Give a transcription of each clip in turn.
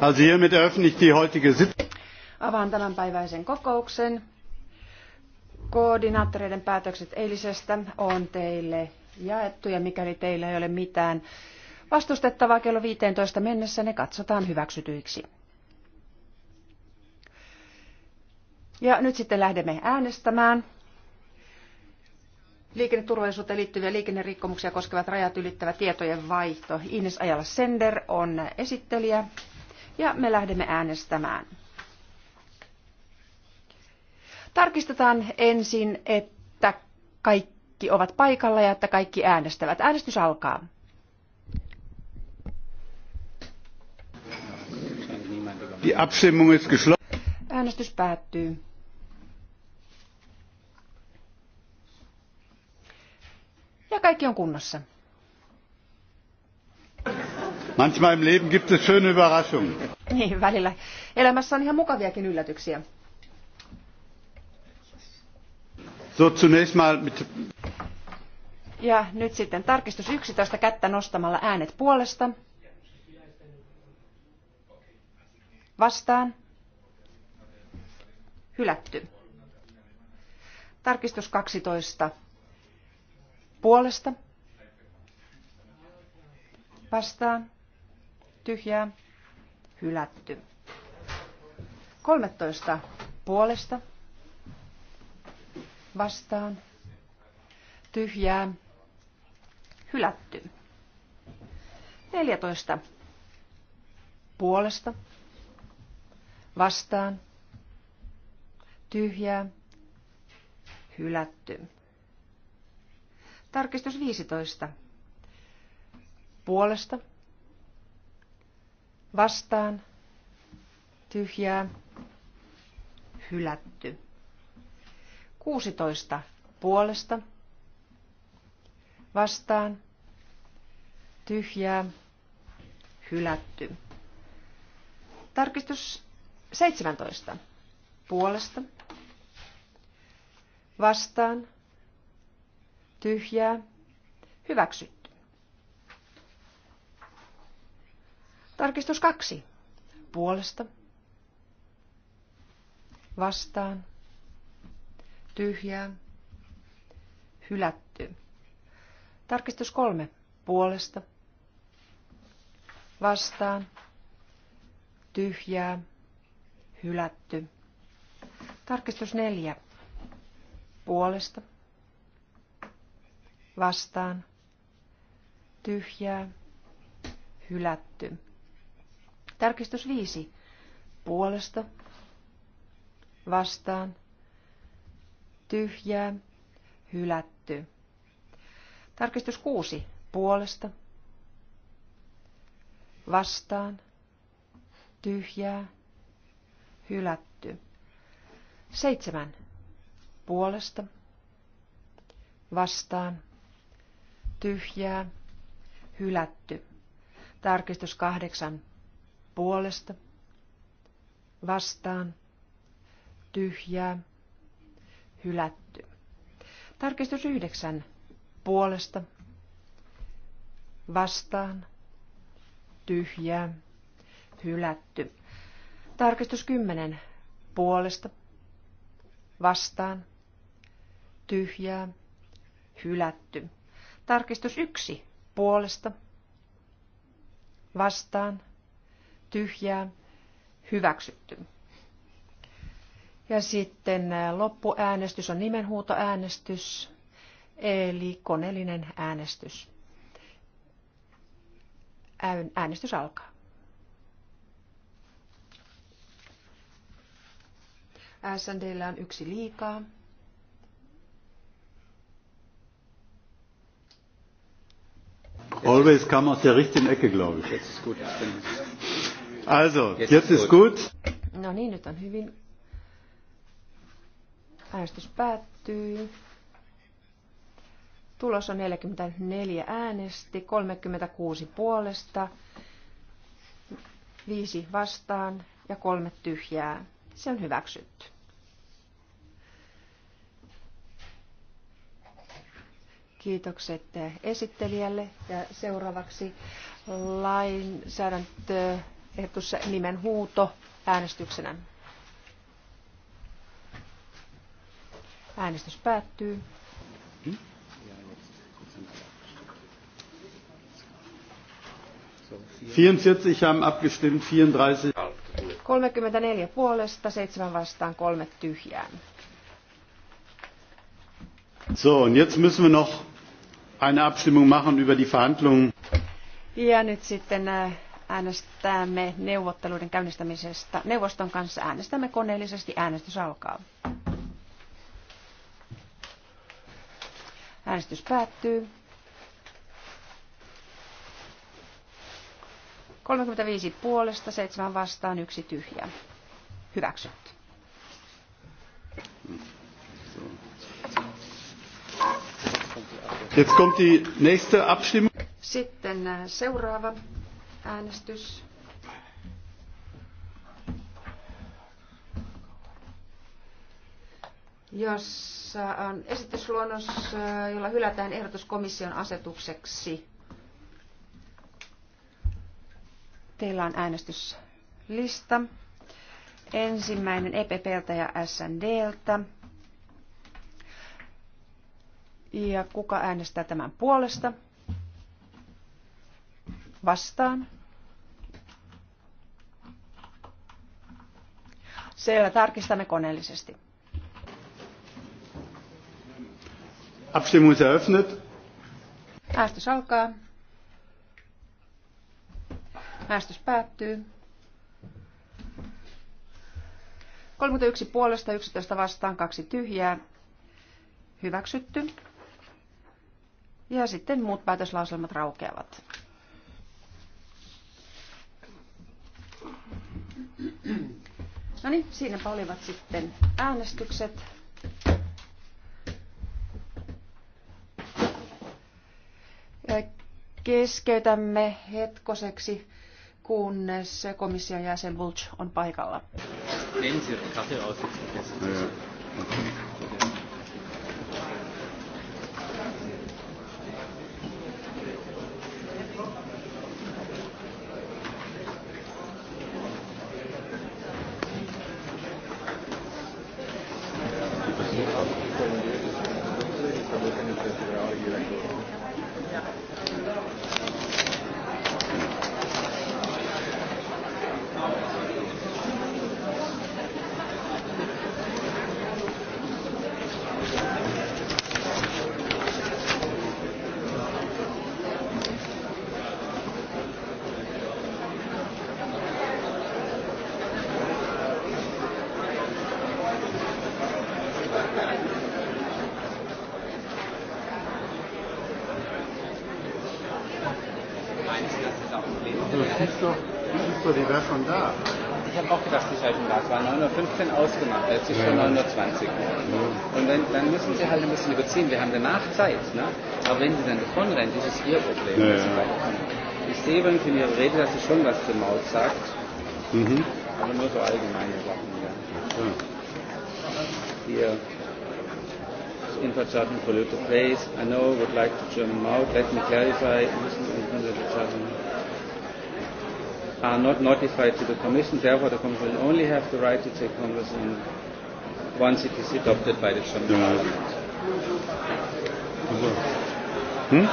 Also hiermit eröffne ich die heutige Avaan tämänpäiväisen kokouksen. Koordinaattoreiden päätökset eilisestä on teille jaettu ja mikäli teillä ei ole mitään vastustettavaa kello 15 mennessä, ne katsotaan hyväksytyiksi. Ja nyt sitten lähdemme äänestämään. Liikenneturvallisuuteen liittyviä liikennerikkomuksia koskevat rajat ylittävä tietojen vaihto. Ines Ajala Sender on esittelijä ja me lähdemme äänestämään. Tarkistetaan ensin, että kaikki ovat paikalla ja että kaikki äänestävät. Äänestys alkaa. Äänestys päättyy. Ja kaikki on kunnossa. Manchmal im Leben gibt es schöne Überraschungen. Niin, välillä. Elämässä on ihan mukaviakin yllätyksiä. So, zunächst mal mit... Ja nyt sitten tarkistus 11 kättä nostamalla äänet puolesta. Vastaan. Hylätty. Tarkistus 12 puolesta. Vastaan tyhjää, hylätty. 13 puolesta, vastaan, tyhjää, hylätty. 14 puolesta, vastaan, tyhjää, hylätty. Tarkistus 15. Puolesta, vastaan, tyhjää, hylätty. 16 puolesta, vastaan, tyhjää, hylätty. Tarkistus 17 puolesta, vastaan, tyhjää, hyväksytty. Tarkistus kaksi. Puolesta. Vastaan. Tyhjää. Hylätty. Tarkistus kolme. Puolesta. Vastaan. Tyhjää. Hylätty. Tarkistus neljä. Puolesta. Vastaan. Tyhjää. Hylätty. Tarkistus viisi Puolesta. Vastaan. Tyhjää. Hylätty. Tarkistus kuusi Puolesta. Vastaan. Tyhjää. Hylätty. Seitsemän Puolesta. Vastaan. Tyhjää. Hylätty. Tarkistus kahdeksan puolesta, vastaan, tyhjää, hylätty. Tarkistus yhdeksän puolesta, vastaan, tyhjää, hylätty. Tarkistus kymmenen puolesta, vastaan, tyhjää, hylätty. Tarkistus yksi puolesta, vastaan, tyhjää, hyväksytty. Ja sitten loppuäänestys on nimenhuutoäänestys, eli koneellinen äänestys. Äänestys alkaa. SNDllä on yksi liikaa. Always kam aus der richtigen Ecke, glaube ich. Also, jetzt ist gut. No niin, nyt on hyvin. Äänestys päättyy. Tulos on 44 äänesti, 36 puolesta, 5 vastaan ja 3 tyhjää. Se on hyväksytty. Kiitokset esittelijälle ja seuraavaksi lainsäädäntö ehdotus nimen huuto äänestyksenä. Äänestys päättyy. haben abgestimmt, 34. 34 puolesta, 7 vastaan, 3 tyhjää. So, und jetzt müssen wir noch eine Abstimmung machen über die Verhandlungen. Ja, nyt sitten äh, äänestämme neuvotteluiden käynnistämisestä neuvoston kanssa. Äänestämme koneellisesti. Äänestys alkaa. Äänestys päättyy. 35 puolesta, 7 vastaan, yksi tyhjä. Hyväksytty. Jetzt kommt die nächste Abstimmung. Sitten äh, seuraava Äänestys. jossa on esitysluonnos, äh, jolla hylätään ehdotus komission asetukseksi. Teillä on äänestyslista. Ensimmäinen EPPltä ja SNDltä. Ja kuka äänestää tämän puolesta? Vastaan. siellä tarkistamme koneellisesti. Abstimmung eröffnet. Äänestys alkaa. Äästys päättyy. 31 puolesta, 11 vastaan, kaksi tyhjää. Hyväksytty. Ja sitten muut päätöslauselmat raukeavat. No niin, siinäpä olivat sitten äänestykset. Keskeytämme hetkoseksi, kunnes komission jäsen Bulch on paikalla. Ensin Gesetzgebung, in Ihrer Rede, dass sie schon was zur Maut sagt. Mhm. Aber nur so allgemeine Sachen, ja. ja. Hier. Infrastructure polluted place. I know, would like to German mouth. Let me clarify. Are not notified to the Commission. Therefore, the Commission will only have the right to take Congress in once it is adopted by the German Parliament. Ja. Hm?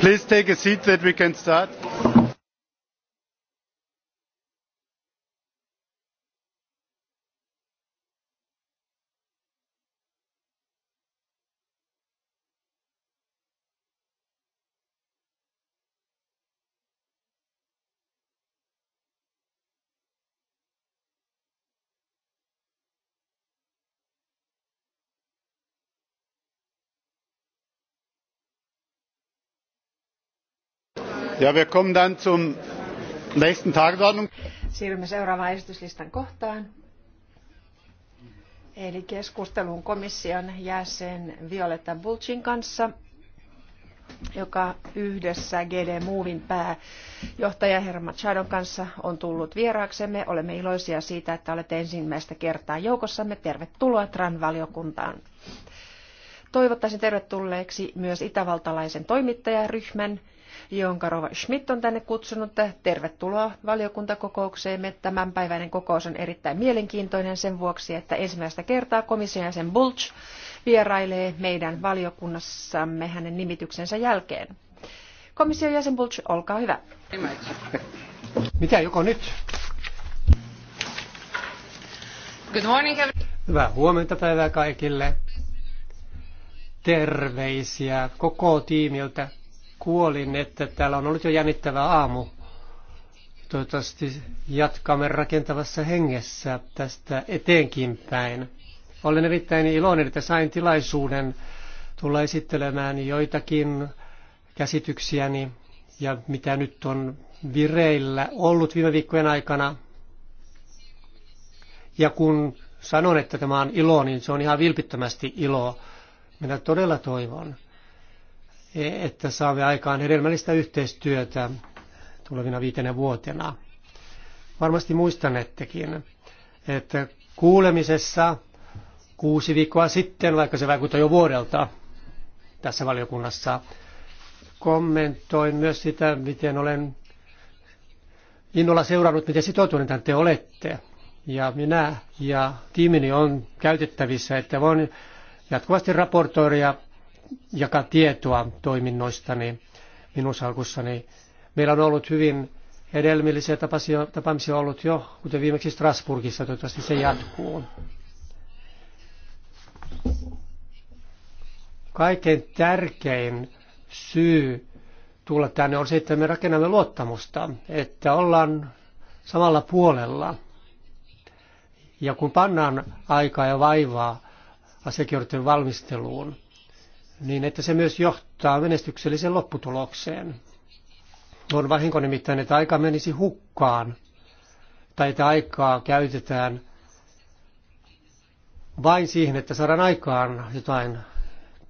Please take a seat that we can start. Ja dann zum nächsten Tagesordnung. Siirrymme seuraavaan esityslistan kohtaan. Eli keskusteluun komission jäsen Violetta Bulcin kanssa, joka yhdessä GD Movin pääjohtaja Herra Machadon kanssa on tullut vieraaksemme. Olemme iloisia siitä, että olette ensimmäistä kertaa joukossamme. Tervetuloa TRAN-valiokuntaan. Toivottaisin tervetulleeksi myös itävaltalaisen toimittajaryhmän, jonka Rova Schmidt on tänne kutsunut. Tervetuloa valiokuntakokoukseemme. Tämänpäiväinen kokous on erittäin mielenkiintoinen sen vuoksi, että ensimmäistä kertaa komission jäsen Bulch vierailee meidän valiokunnassamme hänen nimityksensä jälkeen. Komission jäsen Bulch, olkaa hyvä. Mitä joko nyt? Good morning. Hyvää huomenta päivää kaikille. Terveisiä koko tiimiltä kuolin, että täällä on ollut jo jännittävä aamu. Toivottavasti jatkamme rakentavassa hengessä tästä eteenkin päin. Olen erittäin iloinen, että sain tilaisuuden tulla esittelemään joitakin käsityksiäni ja mitä nyt on vireillä ollut viime viikkojen aikana. Ja kun sanon, että tämä on ilo, niin se on ihan vilpittömästi ilo. Minä todella toivon, että saamme aikaan hedelmällistä yhteistyötä tulevina viitenä vuotena. Varmasti muistanettekin, että kuulemisessa kuusi viikkoa sitten, vaikka se vaikuttaa jo vuodelta tässä valiokunnassa, kommentoin myös sitä, miten olen innolla seurannut, miten sitoutuneita te olette. Ja minä ja tiimini on käytettävissä, että voin jatkuvasti raportoida jakaa tietoa toiminnoistani minun salkussani. Meillä on ollut hyvin edelmillisiä tapaisia, tapaamisia ollut jo, kuten viimeksi Strasburgissa, toivottavasti se jatkuu. Kaikkein tärkein syy tulla tänne on se, että me rakennamme luottamusta, että ollaan samalla puolella. Ja kun pannaan aikaa ja vaivaa asiakirjoiden valmisteluun, niin että se myös johtaa menestykselliseen lopputulokseen. On vahinko nimittäin, että aika menisi hukkaan tai että aikaa käytetään vain siihen, että saadaan aikaan jotain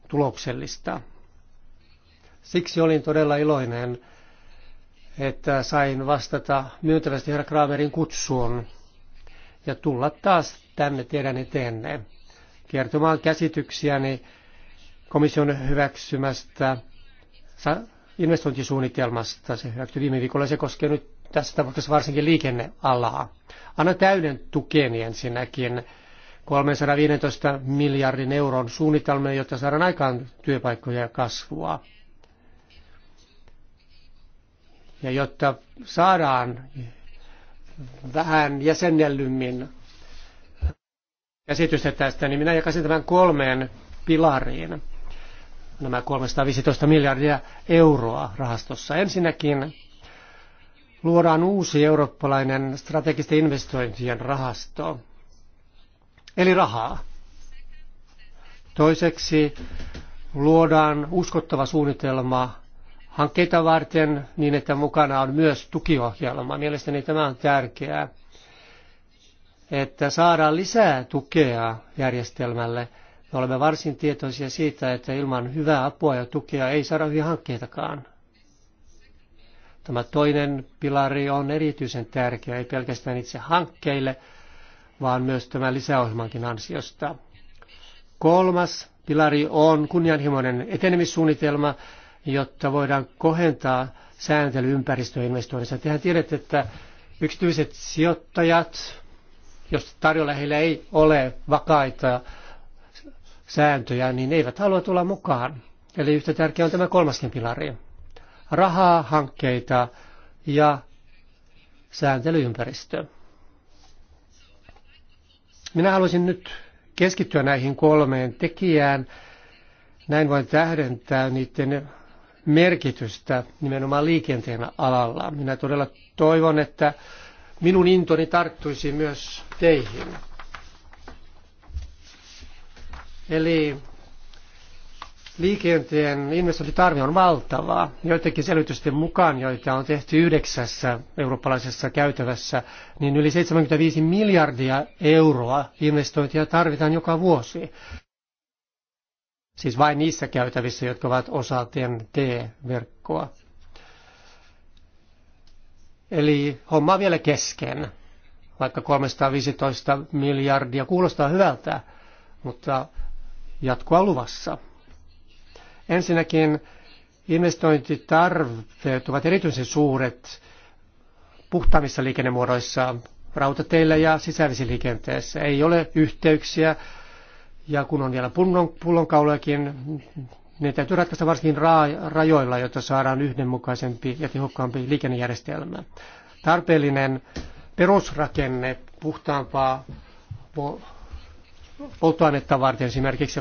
tuloksellista. Siksi olin todella iloinen, että sain vastata myöntävästi herra Kramerin kutsuun ja tulla taas tänne teidän eteenne kertomaan käsityksiäni komission hyväksymästä investointisuunnitelmasta. Se hyväksyi viime viikolla se koskee nyt tässä tapauksessa varsinkin liikennealaa. Anna täyden tukeni ensinnäkin 315 miljardin euron suunnitelmia, jotta saadaan aikaan työpaikkoja ja kasvua. Ja jotta saadaan vähän jäsennellymmin käsitystä tästä, niin minä jakasin tämän kolmeen pilariin nämä 315 miljardia euroa rahastossa. Ensinnäkin luodaan uusi eurooppalainen strategisten investointien rahasto, eli rahaa. Toiseksi luodaan uskottava suunnitelma hankkeita varten niin, että mukana on myös tukiohjelma. Mielestäni tämä on tärkeää, että saadaan lisää tukea järjestelmälle – me olemme varsin tietoisia siitä, että ilman hyvää apua ja tukea ei saada hyviä hankkeitakaan. Tämä toinen pilari on erityisen tärkeä, ei pelkästään itse hankkeille, vaan myös tämän lisäohjelmankin ansiosta. Kolmas pilari on kunnianhimoinen etenemissuunnitelma, jotta voidaan kohentaa sääntelyympäristöinvestoinnissa. Tehän tiedätte, että yksityiset sijoittajat, jos tarjolla heillä ei ole vakaita sääntöjä, niin eivät halua tulla mukaan. Eli yhtä tärkeä on tämä kolmaskin pilari. Rahaa, hankkeita ja sääntelyympäristö. Minä haluaisin nyt keskittyä näihin kolmeen tekijään. Näin voin tähdentää niiden merkitystä nimenomaan liikenteen alalla. Minä todella toivon, että minun intoni tarttuisi myös teihin. Eli liikenteen investointitarve on valtavaa. Joidenkin selvitysten mukaan, joita on tehty yhdeksässä eurooppalaisessa käytävässä, niin yli 75 miljardia euroa investointia tarvitaan joka vuosi. Siis vain niissä käytävissä, jotka ovat osa TNT-verkkoa. Eli homma on vielä kesken, vaikka 315 miljardia kuulostaa hyvältä, mutta jatkoa luvassa. Ensinnäkin investointitarpeet ovat erityisen suuret puhtaamissa liikennemuodoissa, rautateillä ja sisävesiliikenteessä. Ei ole yhteyksiä ja kun on vielä pullonkaulojakin, niin täytyy ratkaista varsinkin ra- rajoilla, jotta saadaan yhdenmukaisempi ja tehokkaampi liikennejärjestelmä. Tarpeellinen perusrakenne puhtaampaa polttoainetta varten, esimerkiksi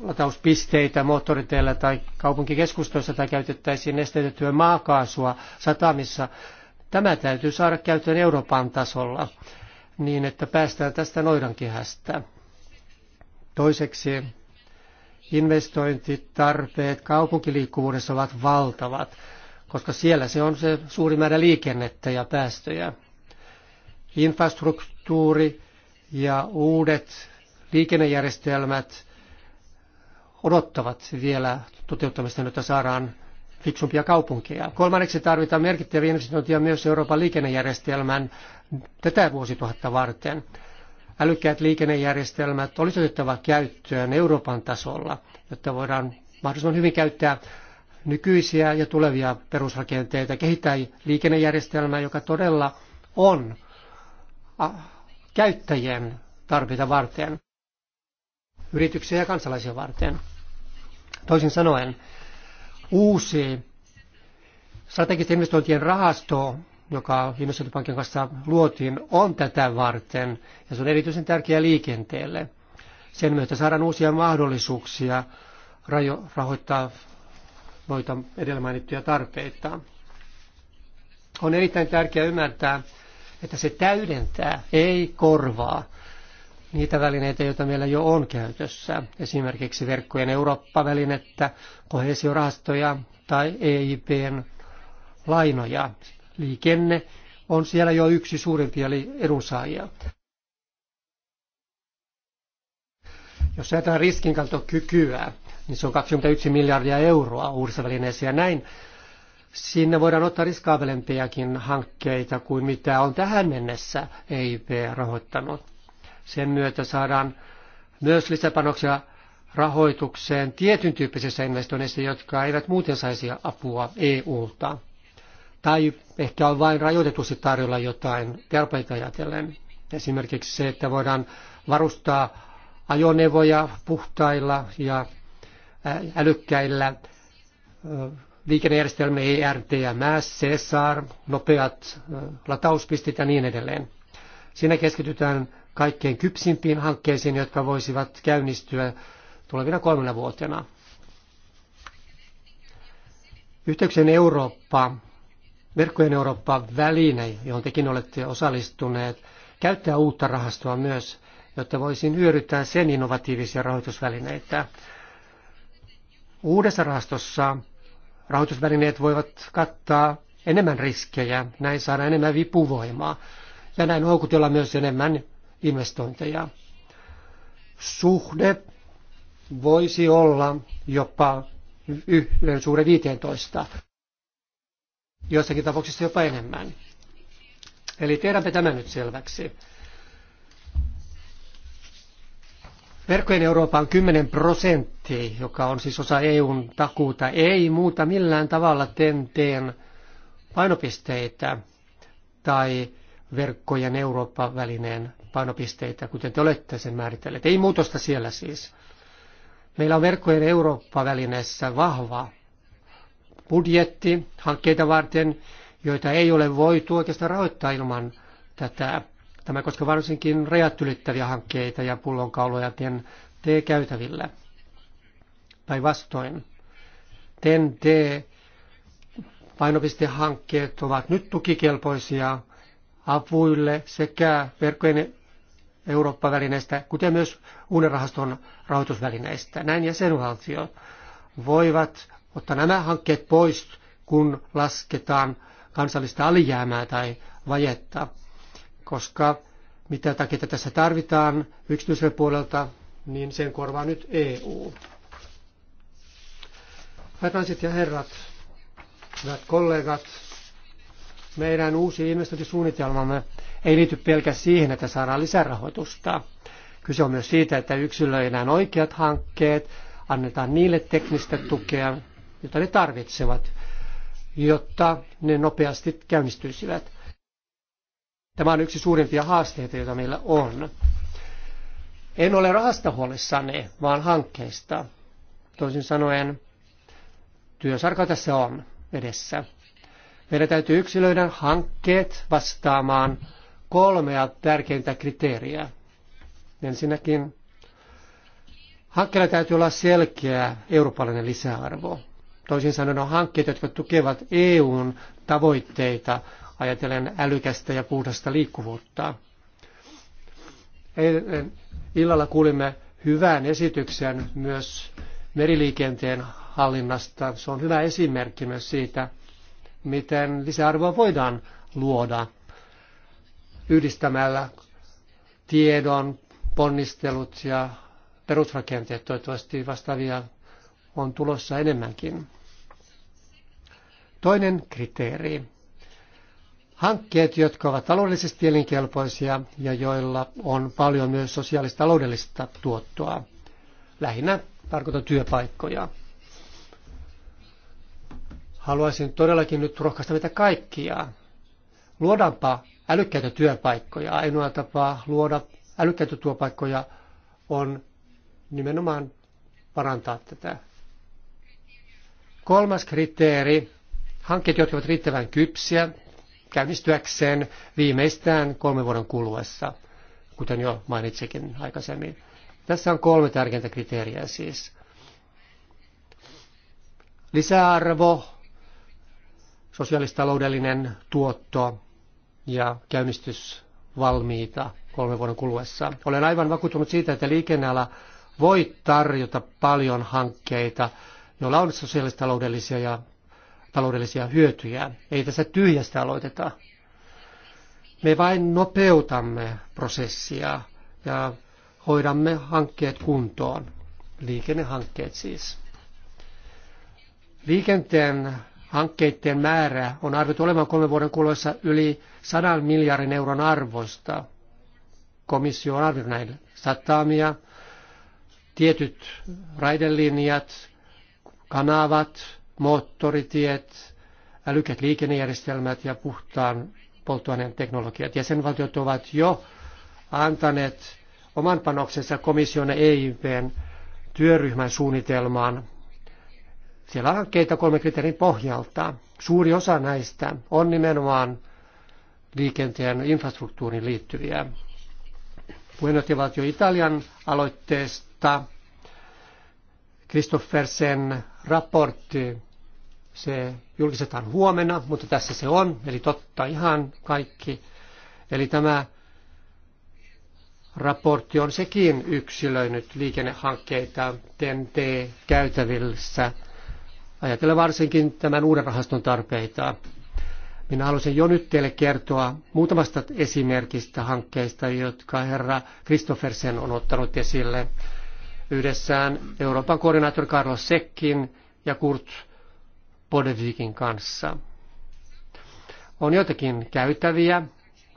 latauspisteitä moottoriteillä tai kaupunkikeskustoissa tai käytettäisiin nesteytettyä maakaasua satamissa. Tämä täytyy saada käyttöön Euroopan tasolla niin, että päästään tästä noidankehästä. Toiseksi investointitarpeet kaupunkiliikkuvuudessa ovat valtavat, koska siellä se on se suuri määrä liikennettä ja päästöjä. Infrastruktuuri ja uudet liikennejärjestelmät odottavat vielä toteuttamista, jotta saadaan fiksumpia kaupunkeja. Kolmanneksi tarvitaan merkittäviä investointeja myös Euroopan liikennejärjestelmän tätä vuosituhatta varten. Älykkäät liikennejärjestelmät olisi otettava käyttöön Euroopan tasolla, jotta voidaan mahdollisimman hyvin käyttää nykyisiä ja tulevia perusrakenteita, kehittää liikennejärjestelmää, joka todella on käyttäjien tarpeita varten yrityksiä ja kansalaisia varten. Toisin sanoen, uusi strategisten investointien rahasto, joka investointipankin kanssa luotiin, on tätä varten ja se on erityisen tärkeä liikenteelle. Sen myötä saadaan uusia mahdollisuuksia rahoittaa noita edellä mainittuja tarpeita. On erittäin tärkeää ymmärtää, että se täydentää, ei korvaa niitä välineitä, joita meillä jo on käytössä, esimerkiksi verkkojen Eurooppa-välinettä, kohesiorahastoja tai EIPn lainoja. Liikenne on siellä jo yksi suurimpia edunsaajia. Jos ajatellaan riskinkantokykyä, niin se on 21 miljardia euroa uudessa välineessä ja näin. Sinne voidaan ottaa riskaavelempiakin hankkeita kuin mitä on tähän mennessä EIP rahoittanut sen myötä saadaan myös lisäpanoksia rahoitukseen tietyn tyyppisissä investoinneissa, jotka eivät muuten saisi apua EU-ta. Tai ehkä on vain rajoitetusti tarjolla jotain tarpeita ajatellen. Esimerkiksi se, että voidaan varustaa ajoneuvoja puhtailla ja äh, älykkäillä ja ERTMS, CESAR, nopeat äh, latauspistit ja niin edelleen. Siinä keskitytään kaikkein kypsimpiin hankkeisiin, jotka voisivat käynnistyä tulevina kolmena vuotena. Yhteyksien Eurooppa, verkkojen Eurooppa-väline, johon tekin olette osallistuneet, käyttää uutta rahastoa myös, jotta voisin hyödyntää sen innovatiivisia rahoitusvälineitä. Uudessa rahastossa rahoitusvälineet voivat kattaa enemmän riskejä, näin saada enemmän vipuvoimaa ja näin houkutella myös enemmän investointeja. Suhde voisi olla jopa yhden suuren 15, joissakin tapauksissa jopa enemmän. Eli tehdäänpä tämä nyt selväksi. Verkkojen Eurooppa on 10 prosenttia, joka on siis osa EUn takuuta. Ei muuta millään tavalla TENTEen painopisteitä tai verkkojen Eurooppa-välineen painopisteitä, kuten te olette sen määritelleet. Ei muutosta siellä siis. Meillä on verkkojen Eurooppa-välineessä vahva budjetti hankkeita varten, joita ei ole voitu oikeastaan rahoittaa ilman tätä. Tämä koskee varsinkin rajat ylittäviä hankkeita ja pullonkauloja tien T-käytävillä. Päinvastoin. TEN T painopistehankkeet ovat nyt tukikelpoisia apuille sekä verkkojen Eurooppa-välineistä, kuten myös unenrahaston rahoitusvälineistä. Näin jäsenvaltiot voivat ottaa nämä hankkeet pois, kun lasketaan kansallista alijäämää tai vajetta, koska mitä takia tässä tarvitaan yksityisellä puolelta, niin sen korvaa nyt EU. Hyvät ja herrat, hyvät kollegat, meidän uusi investointisuunnitelmamme ei liity pelkästään siihen, että saadaan lisärahoitusta. Kyse on myös siitä, että yksilöidään oikeat hankkeet, annetaan niille teknistä tukea, jota ne tarvitsevat, jotta ne nopeasti käynnistyisivät. Tämä on yksi suurimpia haasteita, joita meillä on. En ole rahasta huolissani, vaan hankkeista. Toisin sanoen, työsarka tässä on edessä. Meidän täytyy yksilöidä hankkeet vastaamaan kolmea tärkeintä kriteeriä. Ensinnäkin hankkeella täytyy olla selkeä eurooppalainen lisäarvo. Toisin sanoen on hankkeet, jotka tukevat EUn tavoitteita ajatellen älykästä ja puhdasta liikkuvuutta. Eilen illalla kuulimme hyvän esityksen myös meriliikenteen hallinnasta. Se on hyvä esimerkki myös siitä, miten lisäarvoa voidaan luoda yhdistämällä tiedon, ponnistelut ja perusrakenteet. Toivottavasti vastaavia on tulossa enemmänkin. Toinen kriteeri. Hankkeet, jotka ovat taloudellisesti elinkelpoisia ja joilla on paljon myös taloudellista tuottoa. Lähinnä tarkoitan työpaikkoja. Haluaisin todellakin nyt rohkaista meitä kaikkia. Luodaanpa älykkäitä työpaikkoja. Ainoa tapa luoda älykkäitä työpaikkoja on nimenomaan parantaa tätä. Kolmas kriteeri, hankkeet, jotka ovat riittävän kypsiä käynnistyäkseen viimeistään kolmen vuoden kuluessa, kuten jo mainitsikin aikaisemmin. Tässä on kolme tärkeintä kriteeriä siis. Lisäarvo, sosiaalistaloudellinen tuotto ja käynnistys valmiita kolmen vuoden kuluessa. Olen aivan vakuuttunut siitä, että liikenneala voi tarjota paljon hankkeita, joilla on sosiaalistaloudellisia ja taloudellisia hyötyjä. Ei tässä tyhjästä aloiteta. Me vain nopeutamme prosessia ja hoidamme hankkeet kuntoon. Liikennehankkeet siis. Liikenteen hankkeiden määrä on arvioitu olevan kolmen vuoden kuluessa yli 100 miljardin euron arvosta. Komissio on arvioinut näin satamia, tietyt raidelinjat, kanavat, moottoritiet, älykät liikennejärjestelmät ja puhtaan polttoaineen teknologiat. Jäsenvaltiot ovat jo antaneet oman panoksensa komission EIVn työryhmän suunnitelmaan siellä on kolme kriteerin pohjalta. Suuri osa näistä on nimenomaan liikenteen infrastruktuuriin liittyviä. Puheenjohtajavaltio Italian aloitteesta Kristoffersen raportti, se julkistetaan huomenna, mutta tässä se on, eli totta ihan kaikki. Eli tämä raportti on sekin yksilöinyt liikennehankkeita TNT-käytävillä Ajatellen varsinkin tämän uuden rahaston tarpeita. Minä haluaisin jo nyt teille kertoa muutamasta esimerkistä hankkeista, jotka herra Kristoffersen on ottanut esille yhdessään Euroopan koordinaattori Carlos Sekkin ja Kurt Podevikin kanssa. On jotakin käytäviä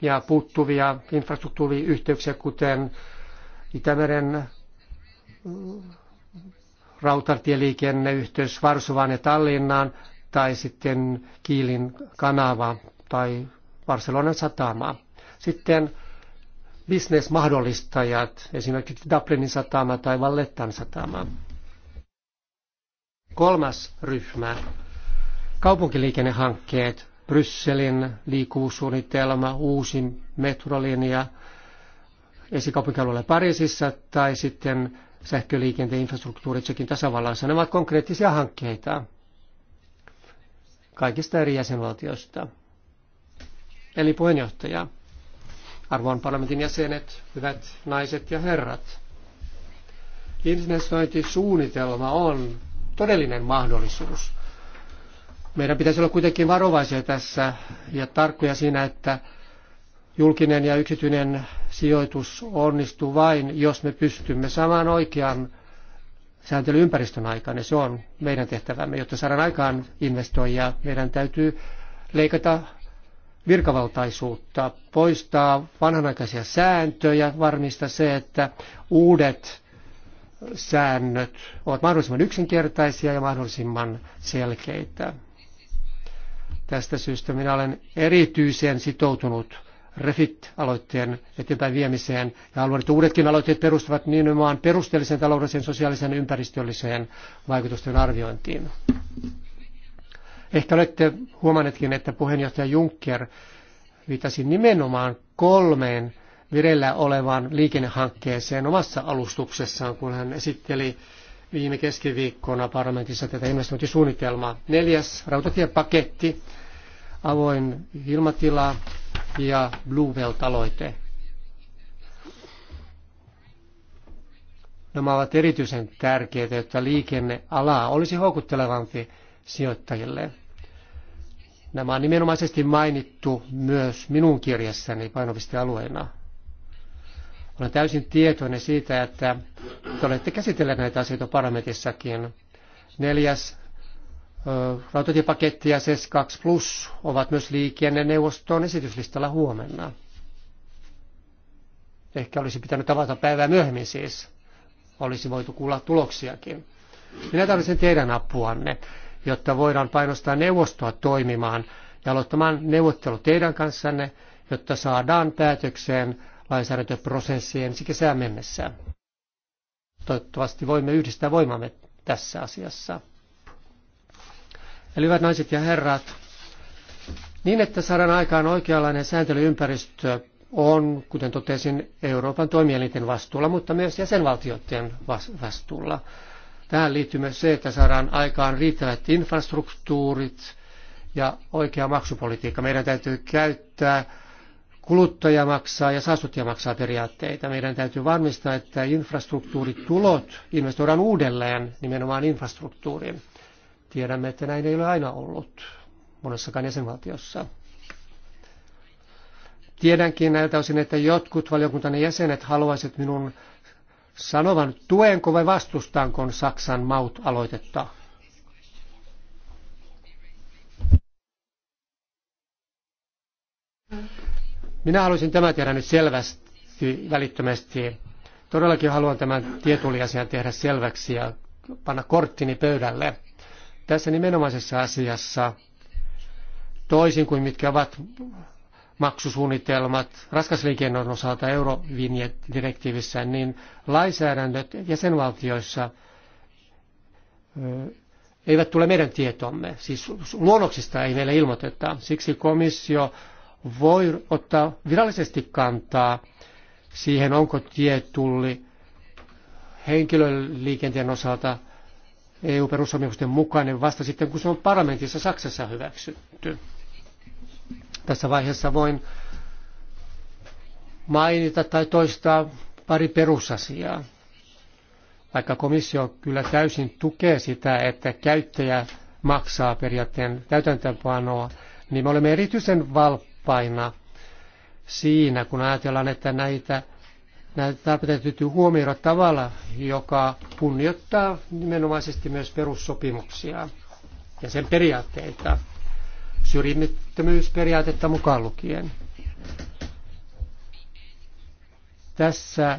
ja puuttuvia infrastruktuuriyhteyksiä, kuten Itämeren rautatieliikenneyhteys Varsovaan ja Tallinnaan tai sitten Kiilin kanava tai Barcelonan satama. Sitten bisnesmahdollistajat, esimerkiksi Dublinin satama tai Vallettan satama. Kolmas ryhmä, kaupunkiliikennehankkeet, Brysselin liikkuvuussuunnitelma, uusi metrolinja esikaupunkialueella Pariisissa tai sitten sähköliikenteen infrastruktuuri Tsekin tasavallassa. Nämä ovat konkreettisia hankkeita kaikista eri jäsenvaltioista. Eli puheenjohtaja, arvon parlamentin jäsenet, hyvät naiset ja herrat. Investointisuunnitelma on todellinen mahdollisuus. Meidän pitäisi olla kuitenkin varovaisia tässä ja tarkkoja siinä, että julkinen ja yksityinen sijoitus onnistuu vain, jos me pystymme saamaan oikean sääntelyympäristön ja Se on meidän tehtävämme, jotta saadaan aikaan investoijia. Meidän täytyy leikata virkavaltaisuutta, poistaa vanhanaikaisia sääntöjä, varmistaa se, että uudet säännöt ovat mahdollisimman yksinkertaisia ja mahdollisimman selkeitä. Tästä syystä minä olen erityisen sitoutunut REFIT-aloitteen eteenpäin viemiseen. Ja haluan, että uudetkin aloitteet perustuvat nimenomaan perusteelliseen taloudelliseen, sosiaalisen ja ympäristölliseen vaikutusten arviointiin. Ehkä olette huomanneetkin, että puheenjohtaja Juncker viitasi nimenomaan kolmeen vireillä olevaan liikennehankkeeseen omassa alustuksessaan, kun hän esitteli viime keskiviikkona parlamentissa tätä investointisuunnitelmaa. Neljäs rautatiepaketti, avoin ilmatila, ja bluebell aloite. Nämä ovat erityisen tärkeitä, jotta liikenneala olisi houkuttelevampi sijoittajille. Nämä on nimenomaisesti mainittu myös minun kirjassani painopistealueena. Olen täysin tietoinen siitä, että te olette käsitelleet näitä asioita parametissakin Neljäs Rautatiepaketti ja SES 2 e Plus ovat myös liikenneneuvoston esityslistalla huomenna. Ehkä olisi pitänyt tavata päivää myöhemmin siis. Olisi voitu kuulla tuloksiakin. Minä tarvitsen teidän apuanne, jotta voidaan painostaa neuvostoa toimimaan ja aloittamaan neuvottelu teidän kanssanne, jotta saadaan päätökseen lainsäädäntöprosessi ensi kesään mennessä. Toivottavasti voimme yhdistää voimamme tässä asiassa. Eli hyvät naiset ja herrat, niin että saadaan aikaan oikeanlainen sääntelyympäristö on, kuten totesin, Euroopan toimielinten vastuulla, mutta myös jäsenvaltioiden vastuulla. Tähän liittyy myös se, että saadaan aikaan riittävät infrastruktuurit ja oikea maksupolitiikka. Meidän täytyy käyttää kuluttaja maksaa ja saastuttaja maksaa periaatteita. Meidän täytyy varmistaa, että infrastruktuuritulot investoidaan uudelleen nimenomaan infrastruktuuriin. Tiedämme, että näin ei ole aina ollut monessakaan jäsenvaltiossa. Tiedänkin näiltä osin, että jotkut valiokuntan jäsenet haluaisivat minun sanovan, tuenko vai vastustaanko Saksan maut-aloitetta. Minä haluaisin tämän tehdä nyt selvästi, välittömästi. Todellakin haluan tämän tietuliasian tehdä selväksi ja panna korttini pöydälle. Tässä nimenomaisessa asiassa, toisin kuin mitkä ovat maksusuunnitelmat raskasliikennon osalta Eurovinjet-direktiivissä, niin lainsäädännöt jäsenvaltioissa eivät tule meidän tietomme. Siis luonnoksista ei meille ilmoiteta. Siksi komissio voi ottaa virallisesti kantaa siihen, onko tietulli henkilöliikenteen osalta EU-perussopimusten mukainen vasta sitten, kun se on parlamentissa Saksassa hyväksytty. Tässä vaiheessa voin mainita tai toistaa pari perusasiaa. Vaikka komissio kyllä täysin tukee sitä, että käyttäjä maksaa periaatteen täytäntöönpanoa, niin me olemme erityisen valppaina siinä, kun ajatellaan, että näitä Näitä pitäisi täytyy huomioida tavalla, joka kunnioittaa nimenomaisesti myös perussopimuksia ja sen periaatteita, syrjimättömyysperiaatetta mukaan lukien. Tässä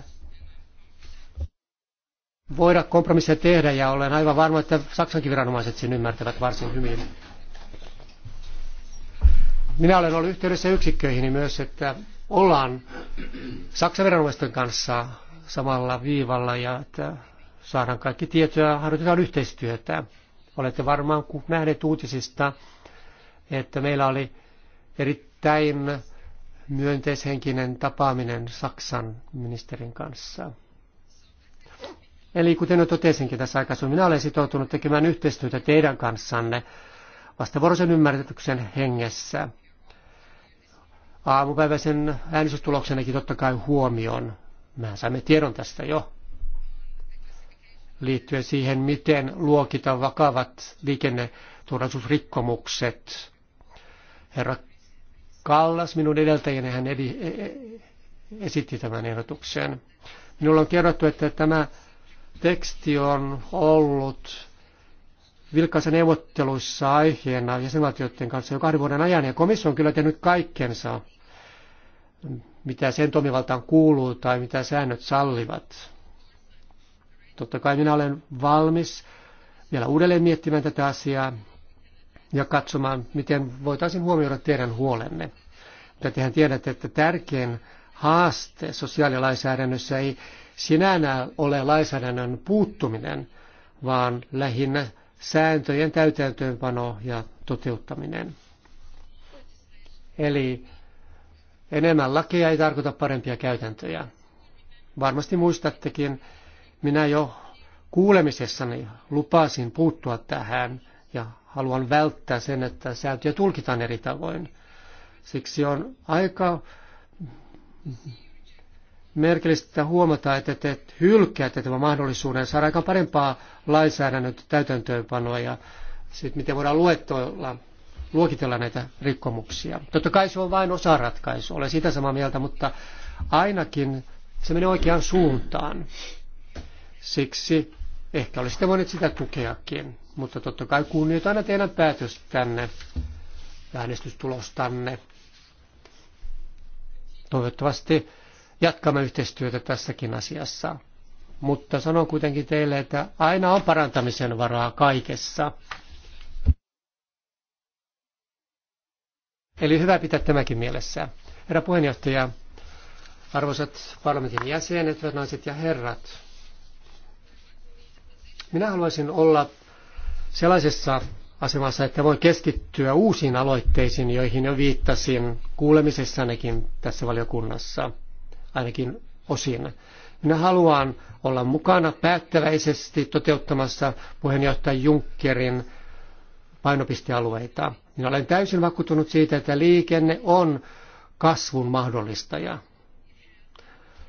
voida kompromisseja tehdä ja olen aivan varma, että Saksankin viranomaiset sen ymmärtävät varsin hyvin. Minä olen ollut yhteydessä yksikköihin myös, että ollaan Saksan viranomaisten kanssa samalla viivalla ja että saadaan kaikki tietoa, harjoitetaan yhteistyötä. Olette varmaan nähneet uutisista, että meillä oli erittäin myönteishenkinen tapaaminen Saksan ministerin kanssa. Eli kuten jo totesinkin tässä aikaisemmin, minä olen sitoutunut tekemään yhteistyötä teidän kanssanne vastavuoroisen ymmärretyksen hengessä – aamupäiväisen äänestystuloksenakin totta kai huomioon. Mehän saimme tiedon tästä jo liittyen siihen, miten luokita vakavat liikenneturvallisuusrikkomukset. Herra Kallas, minun edeltäjäni, hän edi, e- e- esitti tämän ehdotuksen. Minulla on kerrottu, että tämä teksti on ollut vilkkaissa neuvotteluissa aiheena jäsenvaltioiden kanssa jo kahden vuoden ajan, ja komissio on kyllä tehnyt kaikkensa, mitä sen toimivaltaan kuuluu tai mitä säännöt sallivat. Totta kai minä olen valmis vielä uudelleen miettimään tätä asiaa ja katsomaan, miten voitaisiin huomioida teidän huolenne. Mutta tehän tiedätte, että tärkein haaste sosiaalilainsäädännössä ei sinänä ole lainsäädännön puuttuminen, vaan lähinnä sääntöjen täytäntöönpano ja toteuttaminen. Eli enemmän lakeja ei tarkoita parempia käytäntöjä. Varmasti muistattekin, minä jo kuulemisessani lupasin puuttua tähän ja haluan välttää sen, että sääntöjä tulkitaan eri tavoin. Siksi on aika merkillistä huomata, että te hylkäätte tämän mahdollisuuden saada aika parempaa lainsäädännön täytäntöönpanoa ja sit miten voidaan luettoilla, luokitella näitä rikkomuksia. Totta kai se on vain osaratkaisu, olen sitä samaa mieltä, mutta ainakin se menee oikeaan suuntaan. Siksi ehkä olisitte voineet sitä tukeakin, mutta totta kai kunnioitan aina teidän päätös tänne äänestystulostanne. Toivottavasti jatkamme yhteistyötä tässäkin asiassa. Mutta sanon kuitenkin teille, että aina on parantamisen varaa kaikessa. Eli hyvä pitää tämäkin mielessä. Herra puheenjohtaja, arvoisat parlamentin jäsenet, hyvät naiset ja herrat. Minä haluaisin olla sellaisessa asemassa, että voi keskittyä uusiin aloitteisiin, joihin jo viittasin kuulemisessanikin tässä valiokunnassa ainakin osin. Minä haluan olla mukana päättäväisesti toteuttamassa puheenjohtaja Junckerin painopistealueita. Minä olen täysin vakuuttunut siitä, että liikenne on kasvun mahdollistaja.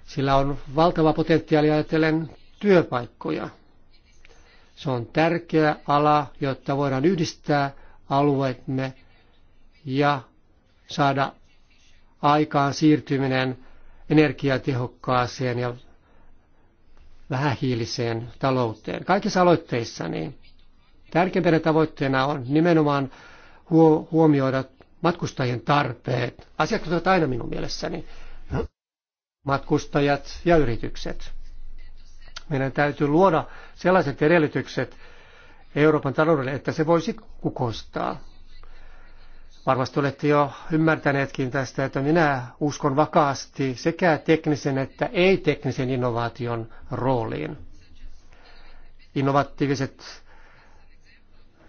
Sillä on valtava potentiaali ajatellen työpaikkoja. Se on tärkeä ala, jotta voidaan yhdistää alueemme ja saada aikaan siirtyminen energiatehokkaaseen ja vähähiiliseen talouteen. Kaikissa aloitteissa niin tärkeimpänä tavoitteena on nimenomaan huomioida matkustajien tarpeet. Asiakkaat ovat aina minun mielessäni matkustajat ja yritykset. Meidän täytyy luoda sellaiset edellytykset Euroopan taloudelle, että se voisi kukoistaa. Varmasti olette jo ymmärtäneetkin tästä, että minä uskon vakaasti sekä teknisen että ei-teknisen innovaation rooliin. Innovatiiviset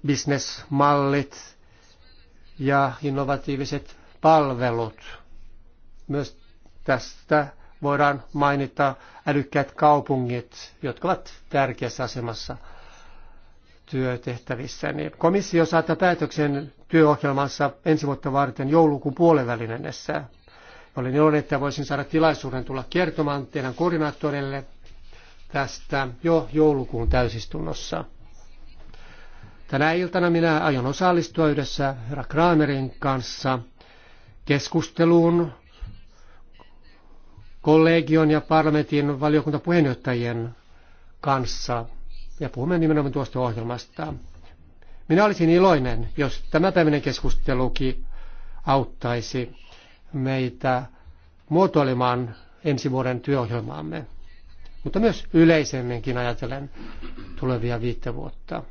bisnesmallit ja innovatiiviset palvelut. Myös tästä voidaan mainita älykkäät kaupungit, jotka ovat tärkeässä asemassa – työtehtävissä. Niin komissio saattaa päätöksen työohjelmansa ensi vuotta varten joulukuun puolen välin Olen iloinen, että voisin saada tilaisuuden tulla kertomaan teidän koordinaattorille tästä jo joulukuun täysistunnossa. Tänä iltana minä aion osallistua yhdessä herra Kramerin kanssa keskusteluun kollegion ja parlamentin valiokuntapuheenjohtajien kanssa ja puhumme nimenomaan tuosta ohjelmasta. Minä olisin iloinen, jos tämä päivinen keskustelukin auttaisi meitä muotoilemaan ensi vuoden työohjelmaamme, mutta myös yleisemminkin ajatellen tulevia viittä vuotta.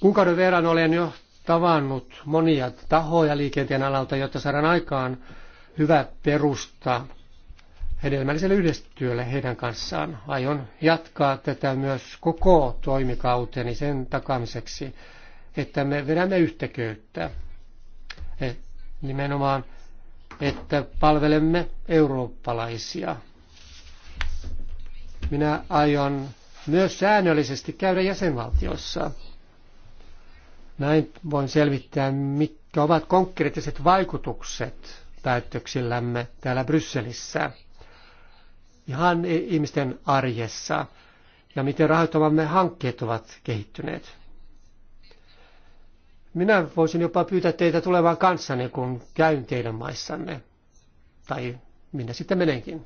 Kuukauden verran olen jo tavannut monia tahoja liikenteen alalta, jotta saadaan aikaan hyvä perusta Hedelmällisellä yhdestyöllä heidän kanssaan. Aion jatkaa tätä myös koko toimikauteni sen takamiseksi, että me vedämme yhtäköyttä. Et nimenomaan, että palvelemme eurooppalaisia. Minä aion myös säännöllisesti käydä jäsenvaltioissa. Näin voin selvittää, mitkä ovat konkreettiset vaikutukset päätöksillämme täällä Brysselissä – ihan ihmisten arjessa ja miten rahoittamamme hankkeet ovat kehittyneet. Minä voisin jopa pyytää teitä tulemaan kanssani, kun käyn teidän maissanne. Tai minne sitten menenkin.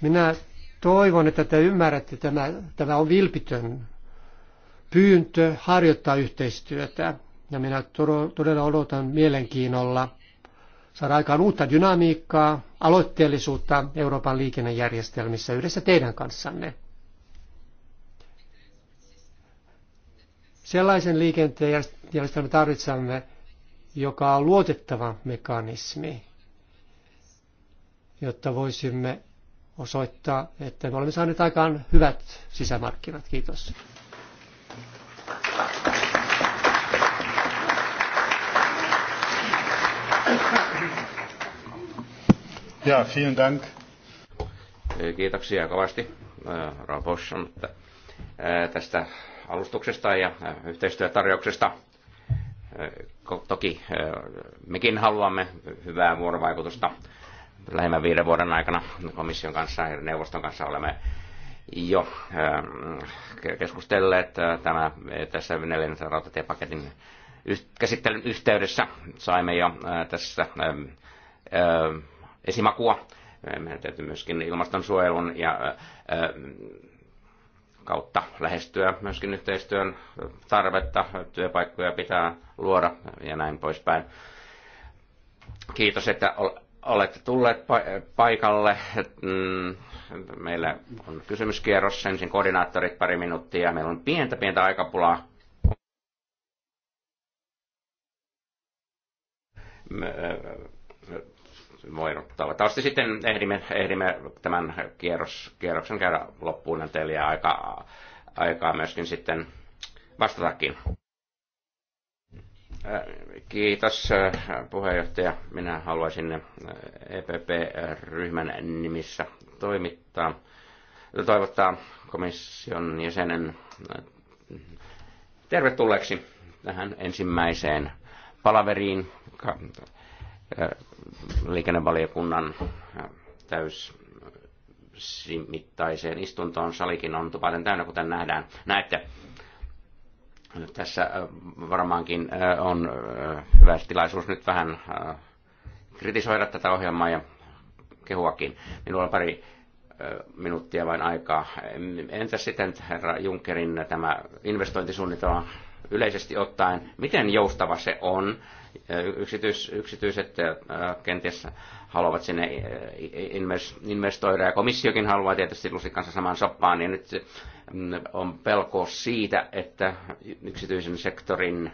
Minä toivon, että te ymmärrätte, että tämä, tämä on vilpitön pyyntö harjoittaa yhteistyötä. Ja minä todella odotan mielenkiinnolla saada aikaan uutta dynamiikkaa, aloitteellisuutta Euroopan liikennejärjestelmissä yhdessä teidän kanssanne. Sellaisen liikenteenjärjestelmän tarvitsemme, joka on luotettava mekanismi, jotta voisimme osoittaa, että me olemme saaneet aikaan hyvät sisämarkkinat. Kiitos. Ja, vielen dank. Kiitoksia kovasti äh, Raboshon äh, tästä alustuksesta ja äh, yhteistyötarjouksesta. Toki mekin haluamme hyvää vuorovaikutusta lähimmän viiden vuoden aikana komission kanssa ja neuvoston kanssa olemme jo keskustelleet tämä, tässä neljännen rautatiepaketin käsittelyn yhteydessä saimme jo tässä esimakua. Meidän täytyy myöskin ilmastonsuojelun ja kautta lähestyä myöskin yhteistyön tarvetta, työpaikkoja pitää luoda ja näin poispäin. Kiitos, että olette tulleet paikalle. Mm, meillä on kysymyskierros, ensin koordinaattorit pari minuuttia. Meillä on pientä pientä aikapulaa voiduttava. Mm, äh, Tausti sitten ehdimme, ehdimme tämän kierros, kierroksen käydä loppuun teille aika, aikaa myöskin sitten vastatakin. Äh, kiitos äh, puheenjohtaja. Minä haluaisin EPP-ryhmän nimissä toimittaa, toivottaa komission jäsenen tervetulleeksi tähän ensimmäiseen palaveriin liikennevaliokunnan täysmittaiseen istuntoon. Salikin on tupaten täynnä, kuten nähdään. Näette, tässä varmaankin on hyvä tilaisuus nyt vähän kritisoida tätä ohjelmaa ja kehuakin. Minulla on pari minuuttia vain aikaa. Entä sitten herra Junckerin tämä investointisuunnitelma yleisesti ottaen, miten joustava se on. Yksityis, yksityiset kenties haluavat sinne investoida ja komissiokin haluaa tietysti lusikansa samaan soppaan, niin nyt mm, on pelko siitä, että yksityisen sektorin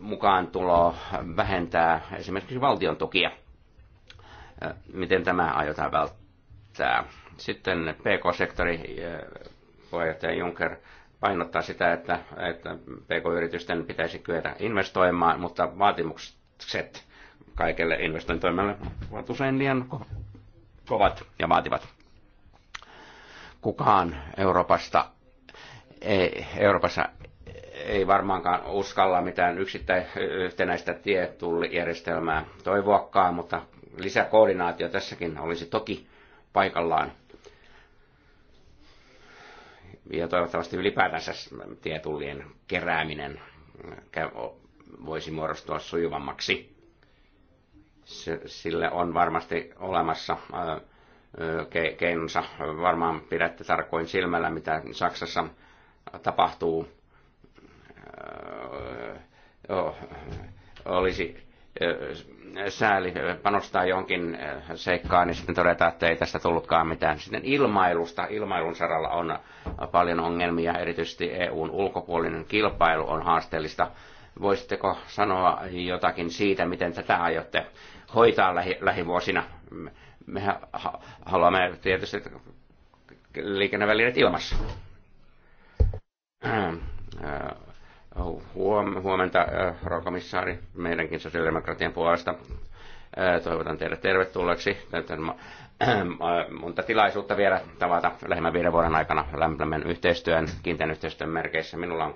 mukaan tulo vähentää esimerkiksi valtion tukia. Miten tämä aiotaan välttää? Sitten PK-sektori, puheenjohtaja Juncker painottaa sitä, että, että pk-yritysten pitäisi kyetä investoimaan, mutta vaatimukset kaikelle investointoimelle ovat usein liian kovat ja vaativat. Kukaan Euroopasta ei, Euroopassa ei varmaankaan uskalla mitään yksittä, yhtenäistä tietullijärjestelmää toivoakaan, mutta lisäkoordinaatio tässäkin olisi toki paikallaan ja toivottavasti ylipäätänsä tietullien kerääminen voisi muodostua sujuvammaksi. Sille on varmasti olemassa keinonsa. Varmaan pidätte tarkoin silmällä, mitä Saksassa tapahtuu. Olisi sääli panostaa jonkin seikkaan, niin sitten todetaan, että ei tästä tullutkaan mitään. Sitten ilmailusta, ilmailun saralla on paljon ongelmia, erityisesti EUn ulkopuolinen kilpailu on haasteellista. Voisitteko sanoa jotakin siitä, miten tätä aiotte hoitaa lähi, lähivuosina? Me haluamme tietysti liikennevälineet ilmassa Huom- huomenta, rouva komissaari, meidänkin sosiaalidemokratian puolesta. Toivotan teidät tervetulleeksi. Tämän monta tilaisuutta vielä tavata lähemmän viiden vuoden aikana lämpimän yhteistyön, kiinteän yhteistyön merkeissä. Minulla on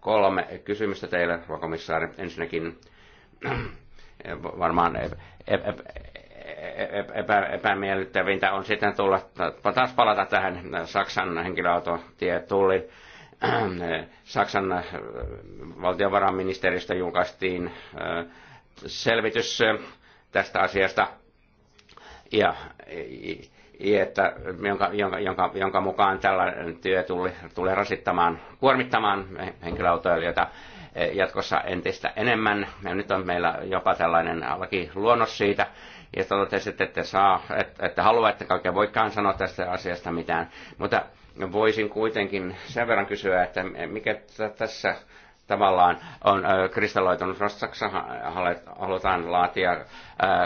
kolme kysymystä teille, rouva komissaari. Ensinnäkin varmaan epä, epämiellyttävintä on sitten tulla, taas palata tähän Saksan henkilöautotietulliin Saksan äh, valtiovarainministeristä julkaistiin äh, selvitys äh, tästä asiasta, ja, että, jonka, jonka, jonka, jonka mukaan tällainen työ tuli, tulee rasittamaan, kuormittamaan henkilöautoilijoita e, jatkossa entistä enemmän. Ja nyt on meillä jopa tällainen lakiluonnos siitä, ja totesitte, että, saa, että, että että kaiken voikaan sanoa tästä asiasta mitään. Mutta voisin kuitenkin sen verran kysyä, että mikä tässä tavallaan on kristalloitunut. Saksahan halutaan laatia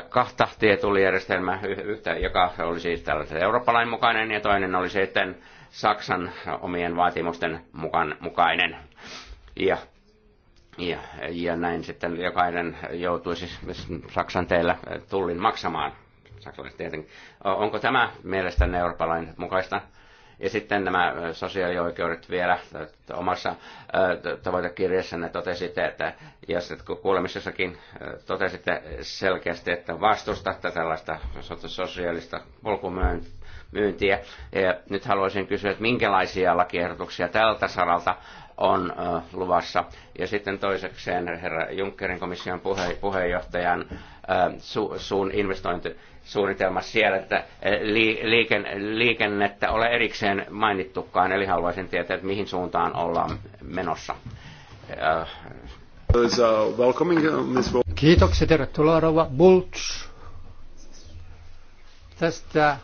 kahta tietulijärjestelmää, yhtä, joka olisi tällaisen eurooppalainen mukainen ja toinen oli sitten Saksan omien vaatimusten mukainen. Ja, ja, ja näin sitten jokainen joutuisi Saksan teillä tullin maksamaan. Saksalaiset tietenkin. Onko tämä mielestäni eurooppalainen mukaista? Ja sitten nämä sosiaalioikeudet vielä omassa tavoitekirjassanne totesitte, että ja sitten kuulemisessakin totesitte selkeästi, että vastustatte tällaista sosiaalista polkumyyntiä. Ja nyt haluaisin kysyä, että minkälaisia lakiehdotuksia tältä saralta on luvassa. Ja sitten toisekseen herra Junckerin komission puhe, puheenjohtajan su, suun investointisuunnitelma siellä, että liiken, liikennettä ole erikseen mainittukaan, eli haluaisin tietää, että mihin suuntaan ollaan menossa. Uh, Kiitoksia, tervetuloa Rova Bulch tästä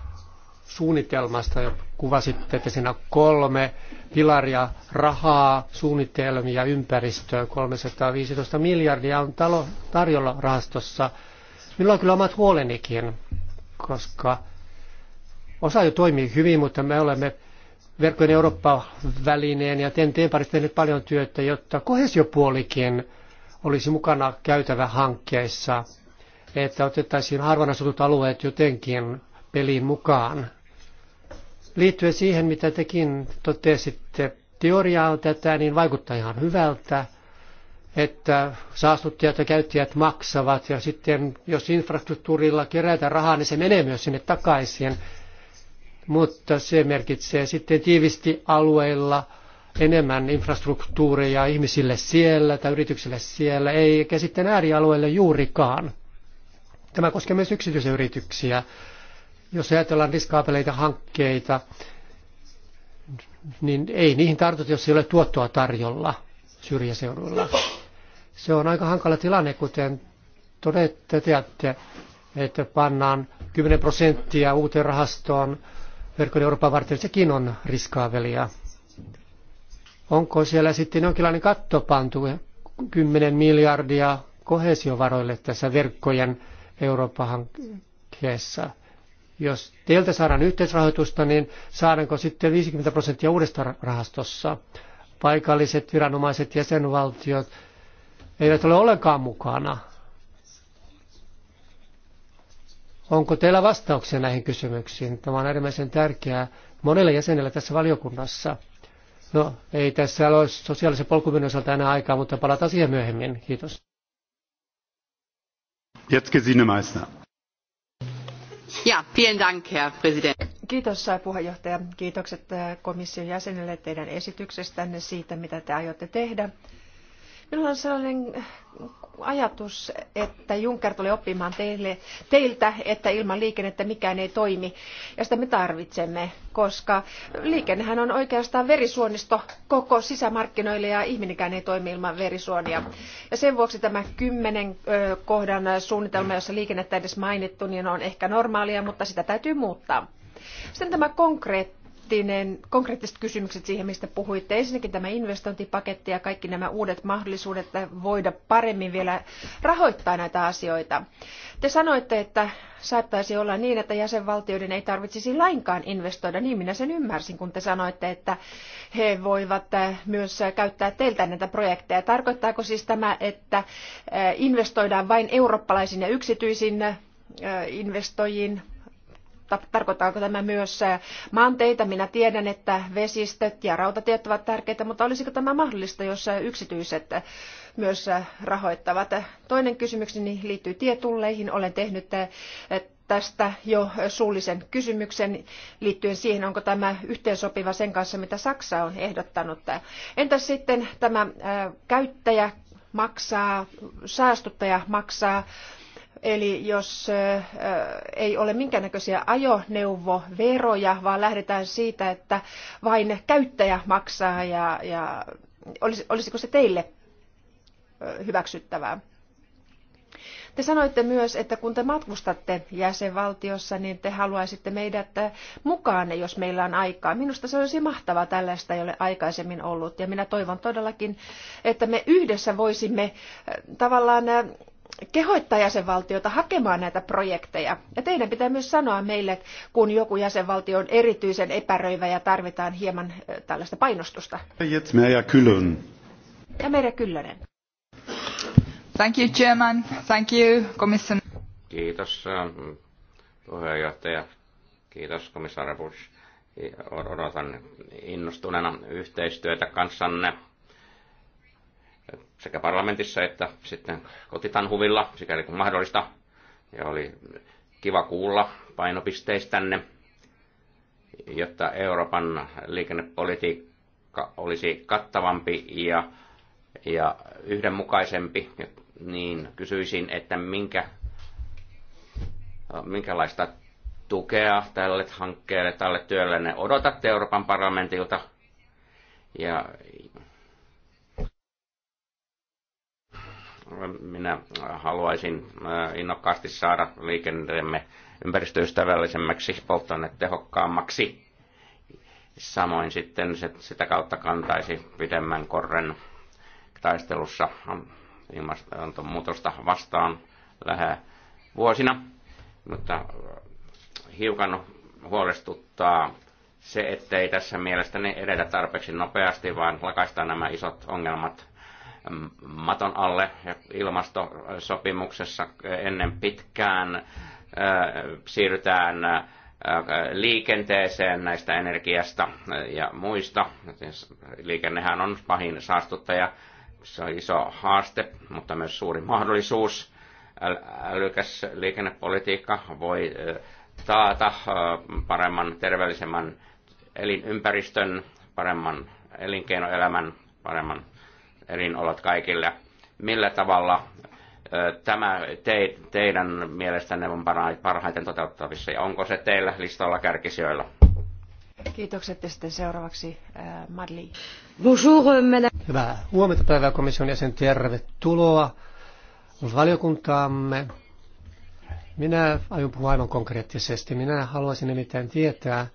suunnitelmasta, kuvasitte, että siinä on kolme pilaria, rahaa, suunnitelmia, ympäristöä, 315 miljardia on talo, tarjolla rahastossa. Minulla on kyllä omat huolenikin, koska osa jo toimii hyvin, mutta me olemme verkkojen Eurooppa-välineen ja TNTn parissa tehneet paljon työtä, jotta kohesiopuolikin olisi mukana käytävä hankkeissa, että otettaisiin harvan asutut alueet jotenkin peliin mukaan. Liittyen siihen, mitä tekin totesitte, teoriaa tätä, niin vaikuttaa ihan hyvältä, että saastuttajat ja käyttäjät maksavat ja sitten jos infrastruktuurilla kerätään rahaa, niin se menee myös sinne takaisin. Mutta se merkitsee sitten tiivisti alueilla enemmän infrastruktuuria ihmisille siellä tai yrityksille siellä, eikä sitten äärialueille juurikaan. Tämä koskee myös yksityisiä yrityksiä. Jos ajatellaan riskaapeleita, hankkeita, niin ei niihin tartuta, jos ei ole tuottoa tarjolla syrjäseuduilla. Se on aika hankala tilanne, kuten todette, että pannaan 10 prosenttia uuteen rahastoon verkon Euroopan varten, sekin on riskaavelia. Onko siellä sitten jonkinlainen katto pantu 10 miljardia kohesiovaroille tässä verkkojen Euroopan hankkeessa jos teiltä saadaan yhteisrahoitusta, niin saadaanko sitten 50 prosenttia uudesta rahastossa? Paikalliset viranomaiset jäsenvaltiot eivät ole ollenkaan mukana. Onko teillä vastauksia näihin kysymyksiin? Tämä on äärimmäisen tärkeää monelle jäsenelle tässä valiokunnassa. No, ei tässä ole sosiaalisen polkuminen osalta enää aikaa, mutta palataan siihen myöhemmin. Kiitos. Jetzt Gesine Kiitos äh, puhemies Kiitokset äh, komission jäsenille teidän esityksestänne siitä, mitä te aiotte tehdä Minulla on sellainen ajatus, että Juncker tuli oppimaan teille, teiltä, että ilman liikennettä mikään ei toimi. Ja sitä me tarvitsemme, koska liikennehän on oikeastaan verisuonisto koko sisämarkkinoille ja ihminenkään ei toimi ilman verisuonia. Ja sen vuoksi tämä kymmenen kohdan suunnitelma, jossa liikennettä edes mainittu, niin on ehkä normaalia, mutta sitä täytyy muuttaa. Sitten tämä konkreettinen konkreettinen, konkreettiset kysymykset siihen, mistä puhuitte. Ensinnäkin tämä investointipaketti ja kaikki nämä uudet mahdollisuudet voida paremmin vielä rahoittaa näitä asioita. Te sanoitte, että saattaisi olla niin, että jäsenvaltioiden ei tarvitsisi lainkaan investoida. Niin minä sen ymmärsin, kun te sanoitte, että he voivat äh, myös käyttää teiltä näitä projekteja. Tarkoittaako siis tämä, että äh, investoidaan vain eurooppalaisiin ja yksityisiin äh, investoijiin tarkoittaako tämä myös maanteitä? Minä tiedän, että vesistöt ja rautatiet ovat tärkeitä, mutta olisiko tämä mahdollista, jos yksityiset myös rahoittavat? Toinen kysymykseni liittyy tietulleihin. Olen tehnyt tästä jo suullisen kysymyksen liittyen siihen, onko tämä yhteensopiva sen kanssa, mitä Saksa on ehdottanut. Entäs sitten tämä käyttäjä maksaa, säästuttaja maksaa Eli jos ei ole minkäännäköisiä ajoneuvoveroja, vaan lähdetään siitä, että vain käyttäjä maksaa ja, ja olisiko se teille hyväksyttävää? Te sanoitte myös, että kun te matkustatte jäsenvaltiossa, niin te haluaisitte meidät mukaan, jos meillä on aikaa. Minusta se olisi mahtavaa, tällaista ei ole aikaisemmin ollut. Ja minä toivon todellakin, että me yhdessä voisimme tavallaan kehoittaa jäsenvaltiota hakemaan näitä projekteja. Ja teidän pitää myös sanoa meille, kun joku jäsenvaltio on erityisen epäröivä ja tarvitaan hieman tällaista painostusta. Ja Merja Kyllönen. Thank you, Chairman. Thank you, Commission. Kiitos ähm, puheenjohtaja. Kiitos komissaari Bush. Odotan innostuneena yhteistyötä kanssanne sekä parlamentissa että sitten kotitanhuvilla, sikäli kuin mahdollista. Ja oli kiva kuulla painopisteistänne, jotta Euroopan liikennepolitiikka olisi kattavampi ja, ja yhdenmukaisempi, niin kysyisin, että minkä, minkälaista tukea tälle hankkeelle, tälle työlle ne odotatte Euroopan parlamentilta ja minä haluaisin äh, innokkaasti saada liikenteemme ympäristöystävällisemmäksi, polttoainetehokkaammaksi. Samoin sitten se, sitä kautta kantaisi pidemmän korren taistelussa ilmastonmuutosta vastaan lähe vuosina. Mutta hiukan huolestuttaa se, ettei tässä mielestäni edetä tarpeeksi nopeasti, vaan lakaista nämä isot ongelmat maton alle ilmastosopimuksessa ennen pitkään siirrytään liikenteeseen näistä energiasta ja muista. Siis liikennehän on pahin saastuttaja, se on iso haaste, mutta myös suuri mahdollisuus. Älykäs liikennepolitiikka voi taata paremman, terveellisemmän elinympäristön, paremman elinkeinoelämän, paremman elinolot kaikille. Millä tavalla tämä te, teidän mielestänne on parhaiten toteuttavissa ja onko se teillä listalla kärkisijoilla? Kiitokset ja sitten seuraavaksi äh, Madli. Bonjour, euh, madame. Hyvää huomenta päivää komission jäsen, tervetuloa valiokuntaamme. Minä aion puhua aivan konkreettisesti. Minä haluaisin nimittäin tietää,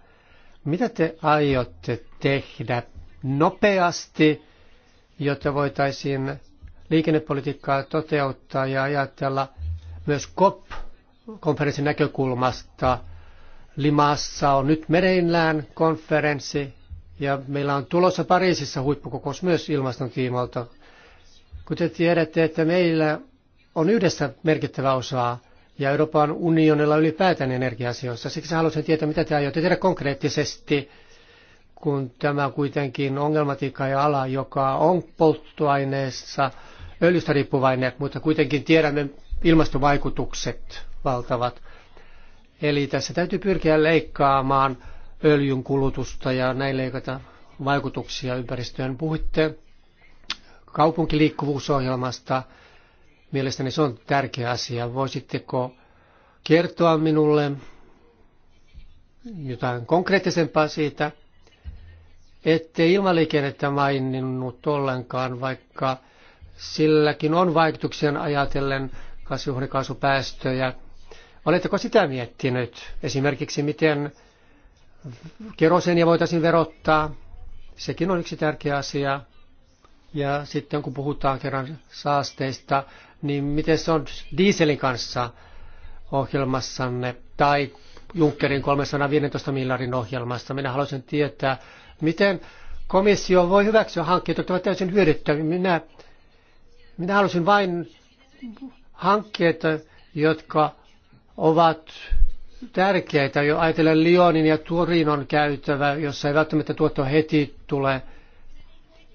mitä te aiotte tehdä nopeasti jotta voitaisiin liikennepolitiikkaa toteuttaa ja ajatella myös COP-konferenssin näkökulmasta. Limassa on nyt mereillään konferenssi ja meillä on tulossa Pariisissa huippukokous myös ilmaston tiimoilta. Kuten tiedätte, että meillä on yhdessä merkittävä osaa ja Euroopan unionilla ylipäätään energia-asioissa. Siksi haluaisin tietää, mitä te aiotte tehdä konkreettisesti kun tämä kuitenkin ongelmatiikka ja ala, joka on polttoaineessa öljystä riippuvainen, mutta kuitenkin tiedämme ilmastovaikutukset valtavat. Eli tässä täytyy pyrkiä leikkaamaan öljyn kulutusta ja näin leikata vaikutuksia ympäristöön. Puhuitte kaupunkiliikkuvuusohjelmasta. Mielestäni se on tärkeä asia. Voisitteko kertoa minulle jotain konkreettisempaa siitä? ettei ilmaliikennettä maininnut ollenkaan, vaikka silläkin on vaikutuksen ajatellen kasvihuonekaasupäästöjä. Oletteko sitä miettinyt? Esimerkiksi miten kerosenia voitaisiin verottaa? Sekin on yksi tärkeä asia. Ja sitten kun puhutaan kerran saasteista, niin miten se on dieselin kanssa ohjelmassanne tai Junckerin 315 miljardin ohjelmasta? Minä haluaisin tietää, Miten komissio voi hyväksyä hankkeet, jotka ovat täysin hyödyttäviä? Minä, minä halusin vain hankkeita, jotka ovat tärkeitä, jo ajatellen Lyonin ja Turinon käytävä, jossa ei välttämättä tuotto heti tule.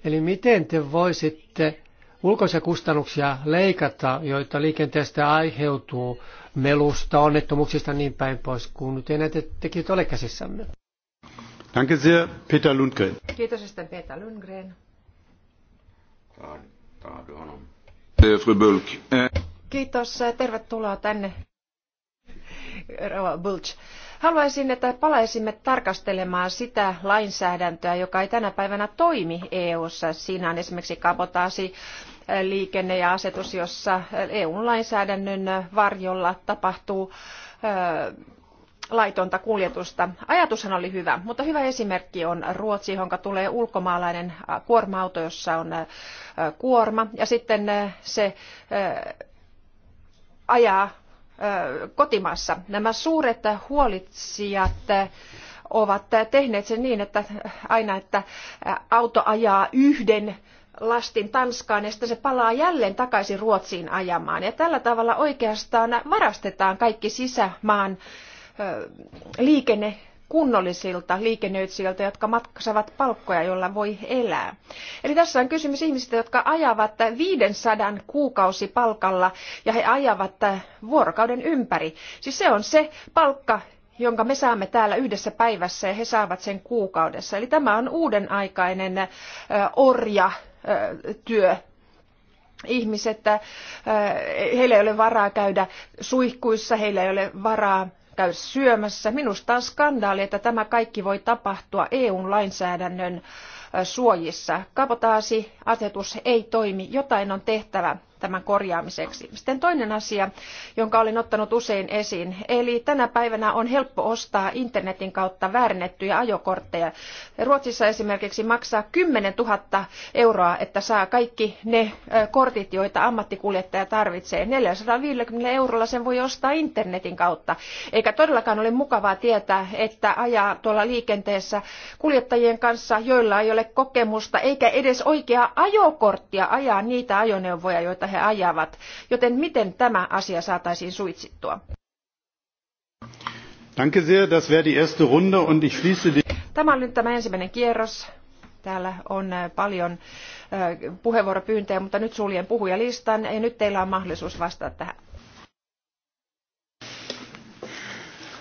Eli miten te voisitte ulkoisia kustannuksia leikata, joita liikenteestä aiheutuu melusta, onnettomuuksista niin päin pois, kun nyt ei näitä tekijät ole käsissämme? Danke sehr, Peter Lundgren. Kiitos sitten Peter Lundgren. Kiitos, tervetuloa tänne. Bulc. Haluaisin, että palaisimme tarkastelemaan sitä lainsäädäntöä, joka ei tänä päivänä toimi EU-ssa. Siinä on esimerkiksi kabotaasi eh, liikenne ja asetus, jossa eu eh, e lainsäädännön varjolla tapahtuu eh, laitonta kuljetusta. Ajatushan oli hyvä, mutta hyvä esimerkki on Ruotsi, jonka tulee ulkomaalainen kuorma-auto, jossa on kuorma, ja sitten se ajaa kotimaassa. Nämä suuret huolitsijat ovat tehneet sen niin, että aina, että auto ajaa yhden lastin Tanskaan ja sitten se palaa jälleen takaisin Ruotsiin ajamaan. Ja tällä tavalla oikeastaan varastetaan kaikki sisämaan liikenne kunnollisilta liikennöitsijöiltä, jotka maksavat palkkoja, joilla voi elää. Eli tässä on kysymys ihmisistä, jotka ajavat 500 kuukausi palkalla ja he ajavat vuorokauden ympäri. Siis se on se palkka, jonka me saamme täällä yhdessä päivässä ja he saavat sen kuukaudessa. Eli tämä on uuden aikainen orjatyö ihmiset, heillä ei ole varaa käydä suihkuissa, heillä ei ole varaa käy syömässä. Minusta on skandaali, että tämä kaikki voi tapahtua EU-lainsäädännön suojissa. Kapotaasi asetus ei toimi, jotain on tehtävä tämän korjaamiseksi. Sitten toinen asia, jonka olen ottanut usein esiin, eli tänä päivänä on helppo ostaa internetin kautta väärennettyjä ajokortteja. Ruotsissa esimerkiksi maksaa 10 000 euroa, että saa kaikki ne kortit, joita ammattikuljettaja tarvitsee. 450 eurolla sen voi ostaa internetin kautta. Eikä todellakaan ole mukavaa tietää, että ajaa tuolla liikenteessä kuljettajien kanssa, joilla ei ole kokemusta eikä edes oikeaa ajokorttia ajaa niitä ajoneuvoja, joita joita he ajavat. Joten miten tämä asia saataisiin suitsittua? Danke sehr, das wäre die erste Runde und ich schließe die... Tämä on nyt tämä ensimmäinen kierros. Täällä on äh, paljon äh, puheenvuoropyyntöjä, mutta nyt suljen puhujalistan ja nyt teillä on mahdollisuus vastata tähän.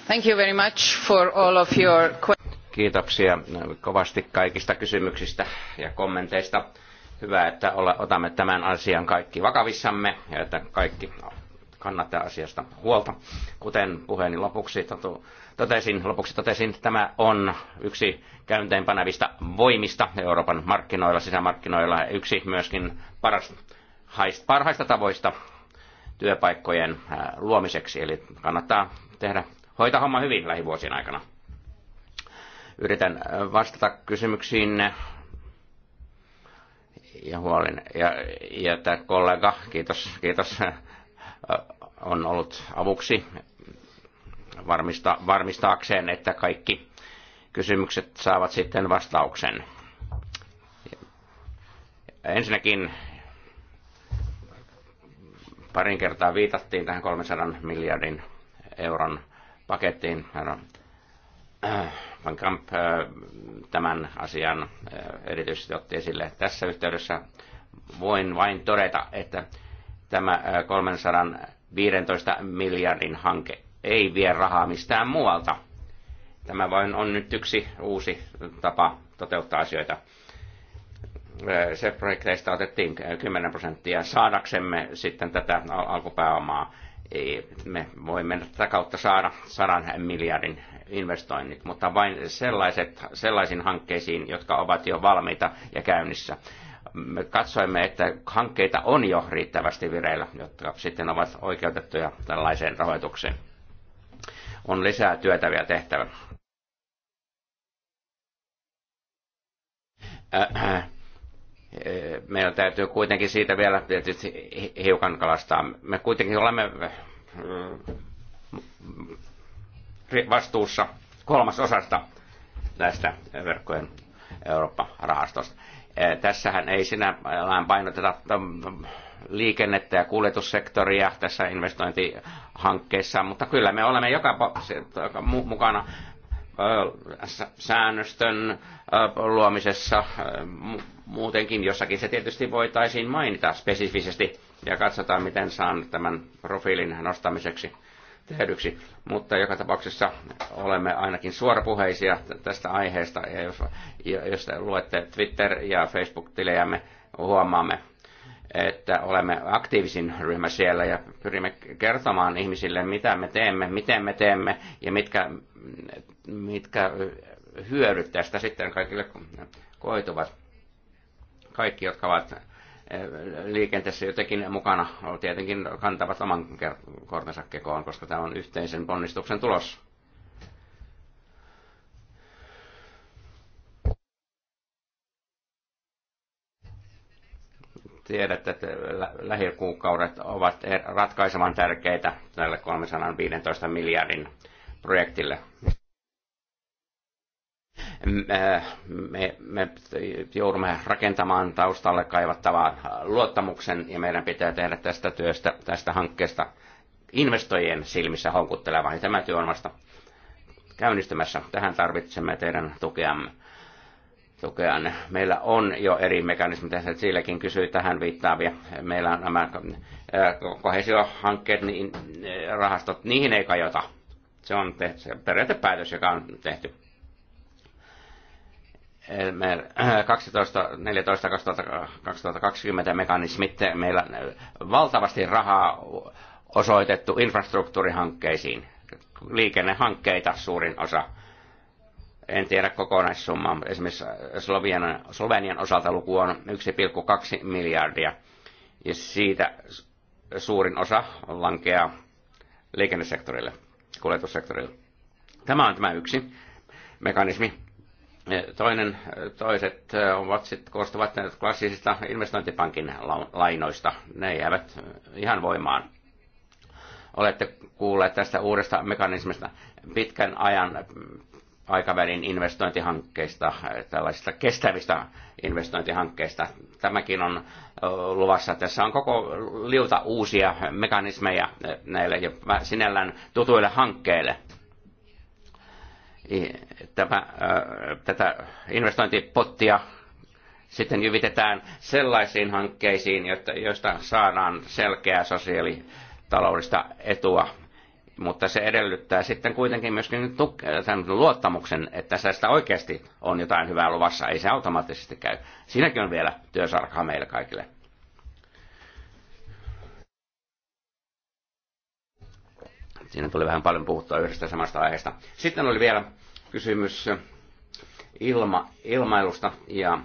Thank you very much for all of your... Kiitoksia kovasti kaikista kysymyksistä ja kommenteista hyvä, että otamme tämän asian kaikki vakavissamme ja että kaikki kannattaa asiasta huolta. Kuten puheeni lopuksi totesin, lopuksi totesin, tämä on yksi käynteenpanevista voimista Euroopan markkinoilla, sisämarkkinoilla, yksi myöskin paras, parhaista tavoista työpaikkojen luomiseksi, eli kannattaa tehdä hoita homma hyvin lähivuosien aikana. Yritän vastata kysymyksiin ja huolen. Ja, ja tämä kollega, kiitos, kiitos, äh, on ollut avuksi varmista, varmistaakseen, että kaikki kysymykset saavat sitten vastauksen. Ensinnäkin parin kertaa viitattiin tähän 300 miljardin euron pakettiin. Äh, Van Kamp äh, tämän asian äh, erityisesti otti esille tässä yhteydessä. Voin vain todeta, että tämä 315 miljardin hanke ei vie rahaa mistään muualta. Tämä vain on nyt yksi uusi tapa toteuttaa asioita. Se projekteista otettiin 10 prosenttia saadaksemme sitten tätä alkupääomaa me voimme tätä kautta saada sadan miljardin investoinnit, mutta vain sellaiset, sellaisiin hankkeisiin, jotka ovat jo valmiita ja käynnissä. Me katsoimme, että hankkeita on jo riittävästi vireillä, jotka sitten ovat oikeutettuja tällaiseen rahoitukseen. On lisää työtä vielä tehtävä. Äh, äh meillä täytyy kuitenkin siitä vielä tietysti hiukan kalastaa. Me kuitenkin olemme mm, vastuussa kolmas osasta tästä verkkojen Eurooppa-rahastosta. E, tässähän ei sinä lain painoteta mm, liikennettä ja kuljetussektoria tässä investointihankkeessa, mutta kyllä me olemme joka mukana Äh, säännöstön äh, luomisessa äh, muutenkin jossakin se tietysti voitaisiin mainita spesifisesti ja katsotaan, miten saan tämän profiilin nostamiseksi tehdyksi. Mutta joka tapauksessa olemme ainakin suorapuheisia tästä aiheesta. Ja jos, jos luette Twitter- ja Facebook-tilejämme, huomaamme, että olemme aktiivisin ryhmä siellä ja pyrimme kertomaan ihmisille, mitä me teemme, miten me teemme ja mitkä mitkä hyödyt tästä sitten kaikille koituvat. Kaikki, jotka ovat eh, liikenteessä jotenkin mukana, tietenkin kantavat oman kortensa kekoon, koska tämä on yhteisen ponnistuksen tulos. tiedät, että lähikuukaudet ovat er- ratkaisevan tärkeitä tälle 315 miljardin projektille me, me joudumme rakentamaan taustalle kaivattavaan luottamuksen ja meidän pitää tehdä tästä työstä, tästä hankkeesta investoijien silmissä houkuttelevaa. Ja tämä työ on vasta käynnistymässä. Tähän tarvitsemme teidän tukeamme. Tukean. Meillä on jo eri mekanismit, silläkin kysyi tähän viittaavia. Meillä on nämä kohesiohankkeet, niin rahastot, niihin ei kajota. Se on tehty, se periaatepäätös, joka on tehty 2014-2020 äh, mekanismit, meillä valtavasti rahaa osoitettu infrastruktuurihankkeisiin, liikennehankkeita suurin osa. En tiedä kokonaissummaa, esimerkiksi Slovenian, Slovenian osalta luku on 1,2 miljardia, ja siitä suurin osa lankeaa liikennesektorille, kuljetussektorille. Tämä on tämä yksi mekanismi Toinen, toiset ovat sit, koostuvat klassisista investointipankin lainoista. Ne jäävät ihan voimaan. Olette kuulleet tästä uudesta mekanismista pitkän ajan aikavälin investointihankkeista, tällaisista kestävistä investointihankkeista. Tämäkin on luvassa. Tässä on koko liuta uusia mekanismeja näille sinällään tutuille hankkeille tämä, tätä investointipottia sitten jyvitetään sellaisiin hankkeisiin, joista saadaan selkeää sosiaalitaloudellista etua. Mutta se edellyttää sitten kuitenkin myöskin luottamuksen, että tästä oikeasti on jotain hyvää luvassa. Ei se automaattisesti käy. Siinäkin on vielä työsarkaa meille kaikille. Siinä tuli vähän paljon puhuttua yhdestä samasta aiheesta. Sitten oli vielä kysymys ilma, ilmailusta ja äh,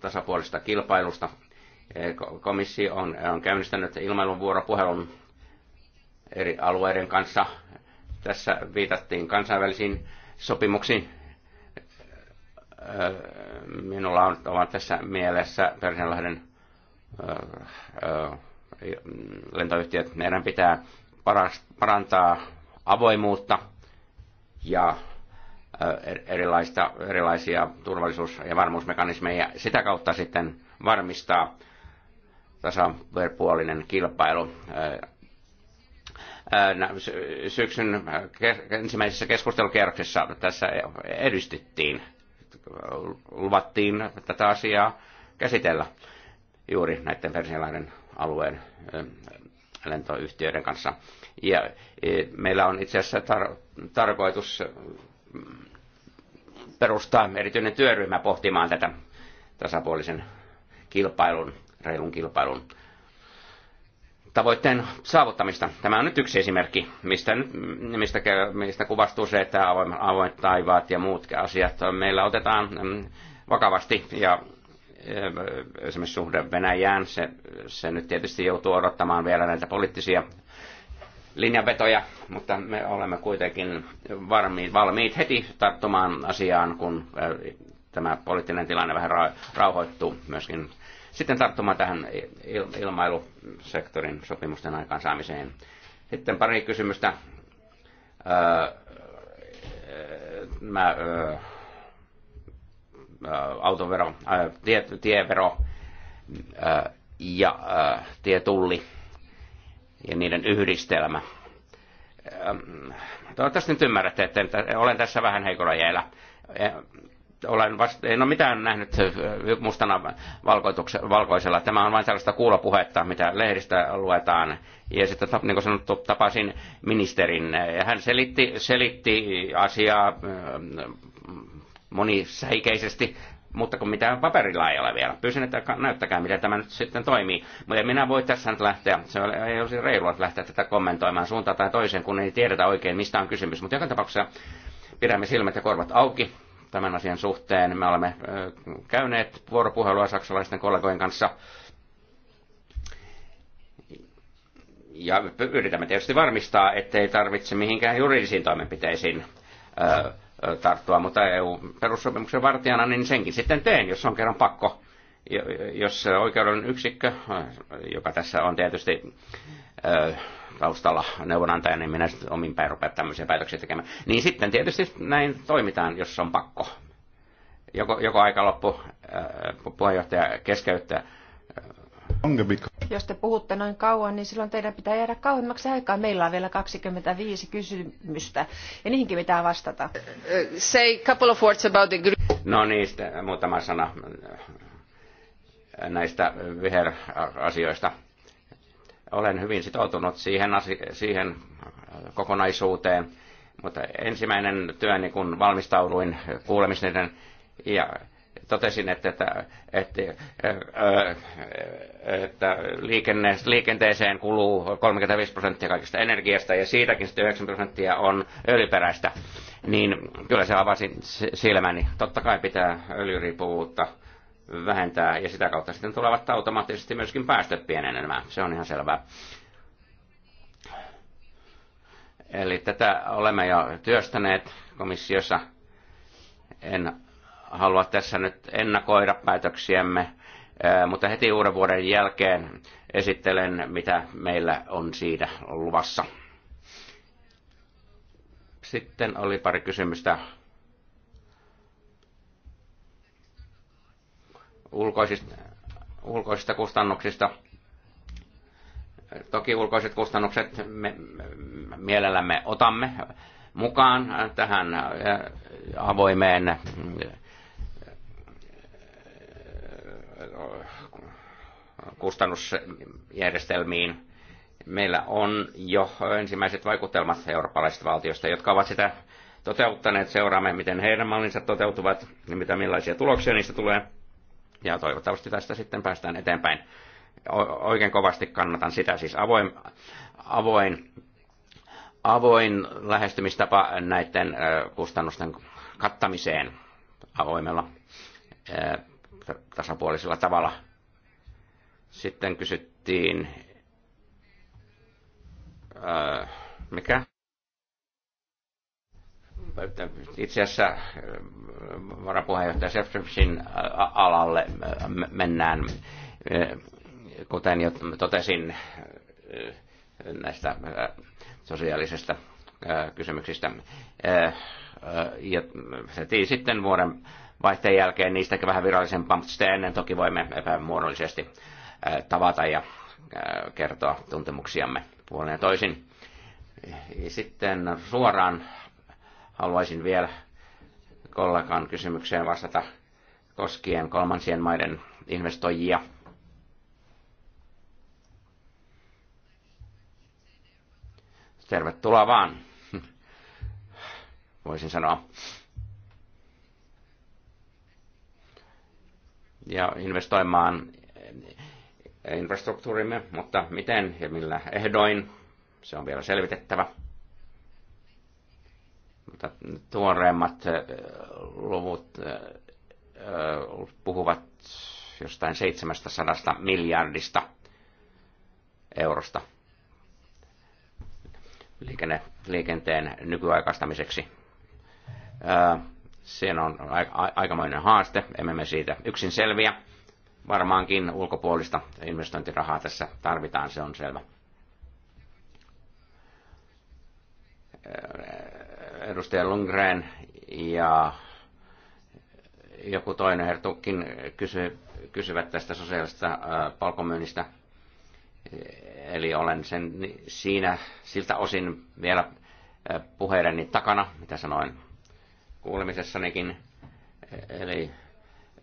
tasapuolista kilpailusta. Äh, komissio on, on käynnistänyt ilmailun vuoropuhelun eri alueiden kanssa. Tässä viitattiin kansainvälisiin sopimuksiin. Äh, minulla on, on tässä mielessä Persianlahden lentoyhtiöt, meidän pitää parantaa avoimuutta ja er-, erilaista, erilaisia turvallisuus- ja varmuusmekanismeja. Sitä kautta sitten varmistaa tasapuolinen kilpailu. Syksyn ensimmäisessä keskustelukierroksessa tässä edistyttiin, luvattiin tätä asiaa käsitellä juuri näiden Persialainen alueen lentoyhtiöiden kanssa. Ja e, meillä on itse asiassa tar- tarkoitus mm, perustaa erityinen työryhmä pohtimaan tätä tasapuolisen kilpailun, reilun kilpailun tavoitteen saavuttamista. Tämä on nyt yksi esimerkki, mistä, mistä, mistä kuvastuu se, että avoimet taivaat ja muut asiat meillä otetaan mm, vakavasti ja esimerkiksi suhde Venäjään, se, se nyt tietysti joutuu odottamaan vielä näitä poliittisia linjanvetoja, mutta me olemme kuitenkin varmiit, valmiit heti tarttumaan asiaan, kun tämä poliittinen tilanne vähän rauhoittuu myöskin. Sitten tarttumaan tähän ilmailusektorin sopimusten aikaansaamiseen. Sitten pari kysymystä. Öö, mä, öö, Äh, autovero, äh, tie, tievero äh, ja tietulli ja niiden yhdistelmä. Ähm, toivottavasti nyt ymmärrätte, että olen tässä vähän heikolla jäällä. Olen vast, en ole mitään nähnyt mustana valkoisella. Tämä on vain sellaista kuulopuhetta, mitä lehdistä luetaan. Ja sitten, niin kuin sanottu, tapasin ministerin. Ja hän selitti, selitti asiaa monisäikeisesti, mutta kun mitään paperilla ei ole vielä. Pyysin, että näyttäkää, miten tämä nyt sitten toimii. Mutta minä voi tässä nyt lähteä, se ei olisi reilua lähteä tätä kommentoimaan suuntaan tai toiseen, kun ei tiedetä oikein, mistä on kysymys. Mutta joka tapauksessa pidämme silmät ja korvat auki tämän asian suhteen. Me olemme käyneet vuoropuhelua saksalaisten kollegojen kanssa ja yritämme tietysti varmistaa, ettei tarvitse mihinkään juridisiin toimenpiteisiin tarttua, mutta EU-perussopimuksen vartijana, niin senkin sitten teen, jos on kerran pakko. Jos oikeuden yksikkö, joka tässä on tietysti taustalla neuvonantaja, niin minä sitten omin päin rupea tämmöisiä päätöksiä tekemään. Niin sitten tietysti näin toimitaan, jos on pakko. Joko, joko aika loppu, puheenjohtaja keskeyttää jos te puhutte noin kauan, niin silloin teidän pitää jäädä kauemmaksi aikaa. Meillä on vielä 25 kysymystä ja niihinkin pitää vastata. Say couple of words about the group. No niistä muutama sana näistä viherasioista. Olen hyvin sitoutunut siihen, siihen kokonaisuuteen, mutta ensimmäinen työni kun valmistauduin kuulemisten ja totesin, että, että, että, että liikenne, liikenteeseen kuluu 35 prosenttia kaikista energiasta ja siitäkin 9 prosenttia on öljyperäistä, niin kyllä se avasi silmäni. Totta kai pitää öljyriippuvuutta vähentää ja sitä kautta sitten tulevat automaattisesti myöskin päästöt pienenemään. Se on ihan selvää. Eli tätä olemme jo työstäneet komissiossa. En halua tässä nyt ennakoida päätöksiämme, mutta heti uuden vuoden jälkeen esittelen, mitä meillä on siitä luvassa. Sitten oli pari kysymystä ulkoisista, ulkoisista kustannuksista. Toki ulkoiset kustannukset me mielellämme otamme mukaan tähän avoimeen kustannusjärjestelmiin. Meillä on jo ensimmäiset vaikutelmat eurooppalaisista valtioista, jotka ovat sitä toteuttaneet. Seuraamme, miten heidän mallinsa toteutuvat ja niin mitä millaisia tuloksia niistä tulee. Ja toivottavasti tästä sitten päästään eteenpäin. oikein kovasti kannatan sitä, siis avoin, avoin, avoin lähestymistapa näiden kustannusten kattamiseen avoimella tasapuolisella tavalla sitten kysyttiin, äh, mikä? Itse asiassa äh, varapuheenjohtaja Sefcovicin äh, alalle äh, mennään, kuten jo totesin näistä sosiaalisista kysymyksistä. Ja sitten vuoden vaihteen jälkeen niistäkin vähän virallisempaa, mutta sitä ennen toki voimme epämuodollisesti tavata ja kertoa tuntemuksiamme puolen ja toisin. Sitten suoraan haluaisin vielä kollegan kysymykseen vastata koskien kolmansien maiden investoijia. Tervetuloa vaan, voisin sanoa. Ja investoimaan infrastruktuurimme, mutta miten ja millä ehdoin, se on vielä selvitettävä. Mutta tuoreimmat äh, luvut äh, äh, puhuvat jostain 700 miljardista eurosta liikenne, liikenteen nykyaikaistamiseksi. Siinä on aikamoinen haaste, emme me siitä yksin selviä varmaankin ulkopuolista investointirahaa tässä tarvitaan, se on selvä. Edustaja Lundgren ja joku toinen hertukin kysy, kysyvät tästä sosiaalista palkomyynnistä. Eli olen sen siinä siltä osin vielä puheideni takana, mitä sanoin kuulemisessanikin. Eli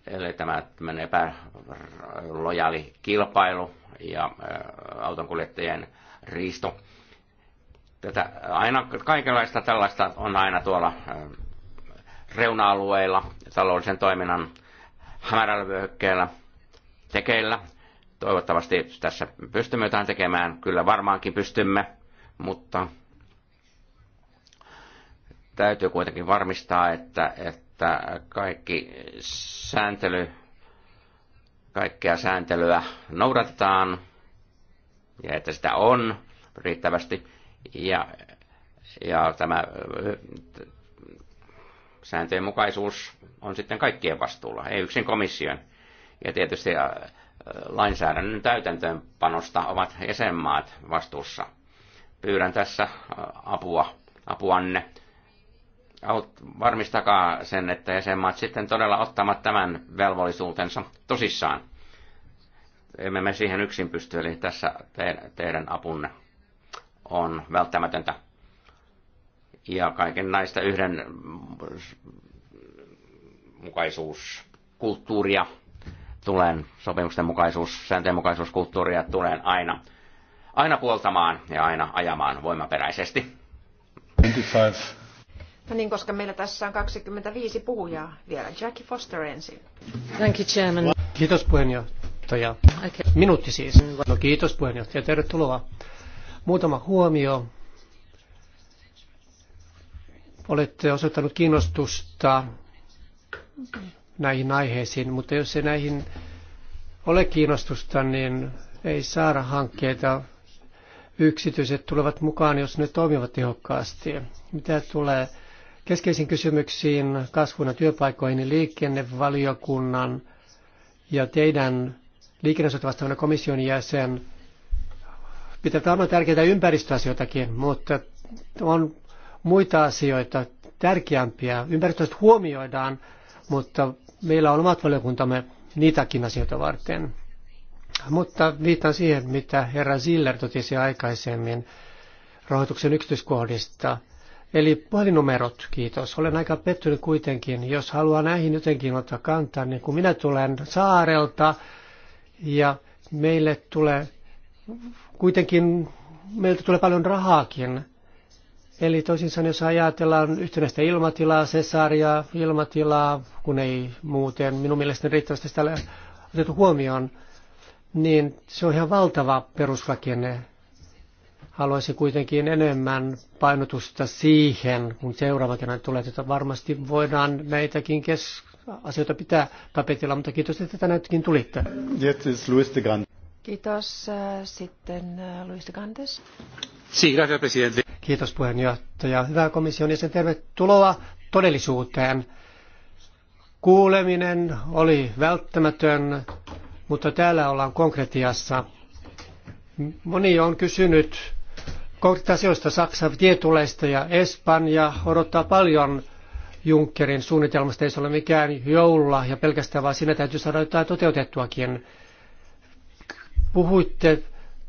Eli tämä epälojaali kilpailu ja autonkuljettajien riisto. Tätä, aina, kaikenlaista tällaista on aina tuolla reuna-alueilla, taloudellisen toiminnan hämärällä vyöhykkeellä tekeillä. Toivottavasti tässä pystymme jotain tekemään. Kyllä varmaankin pystymme, mutta täytyy kuitenkin varmistaa, että, että että kaikki sääntely, kaikkea sääntelyä noudatetaan ja että sitä on riittävästi. Ja, ja tämä äh, sääntöjen mukaisuus on sitten kaikkien vastuulla, ei yksin komission. Ja tietysti äh, lainsäädännön täytäntöönpanosta ovat jäsenmaat vastuussa. Pyydän tässä äh, apua, apuanne aut, varmistakaa sen, että jäsenmaat sitten todella ottavat tämän velvollisuutensa tosissaan. Emme me siihen yksin pysty, eli tässä teidän, teidän apunne on välttämätöntä. Ja kaiken näistä yhden mukaisuuskulttuuria tulen, sopimusten mukaisuus, sääntöjen mukaisuuskulttuuria tulen aina, aina puoltamaan ja aina ajamaan voimaperäisesti. 25. No niin, koska meillä tässä on 25 puhujaa vielä. Jackie Foster ensin. Thank you, Chairman. Kiitos puheenjohtaja. Okay. Minuutti siis. No kiitos puheenjohtaja. Tervetuloa. Muutama huomio. Olette osoittanut kiinnostusta näihin aiheisiin, mutta jos ei näihin ole kiinnostusta, niin ei saada hankkeita. Yksityiset tulevat mukaan, jos ne toimivat tehokkaasti. Mitä tulee keskeisiin kysymyksiin kasvun ja työpaikkoihin niin liikennevaliokunnan ja teidän liikennesuutta vastaavan komission jäsen pitää olla tärkeitä ympäristöasioitakin, mutta on muita asioita tärkeämpiä. Ympäristöstä huomioidaan, mutta meillä on omat valiokuntamme niitäkin asioita varten. Mutta viitan siihen, mitä herra Ziller totesi aikaisemmin rahoituksen yksityiskohdista – Eli puhelinnumerot, kiitos. Olen aika pettynyt kuitenkin. Jos haluaa näihin jotenkin ottaa kantaa, niin kun minä tulen saarelta ja meille tulee kuitenkin, meiltä tulee paljon rahaakin. Eli toisin sanoen, jos ajatellaan yhtenäistä ilmatilaa, sesaria, ilmatilaa, kun ei muuten minun mielestäni riittävästi sitä ole otettu huomioon, niin se on ihan valtava perusrakenne Haluaisin kuitenkin enemmän painotusta siihen, kun seuraava kerran tulee, että varmasti voidaan näitäkin kes- asioita pitää tapetilla, mutta kiitos, että tänäkin tulitte. Kiitos. Sitten Luis de Gantes. Kiitos äh, äh, puheenjohtaja. Hyvää komission sen tervetuloa todellisuuteen. Kuuleminen oli välttämätön, mutta täällä ollaan konkretiassa. Moni on kysynyt asioista Saksa tietulesta ja Espanja odottaa paljon Junckerin suunnitelmasta. Ei se ole mikään joululla ja pelkästään vaan siinä täytyy saada jotain toteutettuakin. Puhuitte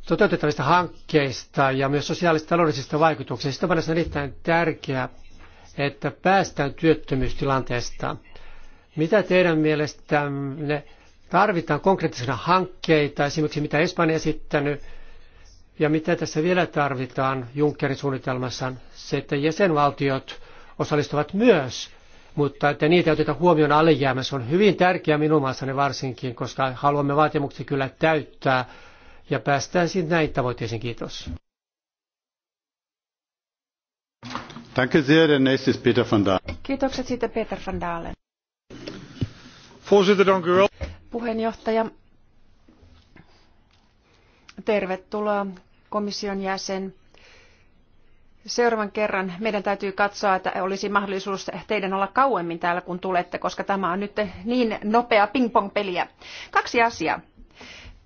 toteutettavista hankkeista ja myös sosiaalista taloudellisista vaikutuksista. Tämä on erittäin tärkeää, että päästään työttömyystilanteesta. Mitä teidän mielestänne tarvitaan konkreettisena hankkeita, esimerkiksi mitä Espanja esittänyt, ja mitä tässä vielä tarvitaan Junckerin suunnitelmassa, se, että jäsenvaltiot osallistuvat myös, mutta että niitä otetaan huomioon alijäämässä on hyvin tärkeää minun maassani varsinkin, koska haluamme vaatimuksia kyllä täyttää ja päästään sitten näin tavoitteisiin. Kiitos. Danke sehr, der nächste ist Peter van Dalen. Kiitokset siitä Peter van Dalen. Puheenjohtaja, Tervetuloa komission jäsen. Seuraavan kerran meidän täytyy katsoa, että olisi mahdollisuus teidän olla kauemmin täällä, kun tulette, koska tämä on nyt niin nopea ping-pong-peliä. Kaksi asiaa.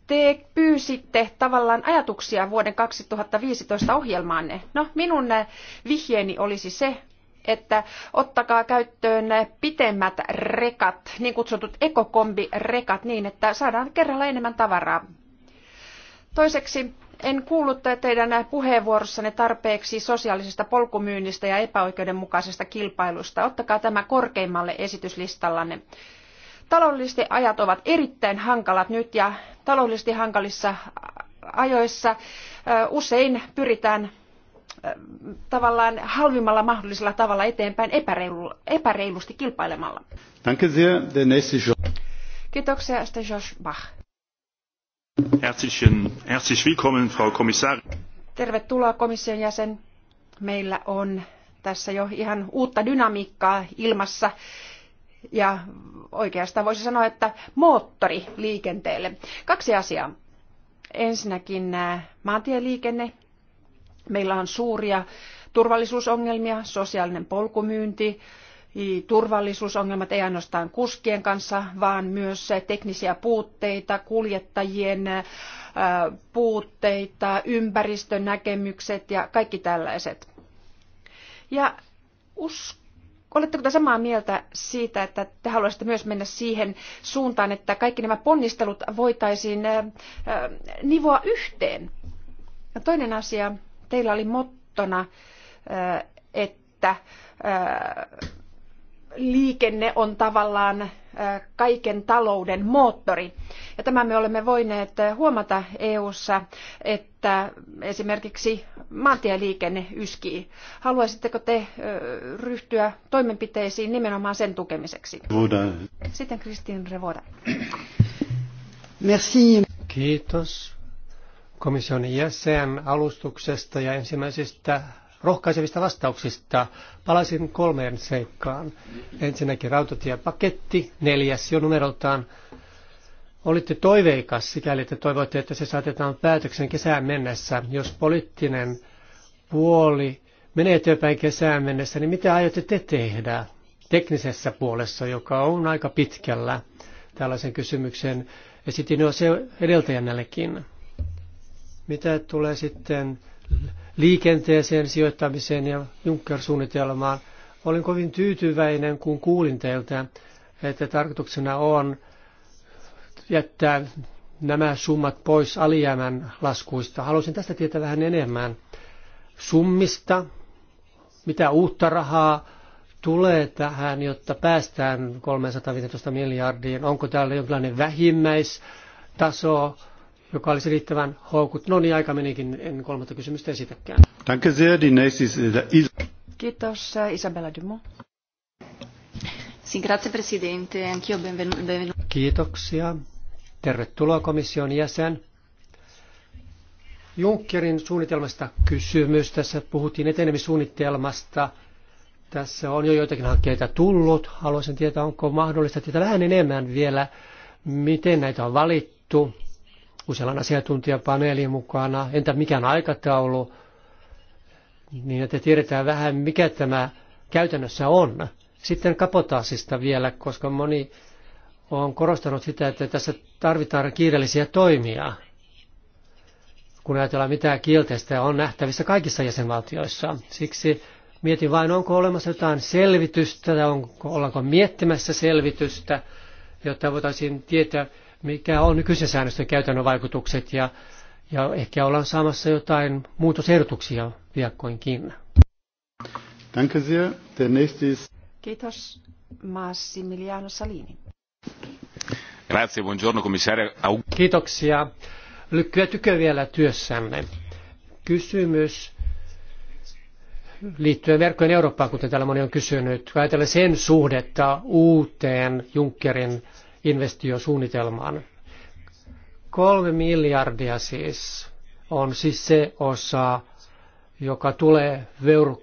Te pyysitte tavallaan ajatuksia vuoden 2015 ohjelmaanne. No, minun vihjeeni olisi se, että ottakaa käyttöön pitemmät rekat, niin kutsutut ekokombirekat, niin että saadaan kerralla enemmän tavaraa. Toiseksi en kuullut teidän puheenvuorossanne tarpeeksi sosiaalisesta polkumyynnistä ja epäoikeudenmukaisesta kilpailusta. Ottakaa tämä korkeimmalle esityslistallanne. Taloudelliset ajat ovat erittäin hankalat nyt ja taloudellisesti hankalissa ajoissa usein pyritään tavallaan halvimmalla mahdollisella tavalla eteenpäin epäreilu, epäreilusti kilpailemalla. Kiitoksia, Bach Tervetuloa komission jäsen. Meillä on tässä jo ihan uutta dynamiikkaa ilmassa ja oikeastaan voisi sanoa, että moottori liikenteelle. Kaksi asiaa. Ensinnäkin maantieliikenne. Meillä on suuria turvallisuusongelmia, sosiaalinen polkumyynti, turvallisuusongelmat ei ainoastaan kuskien kanssa, vaan myös teknisiä puutteita, kuljettajien äh, puutteita, ympäristönäkemykset ja kaikki tällaiset. Ja uskon, Oletteko te samaa mieltä siitä, että te haluaisitte myös mennä siihen suuntaan, että kaikki nämä ponnistelut voitaisiin äh, äh, nivoa yhteen? Ja toinen asia, teillä oli mottona, että liikenne on tavallaan kaiken talouden moottori. Ja tämän me olemme voineet huomata EU:ssa, että esimerkiksi maantieliikenne yskii. Haluaisitteko te ryhtyä toimenpiteisiin nimenomaan sen tukemiseksi? Voidaan. Sitten Kristin Revoda. Merci. Kiitos komission jäsen alustuksesta ja ensimmäisistä rohkaisevista vastauksista. Palaisin kolmeen seikkaan. Ensinnäkin rautatiepaketti, neljäs jo numeroltaan. Olitte toiveikas sikäli, että toivoitte, että se saatetaan päätöksen kesään mennessä. Jos poliittinen puoli menee eteenpäin kesään mennessä, niin mitä aiotte te tehdä teknisessä puolessa, joka on aika pitkällä? Tällaisen kysymyksen esitin jo se edeltäjänällekin. Mitä tulee sitten liikenteeseen sijoittamiseen ja Juncker-suunnitelmaan. Olin kovin tyytyväinen, kun kuulin teiltä, että tarkoituksena on jättää nämä summat pois alijäämän laskuista. Haluaisin tästä tietää vähän enemmän summista, mitä uutta rahaa tulee tähän, jotta päästään 315 miljardiin. Onko täällä jonkinlainen vähimmäistaso? joka olisi riittävän houkut. No niin, aika menikin, en kolmatta kysymystä esitäkään. Danke sehr, die nächste ist äh, Kiitos, äh, Isabella Dumont. Sì, grazie Presidente, anch'io benvenuto. Kiitoksia. Tervetuloa komission jäsen. Junckerin suunnitelmasta kysymys. Tässä puhuttiin etenemissuunnitelmasta. Tässä on jo joitakin hankkeita tullut. Haluaisin tietää, onko mahdollista tietää vähän enemmän vielä, miten näitä on valittu Usealla on asiantuntijapaneeli mukana, entä mikään aikataulu, niin että tiedetään vähän, mikä tämä käytännössä on. Sitten kapotaasista vielä, koska moni on korostanut sitä, että tässä tarvitaan kiireellisiä toimia. Kun ajatellaan, mitä kielteistä on nähtävissä kaikissa jäsenvaltioissa. Siksi mietin vain, onko olemassa jotain selvitystä, tai onko, ollaanko miettimässä selvitystä, jotta voitaisiin tietää, mikä on nykyisen säännöstön käytännön vaikutukset ja, ja ehkä ollaan saamassa jotain muutosehdotuksia viakkoinkin. Danke sehr. Der nächste ist... Kiitos. Massimiliano Salini. Grazie, buongiorno komissaari. Kiitoksia. Lykkyä tykö vielä työssänne. Kysymys liittyen verkkojen Eurooppaan, kuten täällä moni on kysynyt. Ajatellaan sen suhdetta uuteen Junckerin investiosuunnitelmaan. Kolme miljardia siis on siis se osa, joka tulee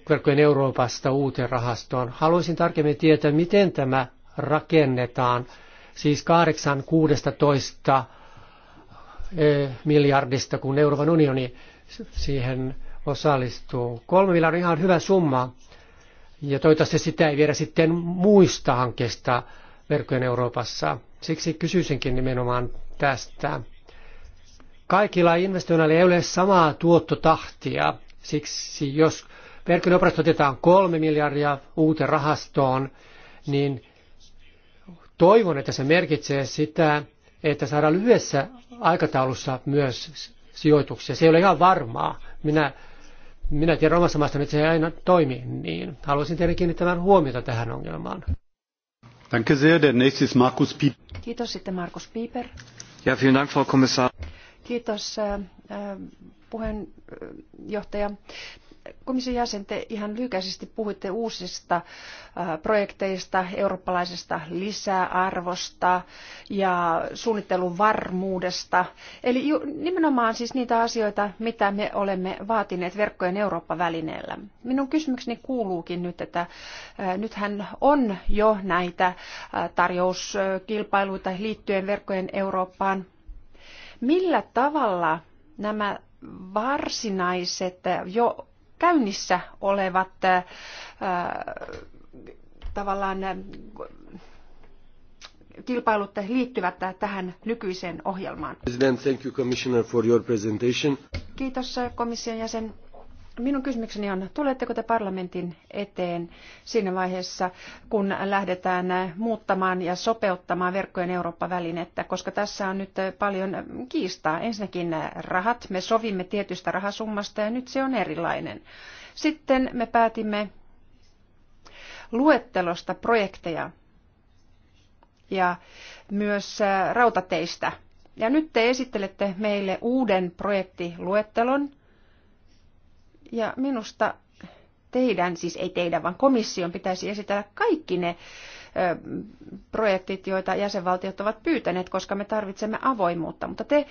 verkkojen Euroopasta uuteen rahastoon. Haluaisin tarkemmin tietää, miten tämä rakennetaan, siis 8 16 eh, miljardista, kun Euroopan unioni siihen osallistuu. Kolme miljardia on ihan hyvä summa, ja toivottavasti sitä ei viedä sitten muista hankkeista verkkojen Euroopassa. Siksi kysyisinkin nimenomaan tästä. Kaikilla investoinneilla ei ole samaa tuottotahtia. Siksi jos verkkojen operaatio otetaan kolme miljardia uuteen rahastoon, niin toivon, että se merkitsee sitä, että saadaan lyhyessä aikataulussa myös sijoituksia. Se ei ole ihan varmaa. Minä, minä tiedän omassa maastani, että se ei aina toimi niin. Haluaisin teidän kiinnittämään huomiota tähän ongelmaan. Danke sehr. Der nächste ist Markus Pieper. Kiitos sitten Markus Pieper. Ja, vielen Dank, Frau Kommissar. Kiitos äh, äh, puheenjohtaja komission jäsen, te ihan lyhykäisesti puhuitte uusista äh, projekteista, eurooppalaisesta lisäarvosta ja suunnittelun varmuudesta. Eli nimenomaan siis niitä asioita, mitä me olemme vaatineet verkkojen Eurooppa-välineellä. Minun kysymykseni kuuluukin nyt, että äh, nythän on jo näitä äh, tarjouskilpailuita liittyen verkkojen Eurooppaan. Millä tavalla nämä varsinaiset jo käynnissä olevat äh, tavallaan äh, kilpailut liittyvät tähän nykyiseen ohjelmaan. President, thank you, Commissioner, for your presentation. Kiitos äh, komission jäsen Minun kysymykseni on, tuletteko te parlamentin eteen siinä vaiheessa, kun lähdetään muuttamaan ja sopeuttamaan verkkojen Eurooppa-välinettä, koska tässä on nyt paljon kiistaa. Ensinnäkin rahat, me sovimme tietystä rahasummasta ja nyt se on erilainen. Sitten me päätimme luettelosta projekteja ja myös rautateistä. Ja nyt te esittelette meille uuden projektiluettelon, ja minusta teidän, siis ei teidän, vaan komission pitäisi esitellä kaikki ne projektit, joita jäsenvaltiot ovat pyytäneet, koska me tarvitsemme avoimuutta. Mutta te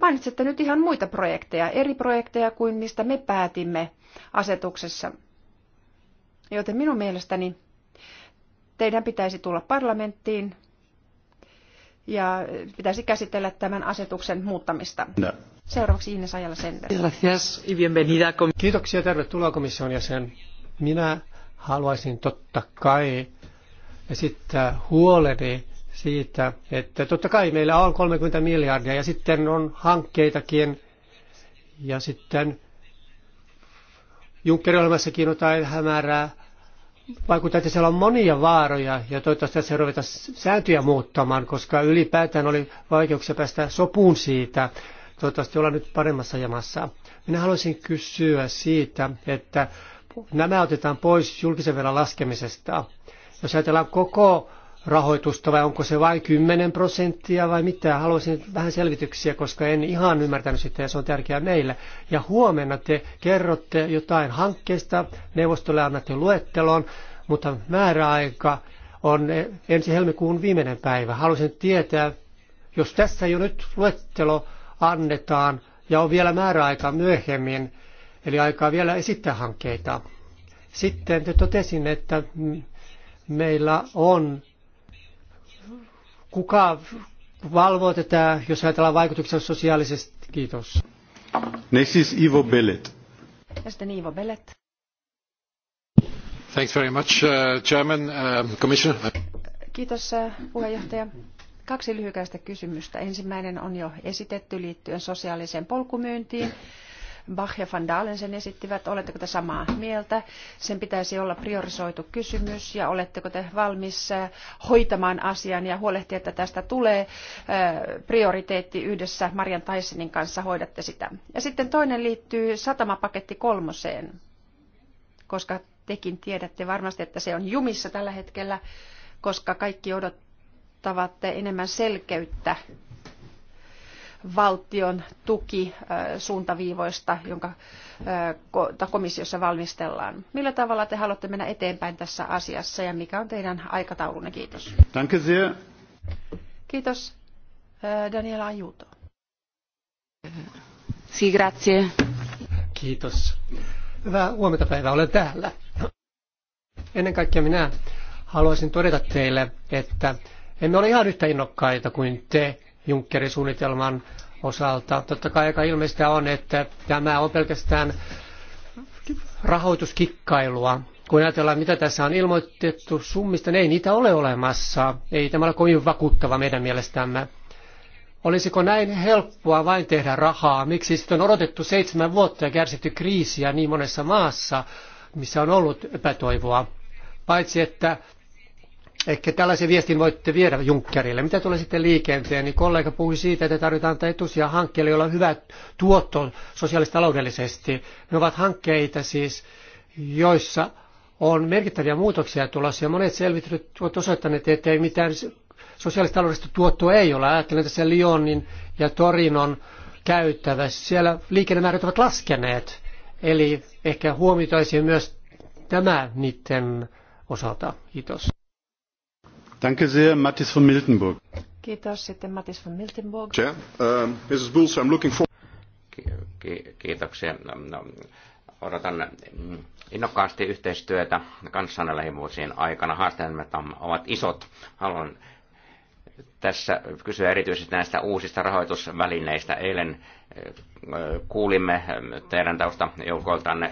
mainitsette nyt ihan muita projekteja, eri projekteja kuin mistä me päätimme asetuksessa. Joten minun mielestäni teidän pitäisi tulla parlamenttiin ja pitäisi käsitellä tämän asetuksen muuttamista. No. Seuraavaksi Ines Ajala Sender. Kiitoksia, tervetuloa komission jäsen. Minä haluaisin totta kai esittää huoleni siitä, että totta kai meillä on 30 miljardia ja sitten on hankkeitakin ja sitten Junckerin ohjelmassakin jotain hämärää. Vaikuttaa, että siellä on monia vaaroja ja toivottavasti tässä ruvetaan sääntöjä muuttamaan, koska ylipäätään oli vaikeuksia päästä sopuun siitä, Toivottavasti ollaan nyt paremmassa jamassa. Minä haluaisin kysyä siitä, että nämä otetaan pois julkisen velan laskemisesta. Jos ajatellaan koko rahoitusta vai onko se vain 10 prosenttia vai mitä? Haluaisin vähän selvityksiä, koska en ihan ymmärtänyt sitä ja se on tärkeää meille. Ja huomenna te kerrotte jotain hankkeesta, neuvostolle annatte luettelon, mutta määräaika on ensi helmikuun viimeinen päivä. Haluaisin tietää, jos tässä jo nyt luettelo annetaan ja on vielä määräaika myöhemmin, eli aikaa vielä esittää hankkeita. Sitten totesin, että meillä on, kuka valvoo tätä, jos ajatellaan vaikutuksia sosiaalisesti. Kiitos. Next is Ivo Bellet. Ja sitten Ivo Bellet. Thanks very much, uh, Chairman, uh, Commissioner. Kiitos uh, puheenjohtaja. Kaksi lyhykäistä kysymystä. Ensimmäinen on jo esitetty liittyen sosiaaliseen polkumyyntiin. Bach ja Van Dalen sen esittivät. Oletteko te samaa mieltä? Sen pitäisi olla priorisoitu kysymys ja oletteko te valmis äh, hoitamaan asian ja huolehtia, että tästä tulee äh, prioriteetti yhdessä Marian Taisenin kanssa hoidatte sitä. Ja sitten toinen liittyy satamapaketti kolmoseen, koska tekin tiedätte varmasti, että se on jumissa tällä hetkellä, koska kaikki odottaa tuottavat enemmän selkeyttä valtion tuki suuntaviivoista, jonka komissiossa valmistellaan. Millä tavalla te haluatte mennä eteenpäin tässä asiassa ja mikä on teidän aikataulunne? Kiitos. Danke sehr. Kiitos. Daniela Ajuto. Si, grazie. Kiitos. Hyvää huomenta päivää. Olen täällä. Ennen kaikkea minä haluaisin todeta teille, että emme ole ihan yhtä innokkaita kuin te Junckerin suunnitelman osalta. Totta kai aika ilmeistä on, että tämä on pelkästään rahoituskikkailua. Kun ajatellaan, mitä tässä on ilmoitettu summista, niin ei niitä ole olemassa. Ei tämä ole kovin vakuuttava meidän mielestämme. Olisiko näin helppoa vain tehdä rahaa? Miksi sitten on odotettu seitsemän vuotta ja kärsitty kriisiä niin monessa maassa, missä on ollut epätoivoa? Paitsi että Ehkä tällaisen viestin voitte viedä Junckerille. Mitä tulee sitten liikenteen, niin kollega puhui siitä, että tarvitaan etusia hankkeille, joilla on hyvä tuotto sosiaalistaloudellisesti. Ne ovat hankkeita siis, joissa on merkittäviä muutoksia tulossa ja monet selvittelyt ovat osoittaneet, että ei mitään sosiaalistaloudellista tuottoa ei ole. Ajattelen tässä Lyonin ja Torinon käyttävässä. Siellä liikennemäärät ovat laskeneet, eli ehkä huomioitaisiin myös tämä niiden osalta. Kiitos. Danke sehr, Mattis von Miltenburg. Kiitos. Sitten Mattis von Miltenburg. Chair, um, Mrs. Bulls, I'm looking for... Ki- kiitoksia. No, no odotan mm, innokkaasti yhteistyötä kanssanne lähivuosien aikana. Haasteemme ovat isot. Haluan tässä kysyä erityisesti näistä uusista rahoitusvälineistä. Eilen eh, kuulimme teidän taustajoukoiltanne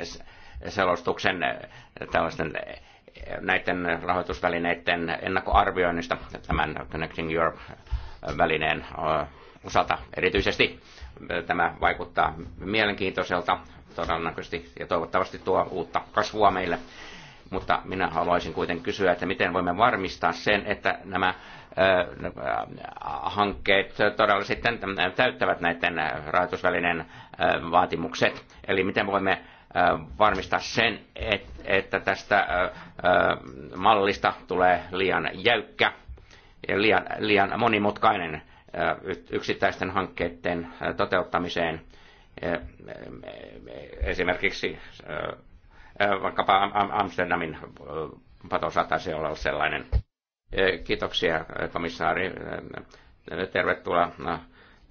selostuksen eh, tällaisten näiden rahoitusvälineiden ennakkoarvioinnista tämän Connecting Europe-välineen osalta erityisesti. Tämä vaikuttaa mielenkiintoiselta todennäköisesti ja toivottavasti tuo uutta kasvua meille. Mutta minä haluaisin kuitenkin kysyä, että miten voimme varmistaa sen, että nämä hankkeet todella sitten täyttävät näiden rahoitusvälineen vaatimukset. Eli miten voimme varmistaa sen, että tästä mallista tulee liian jäykkä ja liian, liian monimutkainen yksittäisten hankkeiden toteuttamiseen. Esimerkiksi vaikkapa Amsterdamin pato saattaisi olla sellainen. Kiitoksia komissaari. Tervetuloa no,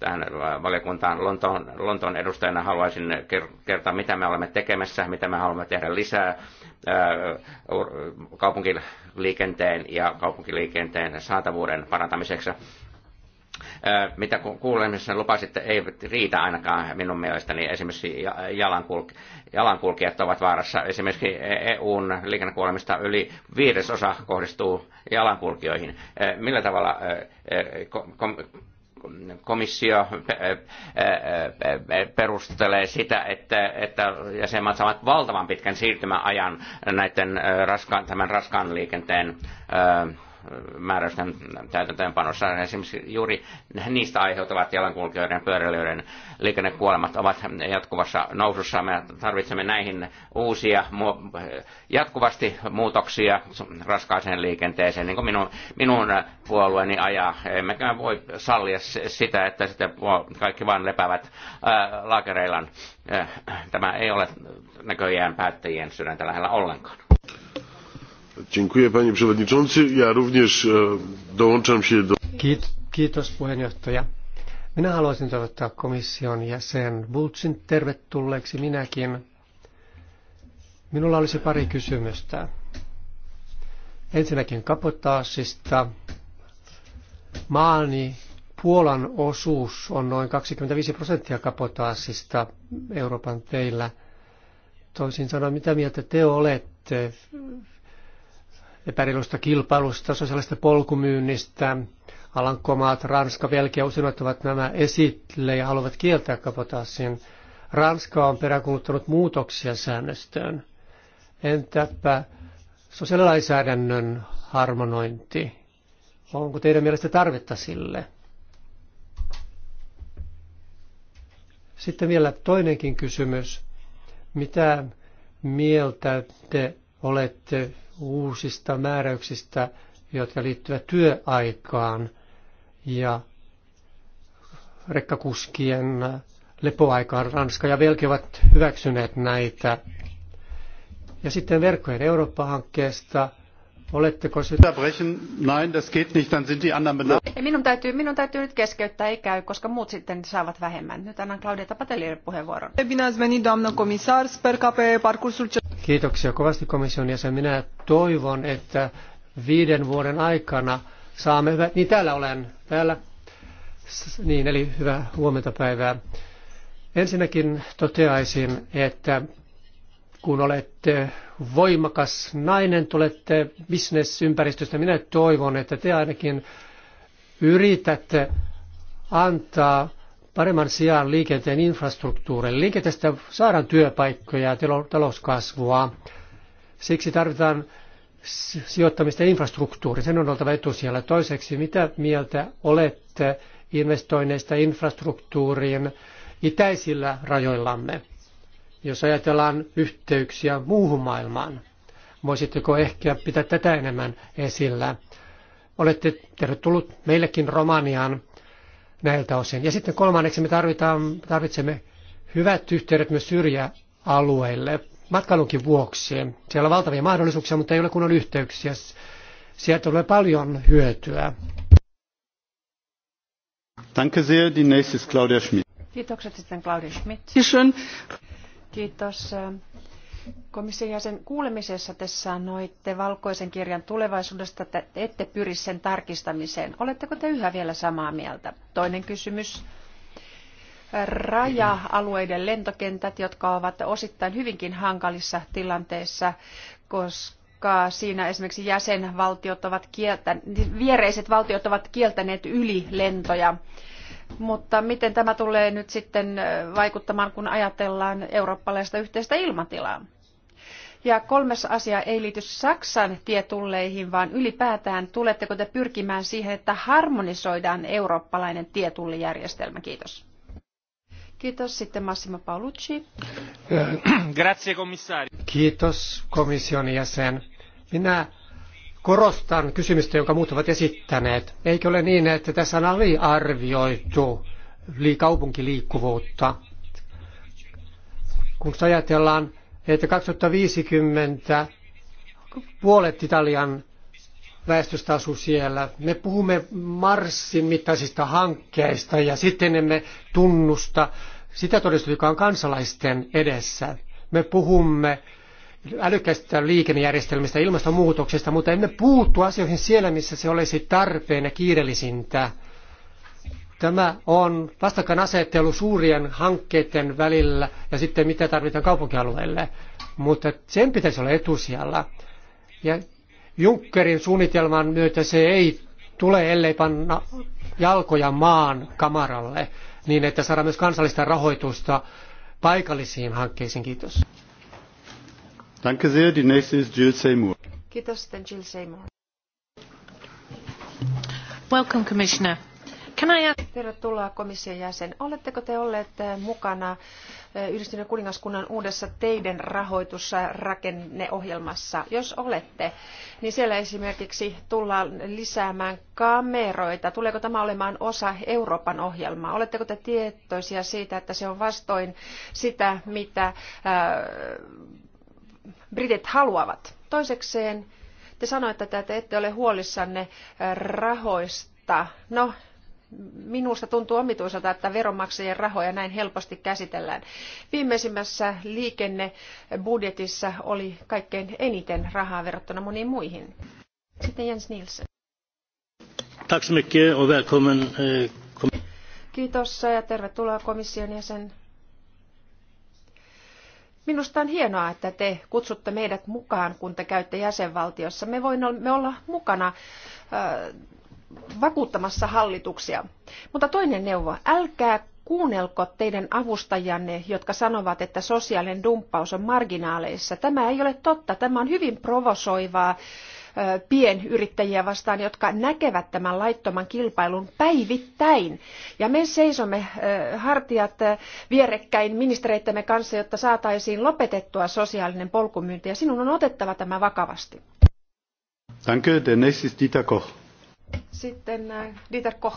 tähän äh, valiokuntaan Lontoon, Lontoon edustajana haluaisin kertoa, mitä me olemme tekemässä, mitä me haluamme tehdä lisää äh, kaupunkiliikenteen ja kaupunkiliikenteen saatavuuden parantamiseksi äh, mitä kuulemisessa lupasitte, ei riitä ainakaan minun mielestäni. Esimerkiksi jalankulkijat ovat vaarassa. Esimerkiksi EUn liikennekuolemista yli viidesosa kohdistuu jalankulkijoihin. Millä tavalla komissio eh, eh, eh, perustelee sitä, että, että jäsenmaat saavat valtavan pitkän siirtymäajan näiden raskaan, tämän raskaan liikenteen määräysten täytäntöönpanossa. Esimerkiksi juuri niistä aiheutuvat jalankulkijoiden pyöräilijöiden liikennekuolemat ovat jatkuvassa nousussa. Me tarvitsemme näihin uusia jatkuvasti muutoksia raskaaseen liikenteeseen, niin kuin minun, minun puolueeni ajaa. Emmekä voi sallia sitä, että sitten kaikki vain lepäävät laakereillaan. Tämä ei ole näköjään päättäjien sydäntä lähellä ollenkaan panie przewodniczący. Ja również e, dołączam się do... Kiitos puheenjohtaja. Minä haluaisin toivottaa komission jäsen Bulcin tervetulleeksi minäkin. Minulla olisi pari kysymystä. Ensinnäkin kapotaasista. Maani Puolan osuus on noin 25 prosenttia kapotaasista Euroopan teillä. Toisin sanoen, mitä mieltä te olette epäreilusta kilpailusta, sosiaalista polkumyynnistä. Alankomaat, Ranska, Belgia usein ottavat nämä esille ja haluavat kieltää kapotaasin. Ranska on peräänkuuluttanut muutoksia säännöstöön. Entäpä sosiaalilainsäädännön harmonointi? Onko teidän mielestä tarvetta sille? Sitten vielä toinenkin kysymys. Mitä mieltä te olette uusista määräyksistä, jotka liittyvät työaikaan ja rekkakuskien lepoaikaan. Ranska ja Belgia ovat hyväksyneet näitä. Ja sitten verkkojen Eurooppa-hankkeesta – Minun täytyy, minun täytyy nyt keskeyttää, ei käy, koska muut sitten saavat vähemmän. Nyt annan Claudia Tapatelille puheenvuoron. Kiitoksia kovasti komission jäsen. Minä toivon, että viiden vuoden aikana saamme hyvä... Niin täällä olen, täällä. Niin, eli hyvää huomenta päivää. Ensinnäkin toteaisin, että kun olette voimakas nainen, tulette bisnesympäristöstä. Minä toivon, että te ainakin yritätte antaa paremman sijaan liikenteen infrastruktuurille. Liikenteestä saadaan työpaikkoja ja talouskasvua. Siksi tarvitaan sijoittamista infrastruktuuriin. Sen on oltava etusijalla. Toiseksi, mitä mieltä olette investoinneista infrastruktuuriin itäisillä rajoillamme? jos ajatellaan yhteyksiä muuhun maailmaan. Voisitteko ehkä pitää tätä enemmän esillä? Olette tervetullut meillekin Romaniaan näiltä osin. Ja sitten kolmanneksi me tarvitaan, tarvitsemme hyvät yhteydet myös syrjäalueille matkailunkin vuoksi. Siellä on valtavia mahdollisuuksia, mutta ei ole kunnon yhteyksiä. Sieltä tulee paljon hyötyä. Danke sehr. Die nächste ist Claudia Schmidt. Kiitokset sitten Claudia Schmidt. Kiitos. Komission jäsen kuulemisessa te sanoitte valkoisen kirjan tulevaisuudesta, että ette pyri sen tarkistamiseen. Oletteko te yhä vielä samaa mieltä? Toinen kysymys. Raja-alueiden lentokentät, jotka ovat osittain hyvinkin hankalissa tilanteissa, koska siinä esimerkiksi jäsenvaltiot ovat kieltä, viereiset valtiot ovat kieltäneet ylilentoja. lentoja mutta miten tämä tulee nyt sitten vaikuttamaan, kun ajatellaan eurooppalaista yhteistä ilmatilaa? Ja kolmas asia ei liity Saksan tietulleihin, vaan ylipäätään tuletteko te pyrkimään siihen, että harmonisoidaan eurooppalainen tietullijärjestelmä? Kiitos. Kiitos. Sitten Massimo Paolucci. Grazie, komissaari. Kiitos komission jäsen. Minä korostan kysymystä, jonka muut ovat esittäneet. Eikö ole niin, että tässä on aliarvioitu kaupunkiliikkuvuutta? Kun ajatellaan, että 2050 puolet Italian väestöstä asuu siellä. Me puhumme Marsin mittaisista hankkeista ja sitten emme tunnusta sitä todistusta, joka on kansalaisten edessä. Me puhumme älykkäistä liikennejärjestelmistä ja ilmastonmuutoksesta, mutta emme puuttu asioihin siellä, missä se olisi tarpeen ja kiireellisintä. Tämä on vastakkainasettelu suurien hankkeiden välillä ja sitten mitä tarvitaan kaupunkialueelle. Mutta sen pitäisi olla etusijalla. Ja Junckerin suunnitelman myötä se ei tule, ellei panna jalkoja maan kamaralle, niin että saadaan myös kansallista rahoitusta paikallisiin hankkeisiin. Kiitos. Danke sehr. Die nächste ist Jill Seymour. Kiitos Jill Seymour. Welcome, Commissioner. Can I... Tervetuloa komission jäsen. Oletteko te olleet eh, mukana eh, Yhdistyneen kuningaskunnan uudessa teiden rahoitusrakenneohjelmassa? Jos olette, niin siellä esimerkiksi tullaan lisäämään kameroita. Tuleeko tämä olemaan osa Euroopan ohjelmaa? Oletteko te tietoisia siitä, että se on vastoin sitä, mitä eh, britit haluavat. Toisekseen te sanoitte, että te ette ole huolissanne äh, rahoista. No, minusta tuntuu omituiselta, että veronmaksajien rahoja näin helposti käsitellään. Viimeisimmässä liikennebudjetissa oli kaikkein eniten rahaa verrattuna moniin muihin. Sitten Jens Nielsen. Tack så mycket och välkommen. Eh, Kiitos ja tervetuloa komission jäsen. Minusta on hienoa, että te kutsutte meidät mukaan, kun te käytte jäsenvaltiossa. Me voimme olla mukana vakuuttamassa hallituksia. Mutta toinen neuvo, älkää kuunnelko teidän avustajanne, jotka sanovat, että sosiaalinen dumppaus on marginaaleissa. Tämä ei ole totta, tämä on hyvin provosoivaa pienyrittäjiä vastaan, jotka näkevät tämän laittoman kilpailun päivittäin. Ja me seisomme hartiat vierekkäin ministereittemme kanssa, jotta saataisiin lopetettua sosiaalinen polkumyynti. Ja sinun on otettava tämä vakavasti. Danke, der nächste ist Dieter Koch. Sitten Dieter Koch.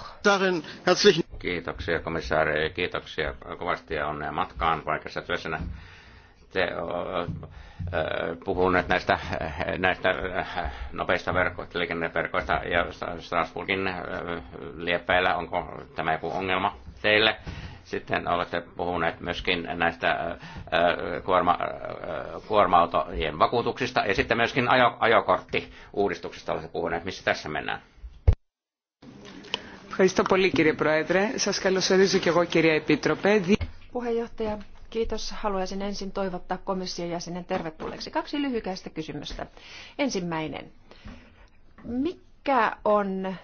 Kiitoksia komissaari, kiitoksia kovasti ja onnea matkaan vaikeassa työssänne Puhun puhuneet näistä, näistä äh, nopeista verkoista, liikenneverkoista ja Strasbourgin äh, liepeillä. Onko tämä joku ongelma teille? Sitten olette puhuneet myöskin näistä äh, kuorma, kuorma-autojen vakuutuksista ja sitten myöskin ajo, ajokorttiuudistuksista olette puhuneet. Missä tässä mennään? Ευχαριστώ πολύ κύριε Πρόεδρε. Σας καλωσορίζω και εγώ κυρία Επίτροπε. Puheenjohtaja, Kiitos. Haluaisin ensin toivottaa komission jäsenen tervetulleeksi. Kaksi lyhykäistä kysymystä. Ensimmäinen. Mikä on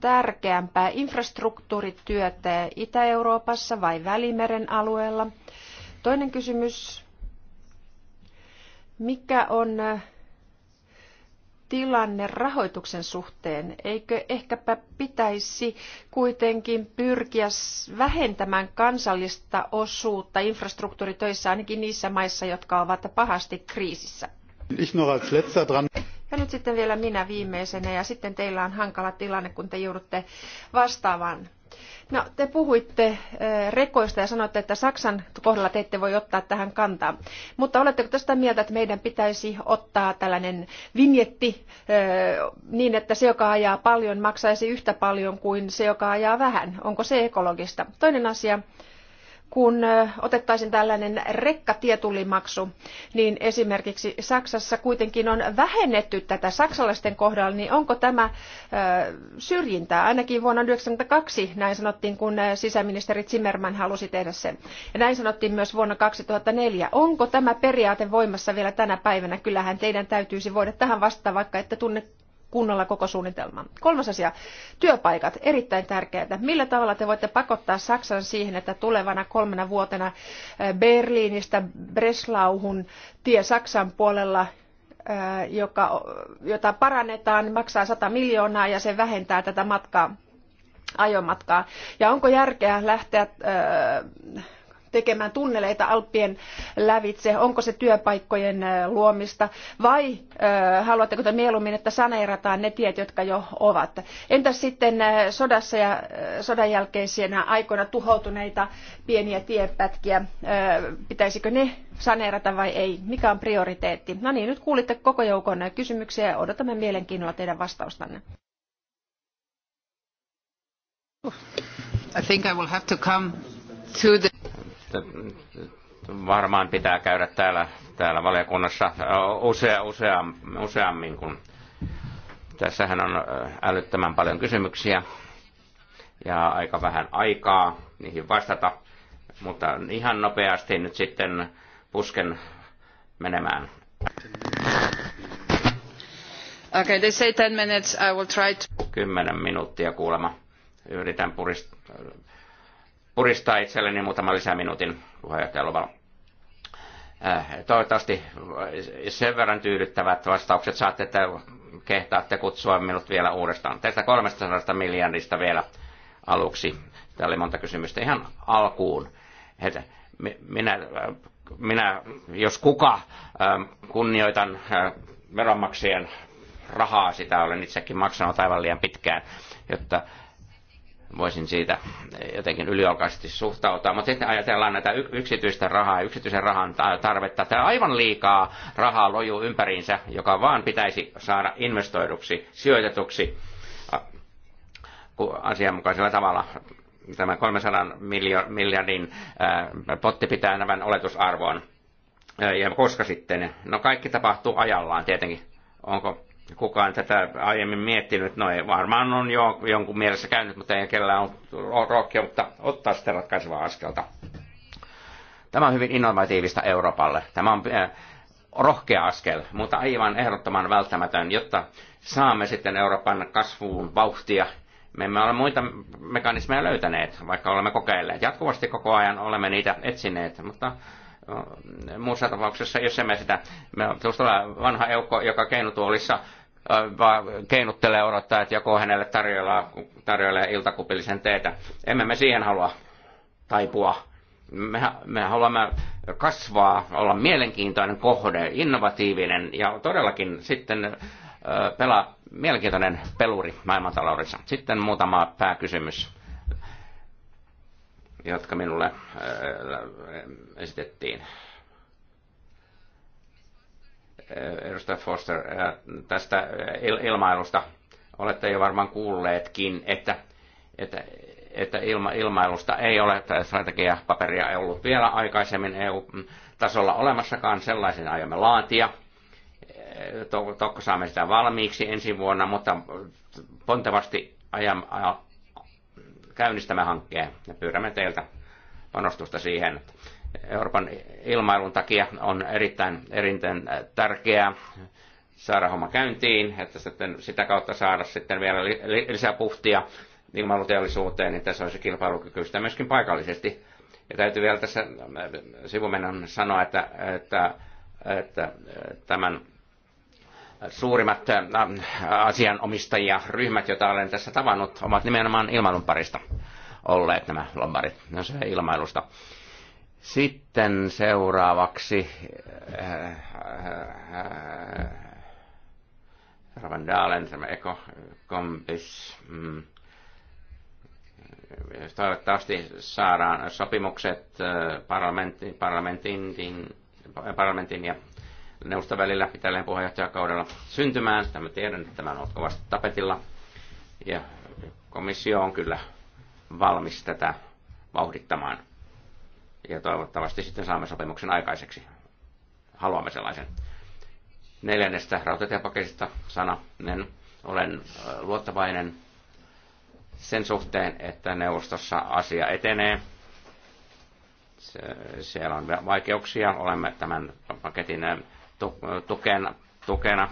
tärkeämpää infrastruktuurityötä Itä-Euroopassa vai Välimeren alueella? Toinen kysymys. Mikä on tilanne rahoituksen suhteen? Eikö ehkäpä pitäisi kuitenkin pyrkiä vähentämään kansallista osuutta infrastruktuuritöissä ainakin niissä maissa, jotka ovat pahasti kriisissä? Ja nyt sitten vielä minä viimeisenä ja sitten teillä on hankala tilanne, kun te joudutte vastaamaan No, te puhuitte eh, rekoista ja sanoitte, että Saksan kohdalla te ette voi ottaa tähän kantaa. Mutta oletteko tästä mieltä, että meidän pitäisi ottaa tällainen vinjetti eh, niin, että se, joka ajaa paljon, maksaisi yhtä paljon kuin se, joka ajaa vähän? Onko se ekologista? Toinen asia kun otettaisiin tällainen rekkatietullimaksu, niin esimerkiksi Saksassa kuitenkin on vähennetty tätä saksalaisten kohdalla, niin onko tämä syrjintää? Ainakin vuonna 1992 näin sanottiin, kun sisäministeri Zimmermann halusi tehdä sen. Ja näin sanottiin myös vuonna 2004. Onko tämä periaate voimassa vielä tänä päivänä? Kyllähän teidän täytyisi voida tähän vastata, vaikka ette tunne kunnolla koko suunnitelma. Kolmas asia, työpaikat, erittäin tärkeää. Millä tavalla te voitte pakottaa Saksan siihen, että tulevana kolmena vuotena Berliinistä Breslauhun tie Saksan puolella joka, jota parannetaan, maksaa 100 miljoonaa ja se vähentää tätä matkaa, ajomatkaa. Ja onko järkeä lähteä äh, tekemään tunneleita Alppien lävitse? Onko se työpaikkojen luomista vai haluatteko te mieluummin, että saneerataan ne tiet, jotka jo ovat? Entäs sitten sodassa ja sodan jälkeisinä aikoina tuhoutuneita pieniä tiepätkiä? Pitäisikö ne saneerata vai ei? Mikä on prioriteetti? No niin, nyt kuulitte koko joukon kysymyksiä ja odotamme mielenkiinnolla teidän vastaustanne. I think I will have to come to the varmaan pitää käydä täällä, täällä valiokunnassa usea, usea, useammin, kun tässähän on älyttömän paljon kysymyksiä ja aika vähän aikaa niihin vastata. Mutta ihan nopeasti nyt sitten pusken menemään. Okay, they say 10 minutes. I will try to... Kymmenen minuuttia kuulema. Yritän purist- puristaa itselleni muutaman lisäminuutin puheenjohtajan luvalla. Äh, toivottavasti sen verran tyydyttävät vastaukset saatte, että kehtaatte kutsua minut vielä uudestaan. Tästä 300 miljardista vielä aluksi. Täällä oli monta kysymystä ihan alkuun. minä, minä, jos kuka, ähm, kunnioitan äh, veronmaksajien rahaa, sitä olen itsekin maksanut aivan liian pitkään, jotta voisin siitä jotenkin yliolkaisesti suhtautua. Mutta sitten ajatellaan näitä yksityistä rahaa, yksityisen rahan tarvetta. Tämä aivan liikaa rahaa lojuu ympäriinsä, joka vaan pitäisi saada investoiduksi, sijoitetuksi asianmukaisella tavalla. Tämä 300 miljardin potti pitää nämä oletusarvoon. Ja koska sitten? No kaikki tapahtuu ajallaan tietenkin. Onko kukaan tätä aiemmin miettinyt. No ei, varmaan on jo jonkun mielessä käynyt, mutta ei kellään ole rohkeutta ottaa sitä ratkaisevaa askelta. Tämä on hyvin innovatiivista Euroopalle. Tämä on äh, rohkea askel, mutta aivan ehdottoman välttämätön, jotta saamme sitten Euroopan kasvuun vauhtia. Me emme ole muita mekanismeja löytäneet, vaikka olemme kokeilleet. Jatkuvasti koko ajan olemme niitä etsineet, mutta muussa tapauksessa, jos emme sitä, me tulee vanha eukko, joka keinutuolissa vaan keinuttelee odottaa, että joko hänelle tarjoilee, tarjoilee iltakupillisen teetä. Emme me siihen halua taipua. Me, me haluamme kasvaa, olla mielenkiintoinen kohde, innovatiivinen ja todellakin sitten pelaa mielenkiintoinen peluri maailmantaloudessa. Sitten muutama pääkysymys jotka minulle äh, äh, esitettiin. Äh, edustaja Foster, tästä ilmailusta olette jo varmaan kuulleetkin, että, että, että ilma, ilmailusta ei ole strategiapaperia ei ollut vielä aikaisemmin EU-tasolla olemassakaan. Sellaisen aiomme laatia. Tokko saamme sitä valmiiksi ensi vuonna, mutta pontevasti ajan, käynnistämään hankkeen ja pyydämme teiltä panostusta siihen. Euroopan ilmailun takia on erittäin, erittäin äh, tärkeää saada homma käyntiin, että sitten sitä kautta saada sitten vielä lisää puhtia ilmailuteollisuuteen, niin tässä olisi kilpailukykyistä myöskin paikallisesti. Ja täytyy vielä tässä äh, sivumennan sanoa, että, että, että tämän suurimmat äh, asianomistajia, ryhmät, joita olen tässä tavannut, ovat nimenomaan ilmailun parista olleet nämä lobbarit. No se ilmailusta. Sitten seuraavaksi äh, äh, Van Dalen, tämä ekokompis. Mm. Toivottavasti saadaan sopimukset äh, parlamentin, parlamentin, parlamentin ja neuvoston välillä Italian puheenjohtajakaudella syntymään. Tämä tiedän, että tämä on kovasti tapetilla. Ja komissio on kyllä valmis tätä vauhdittamaan. Ja toivottavasti sitten saamme sopimuksen aikaiseksi. Haluamme sellaisen. Neljännestä rautatiepaketista sananen. Olen äh, luottavainen sen suhteen, että neuvostossa asia etenee. Se, siellä on vaikeuksia. Olemme tämän paketin äh, tukena, tukena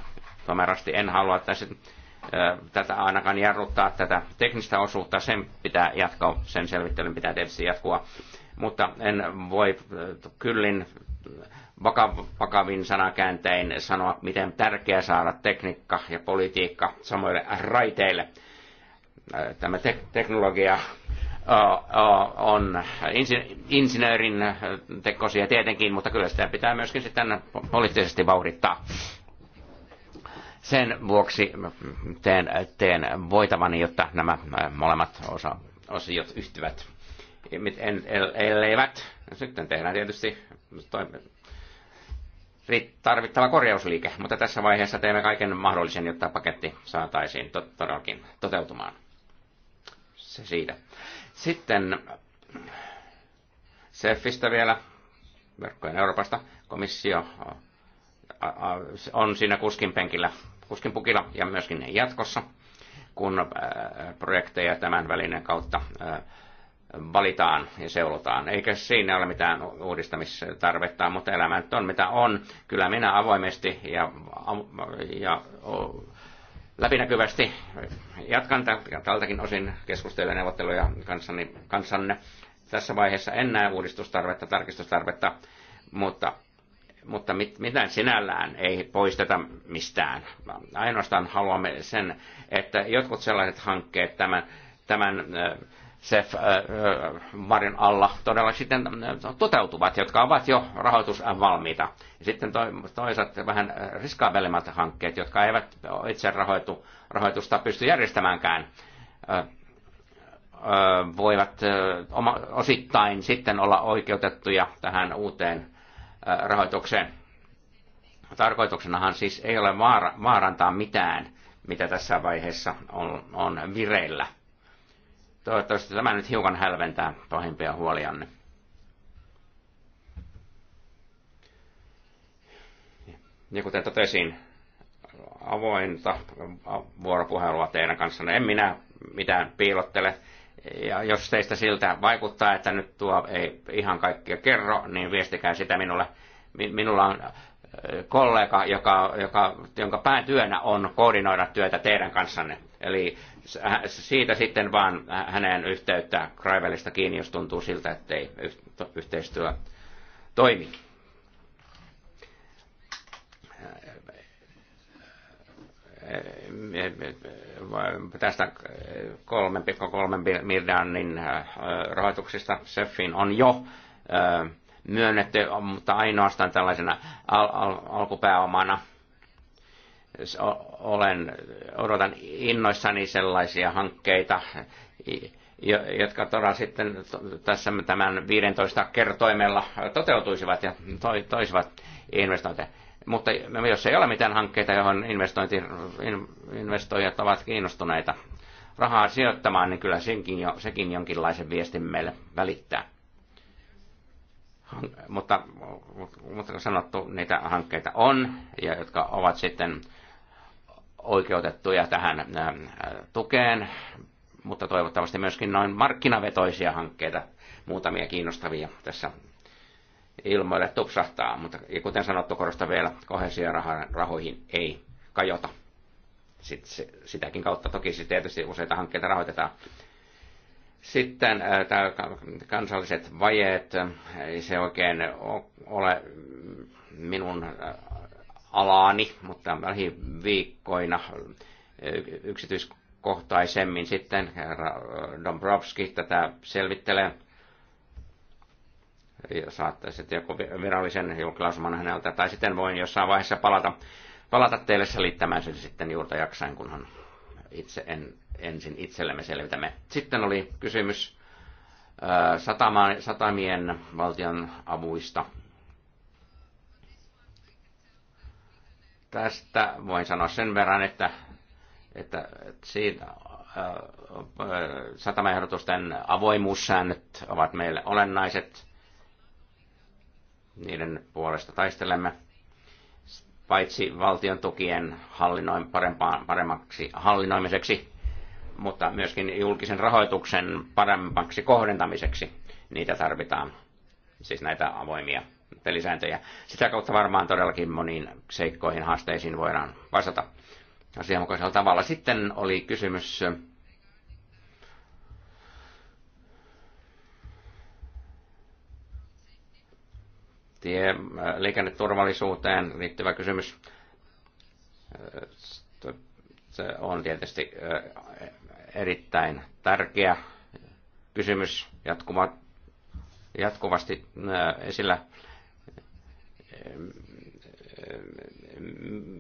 tomerasti. En halua tässä tätä ainakaan jarruttaa, tätä teknistä osuutta, sen pitää jatkaa, sen selvittelyn pitää tietysti jatkua. Mutta en voi kyllin vakavin sanakääntein sanoa, miten tärkeää saada tekniikka ja politiikka samoille raiteille. Tämä te- teknologia on insinöörin tekosia tietenkin, mutta kyllä sitä pitää myöskin sitten poliittisesti vauhdittaa. Sen vuoksi teen, teen voitavani, jotta nämä molemmat osa, osiot yhtyvät. En, elleivät, sitten tehdään tietysti tarvittava korjausliike, mutta tässä vaiheessa teemme kaiken mahdollisen, jotta paketti saataisiin todellakin toteutumaan. Se siitä. Sitten SEFistä vielä, verkkojen Euroopasta, komissio on siinä kuskin penkillä, kuskin pukilla ja myöskin jatkossa, kun projekteja tämän välinen kautta valitaan ja seulotaan. Eikä siinä ole mitään uudistamistarvetta, mutta elämä on mitä on. Kyllä minä avoimesti ja, ja läpinäkyvästi. Jatkan tältäkin osin keskusteluja ja neuvotteluja kanssani, kanssanne. Tässä vaiheessa en näe uudistustarvetta, tarkistustarvetta, mutta, mutta mit, mitään sinällään ei poisteta mistään. Ainoastaan haluamme sen, että jotkut sellaiset hankkeet tämän, tämän äh, CEF-varin äh, äh, alla todella sitten äh, toteutuvat, jotka ovat jo rahoitusvalmiita. ja Sitten toisaalta vähän riskaavelimmät hankkeet, jotka eivät itse rahoitu, rahoitusta pysty järjestämäänkään, voivat osittain sitten olla oikeutettuja tähän uuteen rahoitukseen. Tarkoituksenahan siis ei ole vaarantaa mitään, mitä tässä vaiheessa on, on vireillä – Toivottavasti tämä nyt hiukan hälventää pahimpia huolianne. Ja kuten totesin, avointa vuoropuhelua teidän kanssanne. En minä mitään piilottele. Ja jos teistä siltä vaikuttaa, että nyt tuo ei ihan kaikkia kerro, niin viestikää sitä minulle. Minulla on kollega, joka, joka, jonka päätyönä on koordinoida työtä teidän kanssanne. Eli siitä sitten vaan hänen yhteyttä Kraivelista kiinni, jos tuntuu siltä, että ei yhteistyö toimi. Tästä 3,3 miljardin äh, rahoituksesta SEFin on jo äh, myönnetty, mutta ainoastaan tällaisena al- al- alkupääomana olen, odotan innoissani sellaisia hankkeita, jotka todella sitten tässä tämän 15 kertoimella toteutuisivat ja toisivat investointeja. Mutta jos ei ole mitään hankkeita, johon investointi, investoijat ovat kiinnostuneita rahaa sijoittamaan, niin kyllä senkin jo, sekin jonkinlaisen viestin meille välittää. Mutta, mutta sanottu, niitä hankkeita on, ja jotka ovat sitten oikeutettuja tähän äh, tukeen, mutta toivottavasti myöskin noin markkinavetoisia hankkeita, muutamia kiinnostavia tässä ilmoille tupsahtaa, mutta kuten sanottu, korostan vielä, rahoihin ei kajota. Sitten sitäkin kautta toki siis tietysti useita hankkeita rahoitetaan. Sitten äh, tämä kansalliset vajeet, ei se oikein ole minun äh, alaani, mutta lähiviikkoina yksityiskohtaisemmin sitten herra Dombrovski tätä selvittelee. saattaa sitten joku virallisen julkilausuman häneltä, tai sitten voin jossain vaiheessa palata, palata teille selittämään sen sitten juurta jaksain, kunhan itse en, ensin itsellemme selvitämme. Sitten oli kysymys satamien valtion avuista Tästä voin sanoa sen verran, että, että siitä äh, äh, satamaehdotusten avoimuussäännöt ovat meille olennaiset. Niiden puolesta taistelemme paitsi valtion tukien hallinnoin parempaan, paremmaksi hallinnoimiseksi, mutta myöskin julkisen rahoituksen paremmaksi kohdentamiseksi. Niitä tarvitaan, siis näitä avoimia pelisääntöjä. Sitä kautta varmaan todellakin moniin seikkoihin haasteisiin voidaan vastata asianmukaisella tavalla. Sitten oli kysymys tie, äh, liikenneturvallisuuteen liittyvä kysymys. Se on tietysti äh, erittäin tärkeä kysymys, jatkuva, jatkuvasti äh, esillä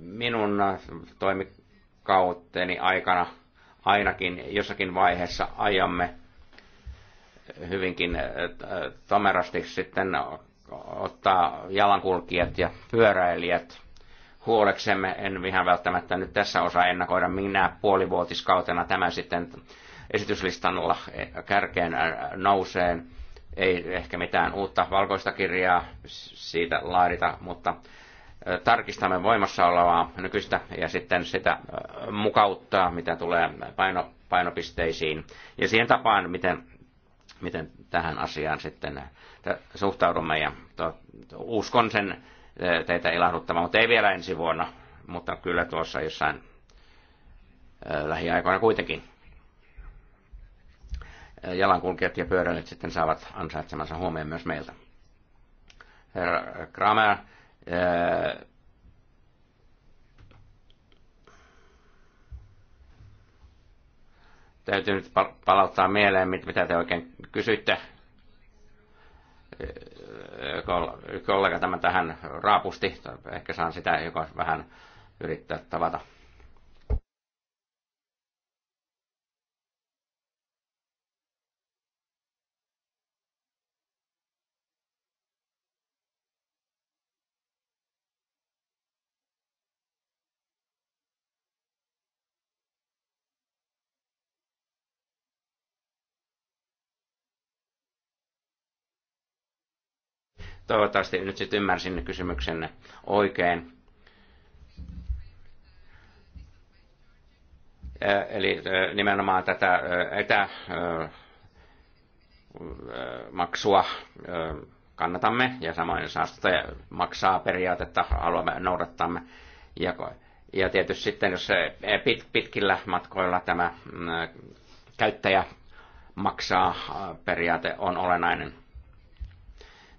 minun toimikautteni aikana ainakin jossakin vaiheessa ajamme hyvinkin tomerasti sitten ottaa jalankulkijat ja pyöräilijät huoleksemme. En ihan välttämättä nyt tässä osaa ennakoida minä puolivuotiskautena tämä sitten esityslistalla kärkeen nouseen ei ehkä mitään uutta valkoista kirjaa siitä laadita, mutta tarkistamme voimassa olevaa nykyistä ja sitten sitä mukauttaa, mitä tulee paino, painopisteisiin ja siihen tapaan, miten, miten tähän asiaan sitten suhtaudumme. Ja to, uskon sen teitä ilahduttamaan, mutta ei vielä ensi vuonna, mutta kyllä tuossa jossain lähiaikoina kuitenkin jalankulkijat ja pyöräilijät sitten saavat ansaitsemansa huomioon myös meiltä. Herra Kramer, eh, täytyy nyt palauttaa mieleen, mitä te oikein kysytte, eh, Kollega tämä tähän raapusti, ehkä saan sitä joka vähän yrittää tavata. Toivottavasti nyt sitten ymmärsin kysymyksenne oikein. Eli nimenomaan tätä etämaksua kannatamme ja samoin saastuttaja maksaa periaatetta haluamme noudattaa. Ja, ja tietysti sitten, jos pit, pitkillä matkoilla tämä mm, käyttäjä maksaa periaate on olennainen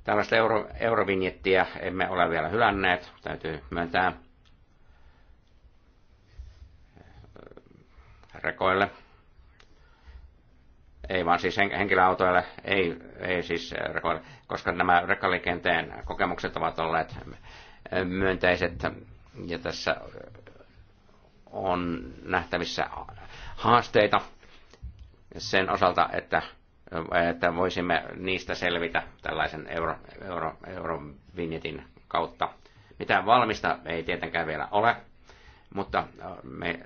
Tällaista euro, eurovinjettiä emme ole vielä hylänneet, täytyy myöntää rekoille. Ei vaan siis henkilöautoille, ei, ei siis rekoille, koska nämä rekkaliikenteen kokemukset ovat olleet myönteiset ja tässä on nähtävissä haasteita sen osalta, että että voisimme niistä selvitä tällaisen euro, euro, eurovinjetin kautta. Mitään valmista ei tietenkään vielä ole, mutta me,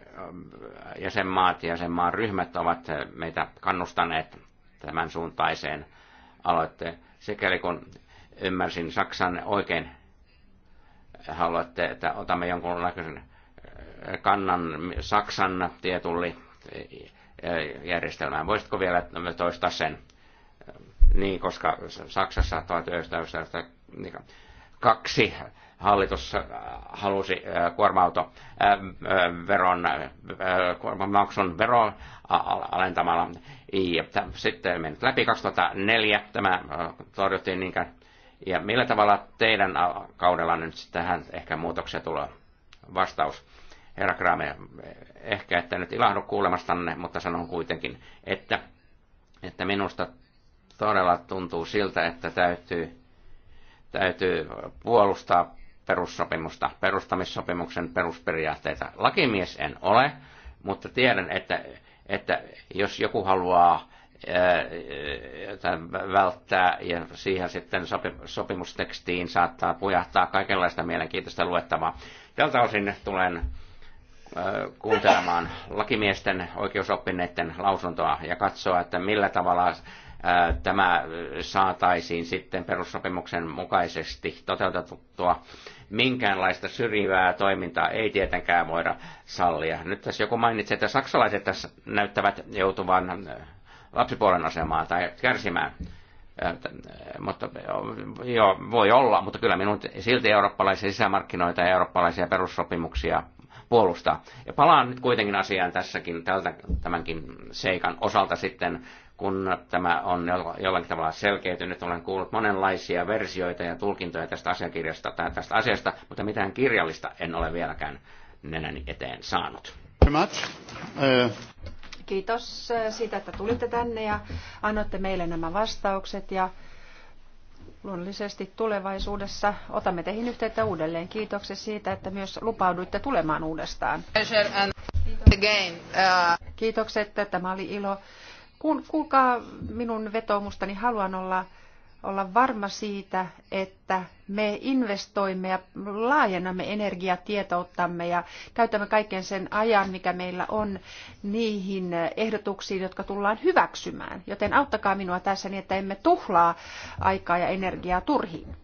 jäsenmaat ja jäsenmaan ryhmät ovat meitä kannustaneet tämän suuntaiseen aloitteen. Sikäli kun ymmärsin Saksan oikein, haluatte, että otamme jonkunlaisen kannan Saksan tietulli järjestelmään. Voisitko vielä toistaa sen? Niin, koska Saksassa 1992 niin hallitus halusi kuorma-auto veron, kuormamaksun maksun vero alentamalla. Ja sitten mennyt läpi 2004 tämä torjuttiin niinkään. Ja millä tavalla teidän kaudella nyt tähän ehkä muutoksia tulee? Vastaus Herra Kramer, ehkä että nyt ilahdu kuulemastanne, mutta sanon kuitenkin, että, että minusta todella tuntuu siltä, että täytyy, täytyy puolustaa perussopimusta, perustamissopimuksen perusperiaatteita. Lakimies en ole, mutta tiedän, että, että jos joku haluaa välttää ja siihen sitten sopimustekstiin saattaa pujahtaa kaikenlaista mielenkiintoista luettavaa. Tältä osin tulen kuuntelemaan lakimiesten oikeusoppineiden lausuntoa ja katsoa, että millä tavalla tämä saataisiin sitten perussopimuksen mukaisesti toteutettua. Minkäänlaista syrjivää toimintaa ei tietenkään voida sallia. Nyt tässä joku mainitsi, että saksalaiset tässä näyttävät joutuvan lapsipuolen asemaan tai kärsimään. Mutta joo, voi olla, mutta kyllä minun silti eurooppalaisia sisämarkkinoita ja eurooppalaisia perussopimuksia puolustaa. Ja palaan nyt kuitenkin asiaan tässäkin tältä, tämänkin seikan osalta sitten, kun tämä on jollakin tavalla selkeytynyt. Olen kuullut monenlaisia versioita ja tulkintoja tästä asiakirjasta tai tästä asiasta, mutta mitään kirjallista en ole vieläkään nenäni eteen saanut. Uh, Kiitos äh, siitä, että tulitte tänne ja annoitte meille nämä vastaukset ja Luonnollisesti tulevaisuudessa otamme teihin yhteyttä uudelleen. Kiitoksia siitä, että myös lupauduitte tulemaan uudestaan. Uh, Kiitokset, että tämä oli ilo. Kuulkaa minun vetomustani, niin haluan olla olla varma siitä, että me investoimme ja laajennamme energiatietouttamme ja käytämme kaiken sen ajan, mikä meillä on niihin ehdotuksiin, jotka tullaan hyväksymään. Joten auttakaa minua tässä niin, että emme tuhlaa aikaa ja energiaa turhiin.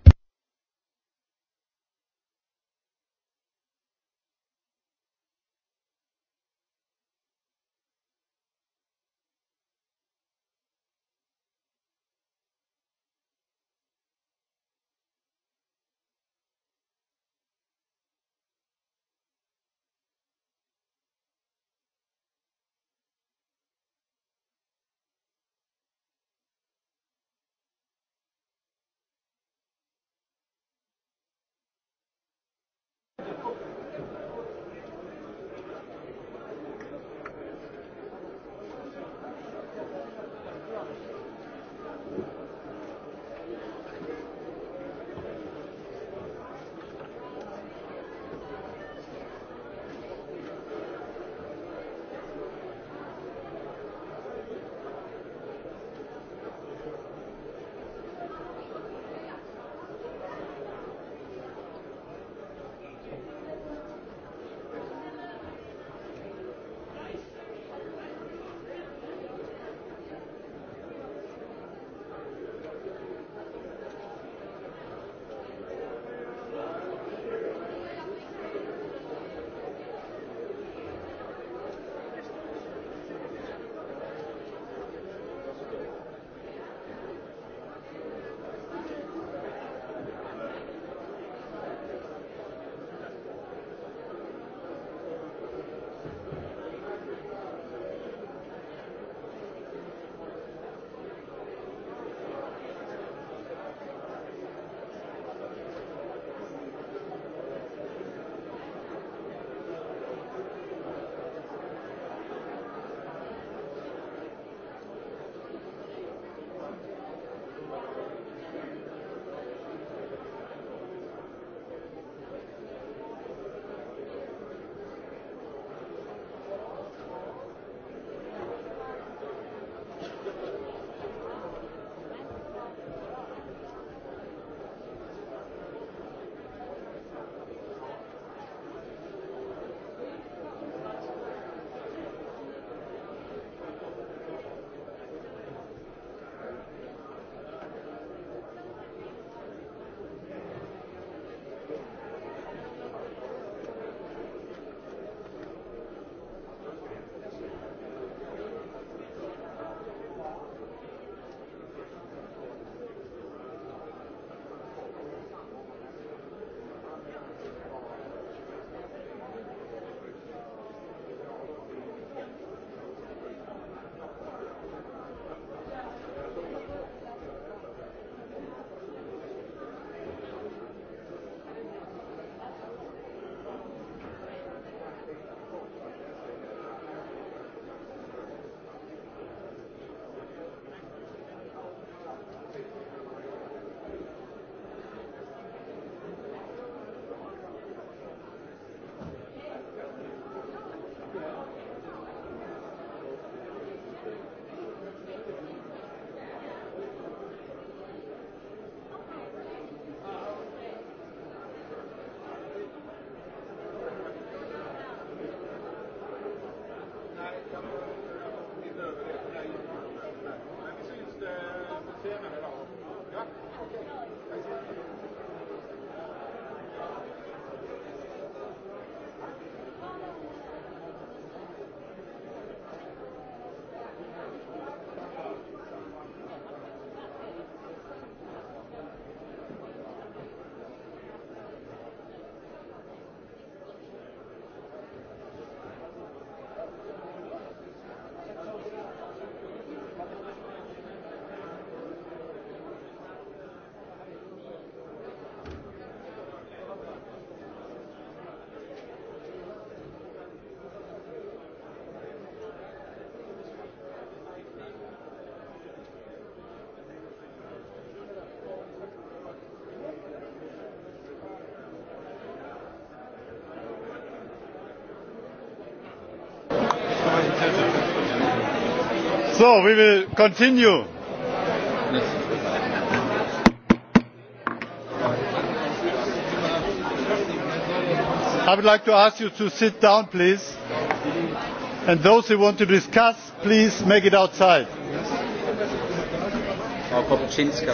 So, we will continue. I would like to ask you to sit down, please. And those who want to discuss, please make it outside. Frau Kopczynska,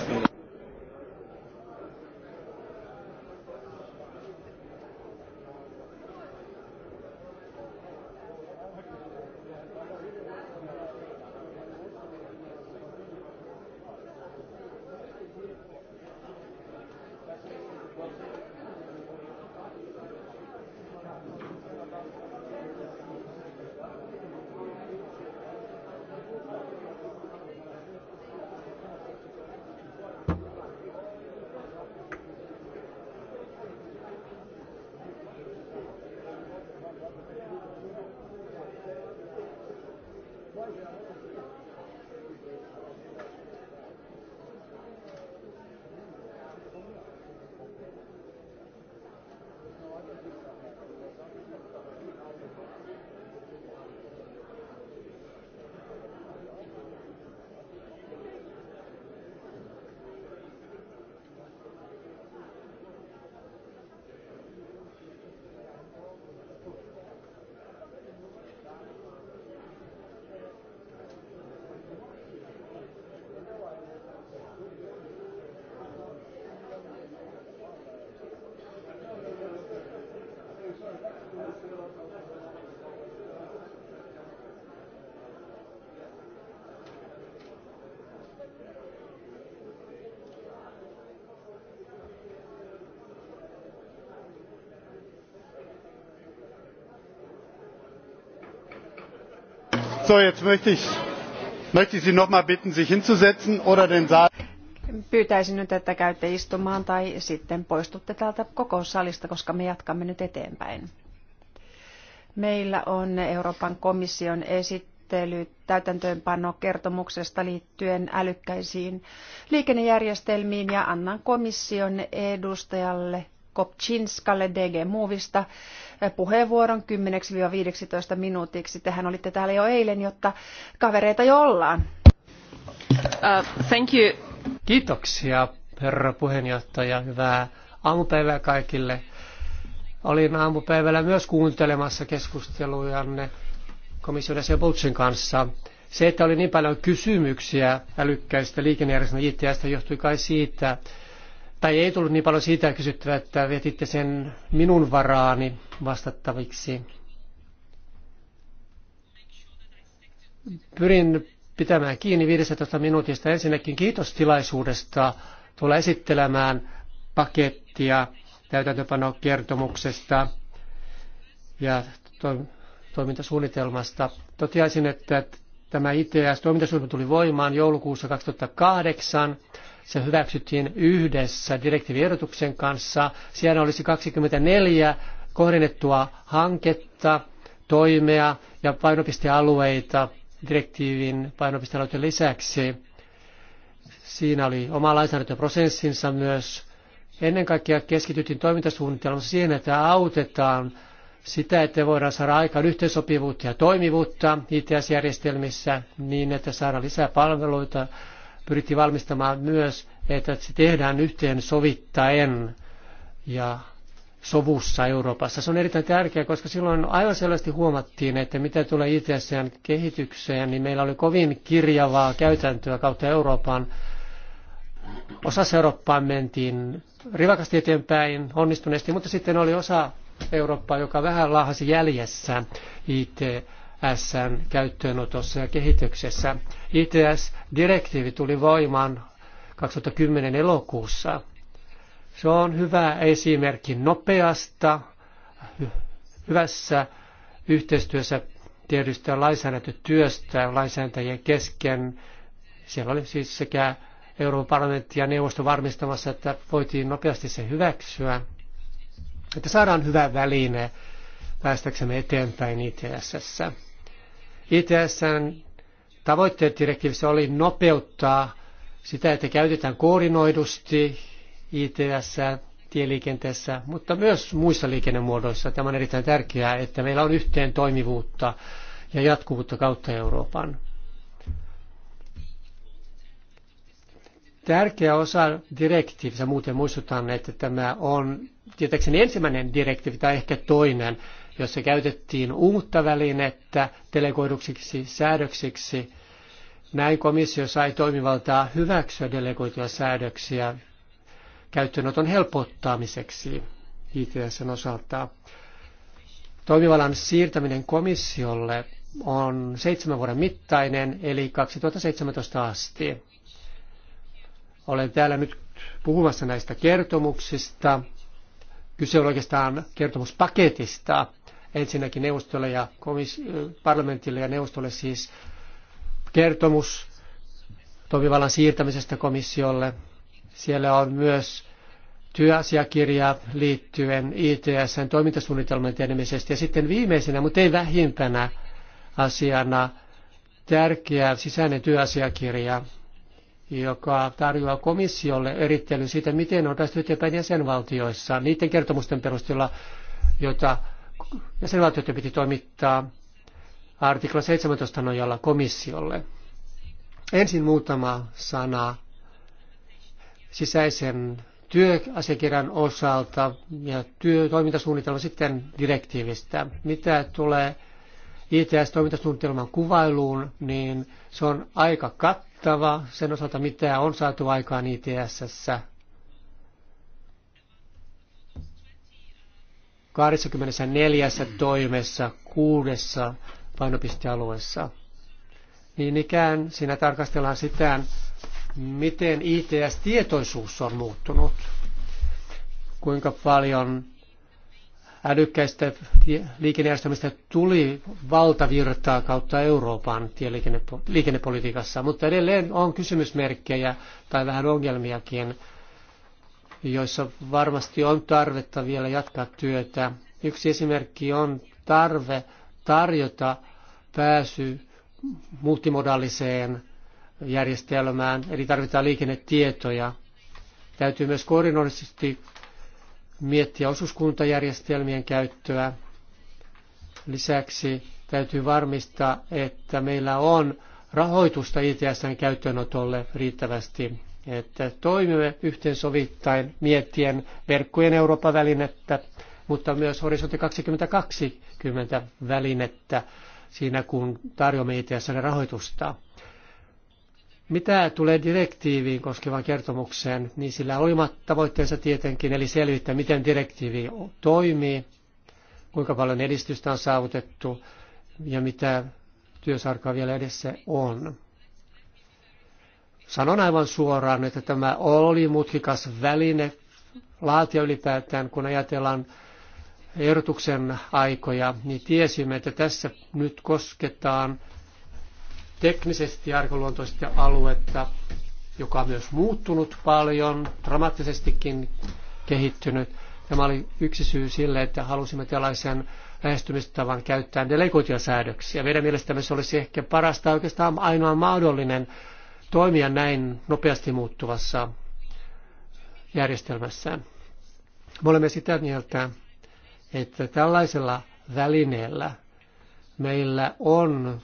So, jetzt möchte ich, möchte ich Sie noch mal bitten, sich hinzusetzen oder den Saal. Pyytäisin nyt, että käytte istumaan tai sitten poistutte täältä kokoussalista, koska me jatkamme nyt eteenpäin. Meillä on Euroopan komission esittely täytäntöönpanokertomuksesta liittyen älykkäisiin liikennejärjestelmiin ja annan komission edustajalle Kopczynskalle DG Movista puheenvuoron 10-15 minuutiksi. Tehän olitte täällä jo eilen, jotta kavereita jo ollaan. Uh, thank you. Kiitoksia, herra puheenjohtaja. Hyvää aamupäivää kaikille. Olin aamupäivällä myös kuuntelemassa keskustelujanne komission jäsen kanssa. Se, että oli niin paljon kysymyksiä älykkäistä liikennejärjestelmä JTS johtui kai siitä, tai ei tullut niin paljon siitä kysyttävää, että vietitte sen minun varaani vastattaviksi. Pyrin pitämään kiinni 15 minuutista. Ensinnäkin kiitos tilaisuudesta tulla esittelemään pakettia täytäntöpanokertomuksesta ja toimintasuunnitelmasta. Toteaisin, että Tämä ITS-toimintasuunnitelma tuli voimaan joulukuussa 2008. Se hyväksyttiin yhdessä direktiiviehdotuksen kanssa. Siellä olisi 24 kohdennettua hanketta, toimea ja painopistealueita direktiivin painopistealueiden lisäksi. Siinä oli oma lainsäädäntöprosessinsa myös. Ennen kaikkea keskityttiin toimintasuunnitelmassa siihen, että autetaan sitä, että voidaan saada aikaan yhteensopivuutta ja toimivuutta ITS-järjestelmissä niin, että saadaan lisää palveluita. Pyrittiin valmistamaan myös, että se tehdään yhteen sovittaen ja sovussa Euroopassa. Se on erittäin tärkeää, koska silloin aivan selvästi huomattiin, että mitä tulee its kehitykseen, niin meillä oli kovin kirjavaa käytäntöä kautta Euroopan. Osassa Eurooppaa mentiin rivakasti eteenpäin onnistuneesti, mutta sitten oli osa Eurooppaa, joka vähän laahasi jäljessä ITSn käyttöönotossa ja kehityksessä. ITS-direktiivi tuli voimaan 2010 elokuussa. Se on hyvä esimerkki nopeasta, hyvässä yhteistyössä tehdystä lainsäädäntötyöstä lainsäätäjien kesken. Siellä oli siis sekä Euroopan parlamentti ja neuvosto varmistamassa, että voitiin nopeasti se hyväksyä että saadaan hyvä väline päästäksemme eteenpäin ITSS. ITSn tavoitteet direktiivissä oli nopeuttaa sitä, että käytetään koordinoidusti ITS tieliikenteessä, mutta myös muissa liikennemuodoissa. Tämä on erittäin tärkeää, että meillä on yhteen toimivuutta ja jatkuvuutta kautta Euroopan. tärkeä osa direktiivissä. Muuten muistutan, että tämä on tietääkseni ensimmäinen direktiivi tai ehkä toinen, jossa käytettiin uutta välinettä delegoiduksiksi säädöksiksi. Näin komissio sai toimivaltaa hyväksyä delegoituja säädöksiä käyttöönoton helpottamiseksi ITSn osalta. Toimivallan siirtäminen komissiolle on seitsemän vuoden mittainen, eli 2017 asti. Olen täällä nyt puhumassa näistä kertomuksista. Kyse on oikeastaan kertomuspaketista ensinnäkin neuvostolle ja komis- parlamentille ja neuvostolle siis kertomus toimivallan siirtämisestä komissiolle. Siellä on myös työasiakirja liittyen ITSn toimintasuunnitelman tekemisestä. Ja sitten viimeisenä, mutta ei vähimpänä asiana, tärkeä sisäinen työasiakirja, joka tarjoaa komissiolle erittelyn siitä, miten on päästy eteenpäin jäsenvaltioissa niiden kertomusten perusteella, joita jäsenvaltioiden piti toimittaa artikla 17 nojalla komissiolle. Ensin muutama sana sisäisen työasiakirjan osalta ja työtoimintasuunnitelma sitten direktiivistä. Mitä tulee ITS-toimintasuunnitelman kuvailuun, niin se on aika kattava mittava sen osalta, mitä on saatu aikaan ITSssä. 24 toimessa kuudessa painopistealueessa. Niin ikään siinä tarkastellaan sitä, miten ITS-tietoisuus on muuttunut, kuinka paljon älykkäistä liikennejärjestelmistä tuli valtavirtaa kautta Euroopan liikennepolitiikassa, mutta edelleen on kysymysmerkkejä tai vähän ongelmiakin, joissa varmasti on tarvetta vielä jatkaa työtä. Yksi esimerkki on tarve tarjota pääsy multimodaaliseen järjestelmään, eli tarvitaan liikennetietoja. Täytyy myös koordinoidusti miettiä osuuskuntajärjestelmien käyttöä. Lisäksi täytyy varmistaa, että meillä on rahoitusta ITSn käyttöönotolle riittävästi, että toimimme yhteensovittain miettien verkkojen Euroopan välinettä, mutta myös horisontti 2020 välinettä siinä, kun tarjoamme ITSn rahoitusta. Mitä tulee direktiiviin koskevaan kertomukseen, niin sillä on omat tavoitteensa tietenkin, eli selvittää, miten direktiivi toimii, kuinka paljon edistystä on saavutettu ja mitä työsarkaa vielä edessä on. Sanon aivan suoraan, että tämä oli mutkikas väline laatia ylipäätään, kun ajatellaan ehdotuksen aikoja, niin tiesimme, että tässä nyt kosketaan – teknisesti arkaluontoista aluetta, joka on myös muuttunut paljon, dramaattisestikin kehittynyt. Tämä oli yksi syy sille, että halusimme tällaisen lähestymistavan käyttää delegoitiosäädöksiä. Meidän mielestämme se olisi ehkä parasta oikeastaan ainoa mahdollinen toimia näin nopeasti muuttuvassa järjestelmässä. Me olemme sitä mieltä, että tällaisella välineellä meillä on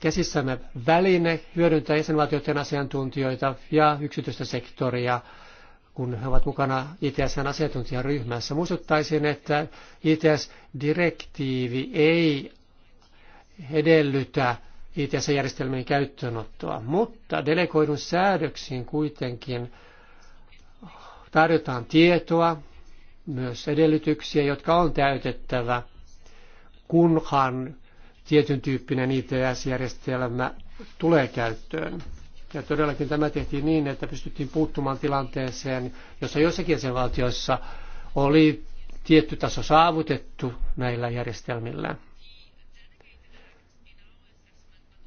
käsissämme väline hyödyntää jäsenvaltioiden asiantuntijoita ja yksityistä sektoria, kun he ovat mukana ITSn asiantuntijaryhmässä. Muistuttaisin, että ITS-direktiivi ei edellytä ITS-järjestelmien käyttöönottoa, mutta delegoidun säädöksiin kuitenkin tarjotaan tietoa, myös edellytyksiä, jotka on täytettävä, kunhan tietyn tyyppinen ITS-järjestelmä tulee käyttöön. Ja todellakin tämä tehtiin niin, että pystyttiin puuttumaan tilanteeseen, jossa joissakin jäsenvaltioissa valtioissa oli tietty taso saavutettu näillä järjestelmillä.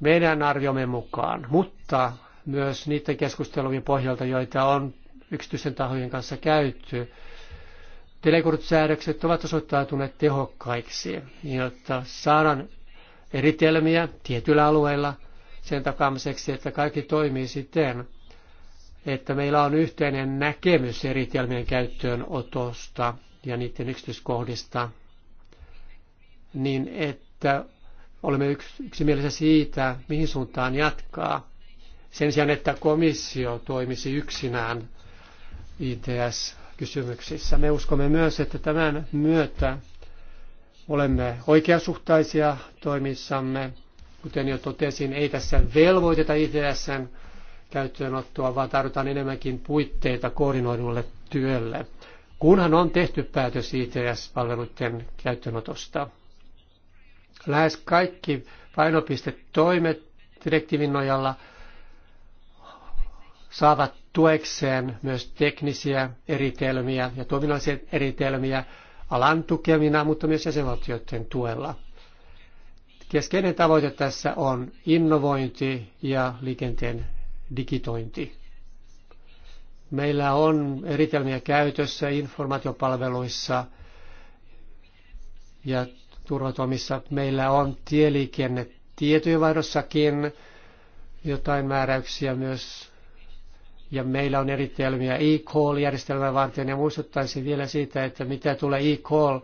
Meidän arviomme mukaan, mutta myös niiden keskustelujen pohjalta, joita on yksityisen tahojen kanssa käyty, Telekursäädökset ovat osoittautuneet tehokkaiksi, jotta saadaan eritelmiä tietyillä alueilla sen takaamiseksi, että kaikki toimii siten, että meillä on yhteinen näkemys eritelmien käyttöönotosta ja niiden yksityiskohdista, niin että olemme yksimielisiä siitä, mihin suuntaan jatkaa. Sen sijaan, että komissio toimisi yksinään ITS-kysymyksissä. Me uskomme myös, että tämän myötä Olemme oikeasuhtaisia toimissamme. Kuten jo totesin, ei tässä velvoiteta ITSn käyttöönottoa, vaan tarvitaan enemmänkin puitteita koordinoidulle työlle, kunhan on tehty päätös ITS-palveluiden käyttöönotosta. Lähes kaikki painopistetoimet direktiivin nojalla saavat tuekseen myös teknisiä eritelmiä ja toiminnallisia eritelmiä, alan tukemina, mutta myös jäsenvaltioiden tuella. Keskeinen tavoite tässä on innovointi ja liikenteen digitointi. Meillä on eritelmiä käytössä informaatiopalveluissa ja turvatoimissa. Meillä on tieliikenne tietojenvaihdossakin jotain määräyksiä myös ja meillä on eritelmiä e-call-järjestelmää varten ja muistuttaisin vielä siitä, että mitä tulee e-call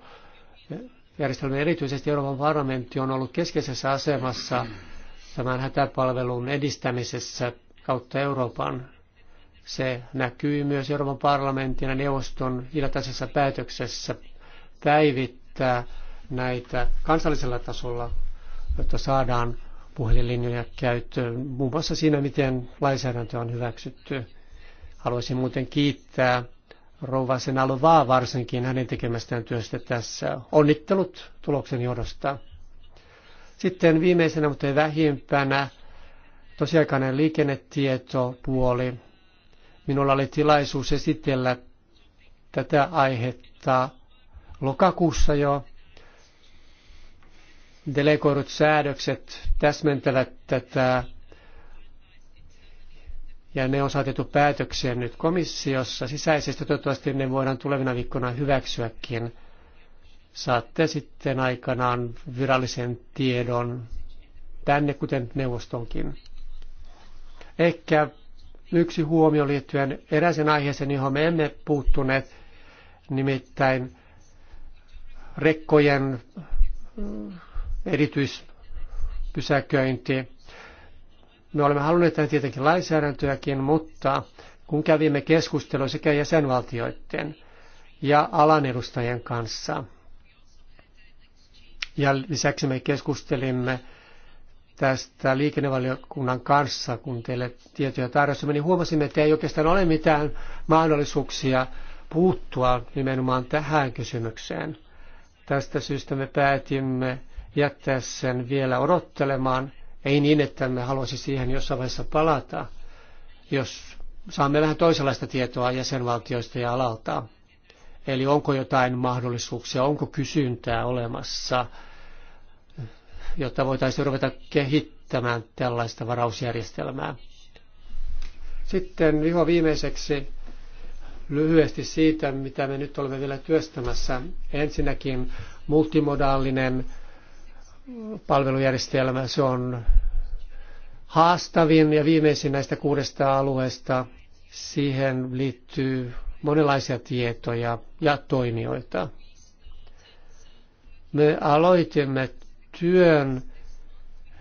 järjestelmään erityisesti Euroopan parlamentti on ollut keskeisessä asemassa tämän hätäpalvelun edistämisessä kautta Euroopan. Se näkyy myös Euroopan parlamentin ja neuvoston hiljattaisessa päätöksessä päivittää näitä kansallisella tasolla, jotta saadaan puhelinlinjoja käyttöön, muun muassa siinä, miten lainsäädäntö on hyväksytty. Haluaisin muuten kiittää rouva Senalovaa varsinkin hänen tekemästään työstä tässä. Onnittelut tuloksen johdosta. Sitten viimeisenä, mutta ei vähimpänä, tosiaikainen liikennetietopuoli. Minulla oli tilaisuus esitellä tätä aihetta lokakuussa jo. Delegoidut säädökset täsmentävät tätä ja ne on saatettu päätökseen nyt komissiossa sisäisesti. Toivottavasti ne voidaan tulevina viikkoina hyväksyäkin. Saatte sitten aikanaan virallisen tiedon tänne, kuten neuvostonkin. Ehkä yksi huomio liittyen eräisen aiheeseen, johon me emme puuttuneet, nimittäin rekkojen mm, erityispysäköinti. Me olemme halunneet tähän tietenkin lainsäädäntöäkin, mutta kun kävimme keskustelua sekä jäsenvaltioiden ja alan edustajien kanssa, ja lisäksi me keskustelimme tästä liikennevaliokunnan kanssa, kun teille tietoja tarjosimme, niin huomasimme, että ei oikeastaan ole mitään mahdollisuuksia puuttua nimenomaan tähän kysymykseen. Tästä syystä me päätimme jättää sen vielä odottelemaan ei niin, että me haluaisi siihen jossain vaiheessa palata, jos saamme vähän toisenlaista tietoa jäsenvaltioista ja alalta. Eli onko jotain mahdollisuuksia, onko kysyntää olemassa, jotta voitaisiin ruveta kehittämään tällaista varausjärjestelmää. Sitten viho viimeiseksi lyhyesti siitä, mitä me nyt olemme vielä työstämässä. Ensinnäkin multimodaalinen palvelujärjestelmä, se on haastavin ja viimeisin näistä kuudesta alueesta. Siihen liittyy monenlaisia tietoja ja toimijoita. Me aloitimme työn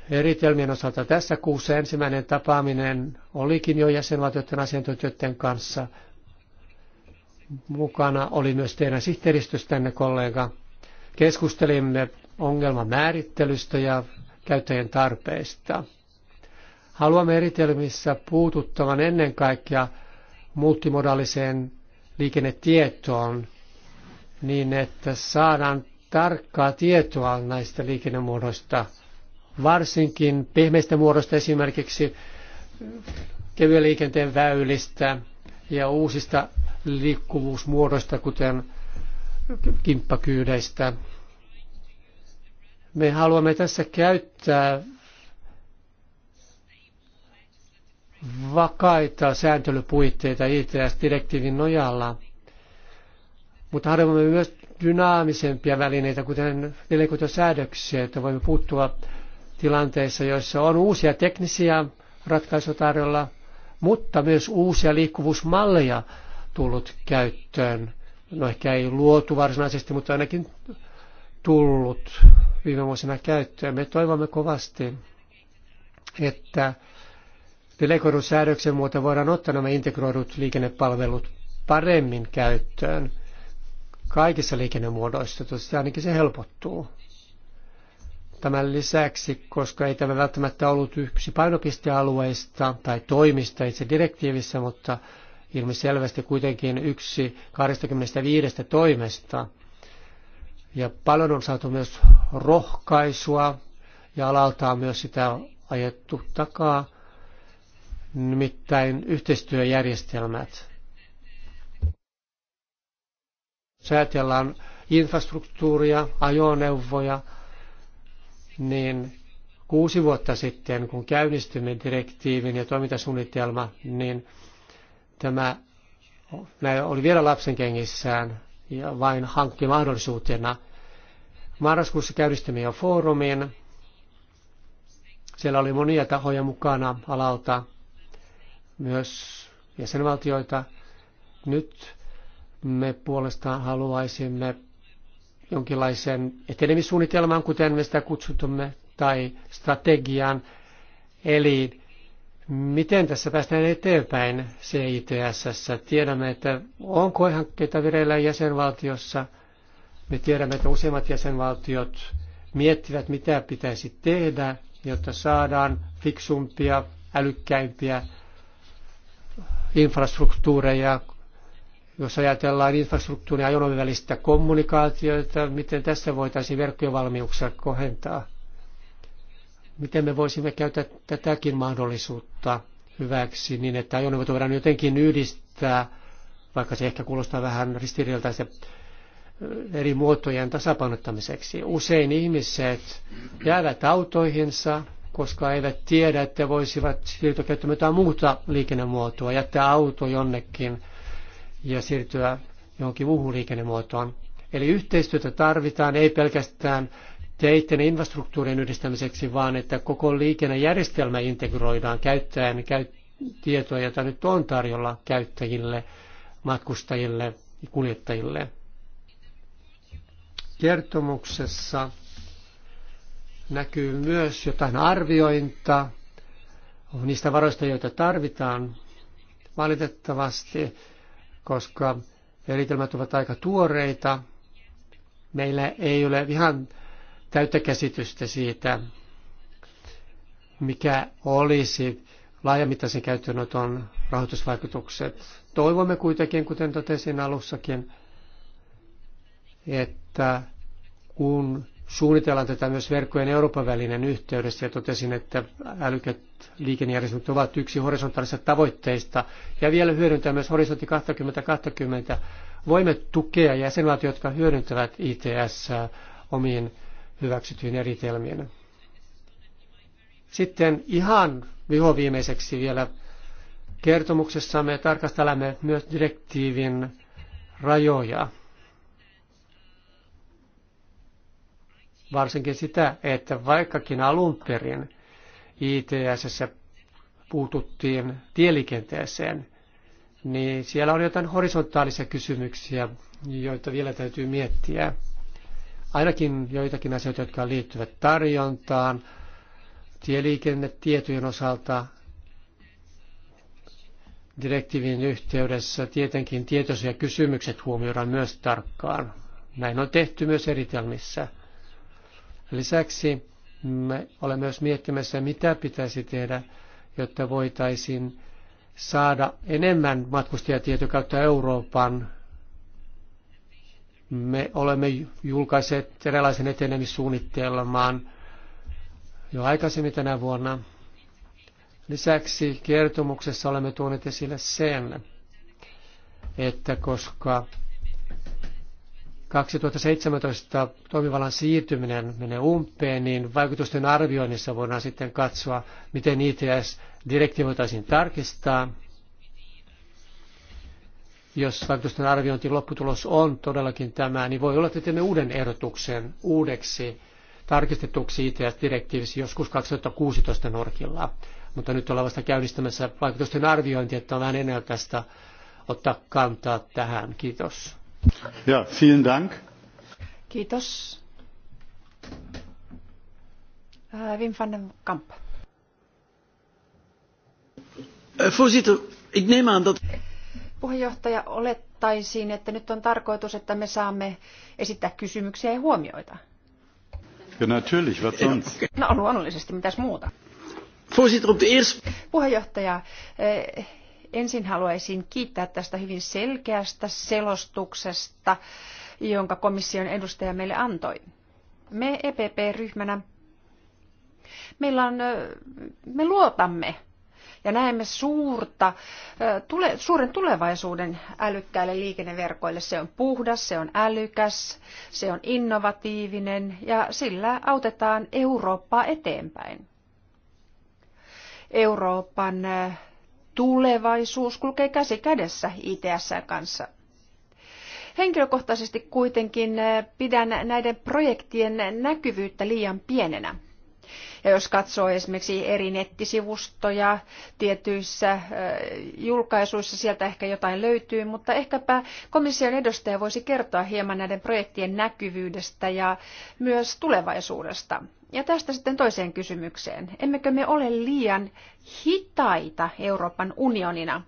eritelmien osalta tässä kuussa ensimmäinen tapaaminen olikin jo jäsenvaltioiden asiantuntijoiden kanssa. Mukana oli myös teidän sihteeristöstänne kollega. Keskustelimme ongelman määrittelystä ja käyttäjien tarpeista. Haluamme eritelmissä puututtavan ennen kaikkea multimodaaliseen liikennetietoon niin, että saadaan tarkkaa tietoa näistä liikennemuodoista, varsinkin pehmeistä muodoista esimerkiksi kevyen liikenteen väylistä ja uusista liikkuvuusmuodoista, kuten kimppakyydeistä. Me haluamme tässä käyttää vakaita sääntelypuitteita ITS-direktiivin nojalla, mutta haluamme myös dynaamisempia välineitä, kuten delegoitosäädöksiä, että voimme puuttua tilanteissa, joissa on uusia teknisiä ratkaisuja tarjolla, mutta myös uusia liikkuvuusmalleja tullut käyttöön. No ehkä ei luotu varsinaisesti, mutta ainakin tullut viime vuosina käyttöön. Me toivomme kovasti, että säädöksen muuta voidaan ottaa nämä integroidut liikennepalvelut paremmin käyttöön kaikissa liikennemuodoissa, tosiaan ainakin se helpottuu. Tämän lisäksi, koska ei tämä välttämättä ollut yksi painopistealueista tai toimista itse direktiivissä, mutta ilmiselvästi kuitenkin yksi 25 toimesta. Ja paljon on saatu myös rohkaisua ja alaltaan myös sitä ajettu takaa nimittäin yhteistyöjärjestelmät. Säätellään infrastruktuuria, ajoneuvoja, niin kuusi vuotta sitten, kun käynnistimme direktiivin ja toimintasuunnitelma, niin tämä oli vielä lapsen kengissään ja vain hankki mahdollisuutena. Marraskuussa käynnistimme jo foorumin. Siellä oli monia tahoja mukana alalta, myös jäsenvaltioita. Nyt me puolestaan haluaisimme jonkinlaisen etenemissuunnitelman, kuten me sitä kutsutumme, tai strategian. Eli miten tässä päästään eteenpäin CITSS? Tiedämme, että onko hankkeita vireillä jäsenvaltiossa. Me tiedämme, että useimmat jäsenvaltiot miettivät, mitä pitäisi tehdä, jotta saadaan fiksumpia, älykkäimpiä infrastruktuureja, jos ajatellaan infrastruktuurin ja ajoneuvon välistä kommunikaatioita, miten tässä voitaisiin verkkojen valmiuksia kohentaa. Miten me voisimme käyttää tätäkin mahdollisuutta hyväksi niin, että ajoneuvot voidaan jotenkin yhdistää, vaikka se ehkä kuulostaa vähän ristiriitaiselta eh, eri muotojen tasapainottamiseksi. Usein ihmiset jäävät autoihinsa, koska eivät tiedä, että voisivat siirtyä käyttämään jotain muuta liikennemuotoa, jättää auto jonnekin ja siirtyä johonkin muuhun liikennemuotoon. Eli yhteistyötä tarvitaan ei pelkästään teiden infrastruktuurin yhdistämiseksi, vaan että koko liikennejärjestelmä integroidaan käyttäen käyt- tietoa, jota nyt on tarjolla käyttäjille, matkustajille ja kuljettajille. Kertomuksessa näkyy myös jotain arviointa niistä varoista, joita tarvitaan valitettavasti, koska eritelmät ovat aika tuoreita. Meillä ei ole ihan täyttä käsitystä siitä, mikä olisi laajamittaisen käyttöönoton rahoitusvaikutukset. Toivomme kuitenkin, kuten totesin alussakin, että kun suunnitellaan tätä myös verkkojen Euroopan välinen yhteydessä ja totesin, että älykät liikennejärjestelmät ovat yksi horisontaalisista tavoitteista ja vielä hyödyntää myös horisontti 2020. Voimme tukea jäsenvaltioita, jotka hyödyntävät ITS omiin hyväksytyin eritelmiin. Sitten ihan vihoviimeiseksi vielä kertomuksessamme tarkastelemme myös direktiivin rajoja. varsinkin sitä, että vaikkakin alun perin ITS puututtiin tieliikenteeseen, niin siellä on jotain horisontaalisia kysymyksiä, joita vielä täytyy miettiä. Ainakin joitakin asioita, jotka liittyvät tarjontaan, tieliikennetietojen osalta, direktiivin yhteydessä tietenkin tietoisia kysymykset huomioidaan myös tarkkaan. Näin on tehty myös eritelmissä – Lisäksi me olemme myös miettimässä, mitä pitäisi tehdä, jotta voitaisiin saada enemmän matkustajatietoja kautta Euroopan. Me olemme julkaiseet erilaisen etenemissuunnitelman jo aikaisemmin tänä vuonna. Lisäksi kertomuksessa olemme tuoneet esille sen, että koska 2017 toimivallan siirtyminen menee umpeen, niin vaikutusten arvioinnissa voidaan sitten katsoa, miten its direkti voitaisiin tarkistaa. Jos vaikutusten arviointi lopputulos on todellakin tämä, niin voi olla, että teemme uuden ehdotuksen uudeksi tarkistetuksi ITS-direktiivisi joskus 2016 Norkilla. Mutta nyt ollaan vasta käynnistämässä vaikutusten arviointi, että on vähän enää tästä ottaa kantaa tähän. Kiitos. Ja, vielen dank. Kiitos. Äh, Wim van den Kamp. Äh, voorzitter, ik neem aan dat... Puheenjohtaja, olettaisin, että nyt on tarkoitus, että me saamme esittää kysymyksiä ja huomioita. Ja natuurlijk, wat sonst? No luonnollisesti, mitäs muuta. Voorzitter, op de eerste... Puheenjohtaja, eh, Ensin haluaisin kiittää tästä hyvin selkeästä selostuksesta, jonka komission edustaja meille antoi. Me EPP-ryhmänä, meillä on, me luotamme ja näemme suurta, tule, suuren tulevaisuuden älykkäille liikenneverkoille. Se on puhdas, se on älykäs, se on innovatiivinen ja sillä autetaan Eurooppaa eteenpäin. Euroopan tulevaisuus kulkee käsi kädessä ITS kanssa. Henkilökohtaisesti kuitenkin eh, pidän näiden projektien näkyvyyttä liian pienenä. Ja jos katsoo esimerkiksi eri nettisivustoja tietyissä eh, julkaisuissa, sieltä ehkä jotain löytyy, mutta ehkäpä komission edustaja voisi kertoa hieman näiden projektien näkyvyydestä ja myös tulevaisuudesta. Ja tästä sitten toiseen kysymykseen. Emmekö me ole liian hitaita Euroopan unionina?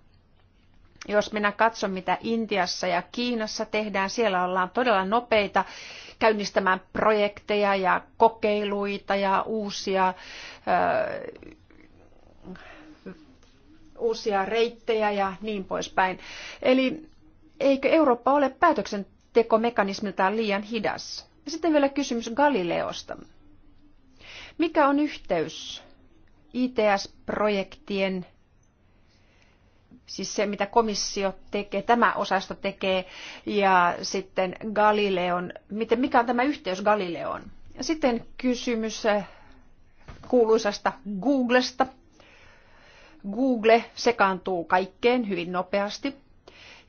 Jos minä katson, mitä Intiassa ja Kiinassa tehdään, siellä ollaan todella nopeita käynnistämään projekteja ja kokeiluita ja uusia, ö, uusia reittejä ja niin poispäin. Eli eikö Eurooppa ole päätöksentekomekanismiltaan liian hidas? Ja sitten vielä kysymys Galileosta. Mikä on yhteys ITS-projektien, siis se mitä komissio tekee, tämä osasto tekee, ja sitten Galileon, miten, mikä on tämä yhteys Galileon? Ja sitten kysymys eh, kuuluisasta Googlesta. Google sekaantuu kaikkeen hyvin nopeasti.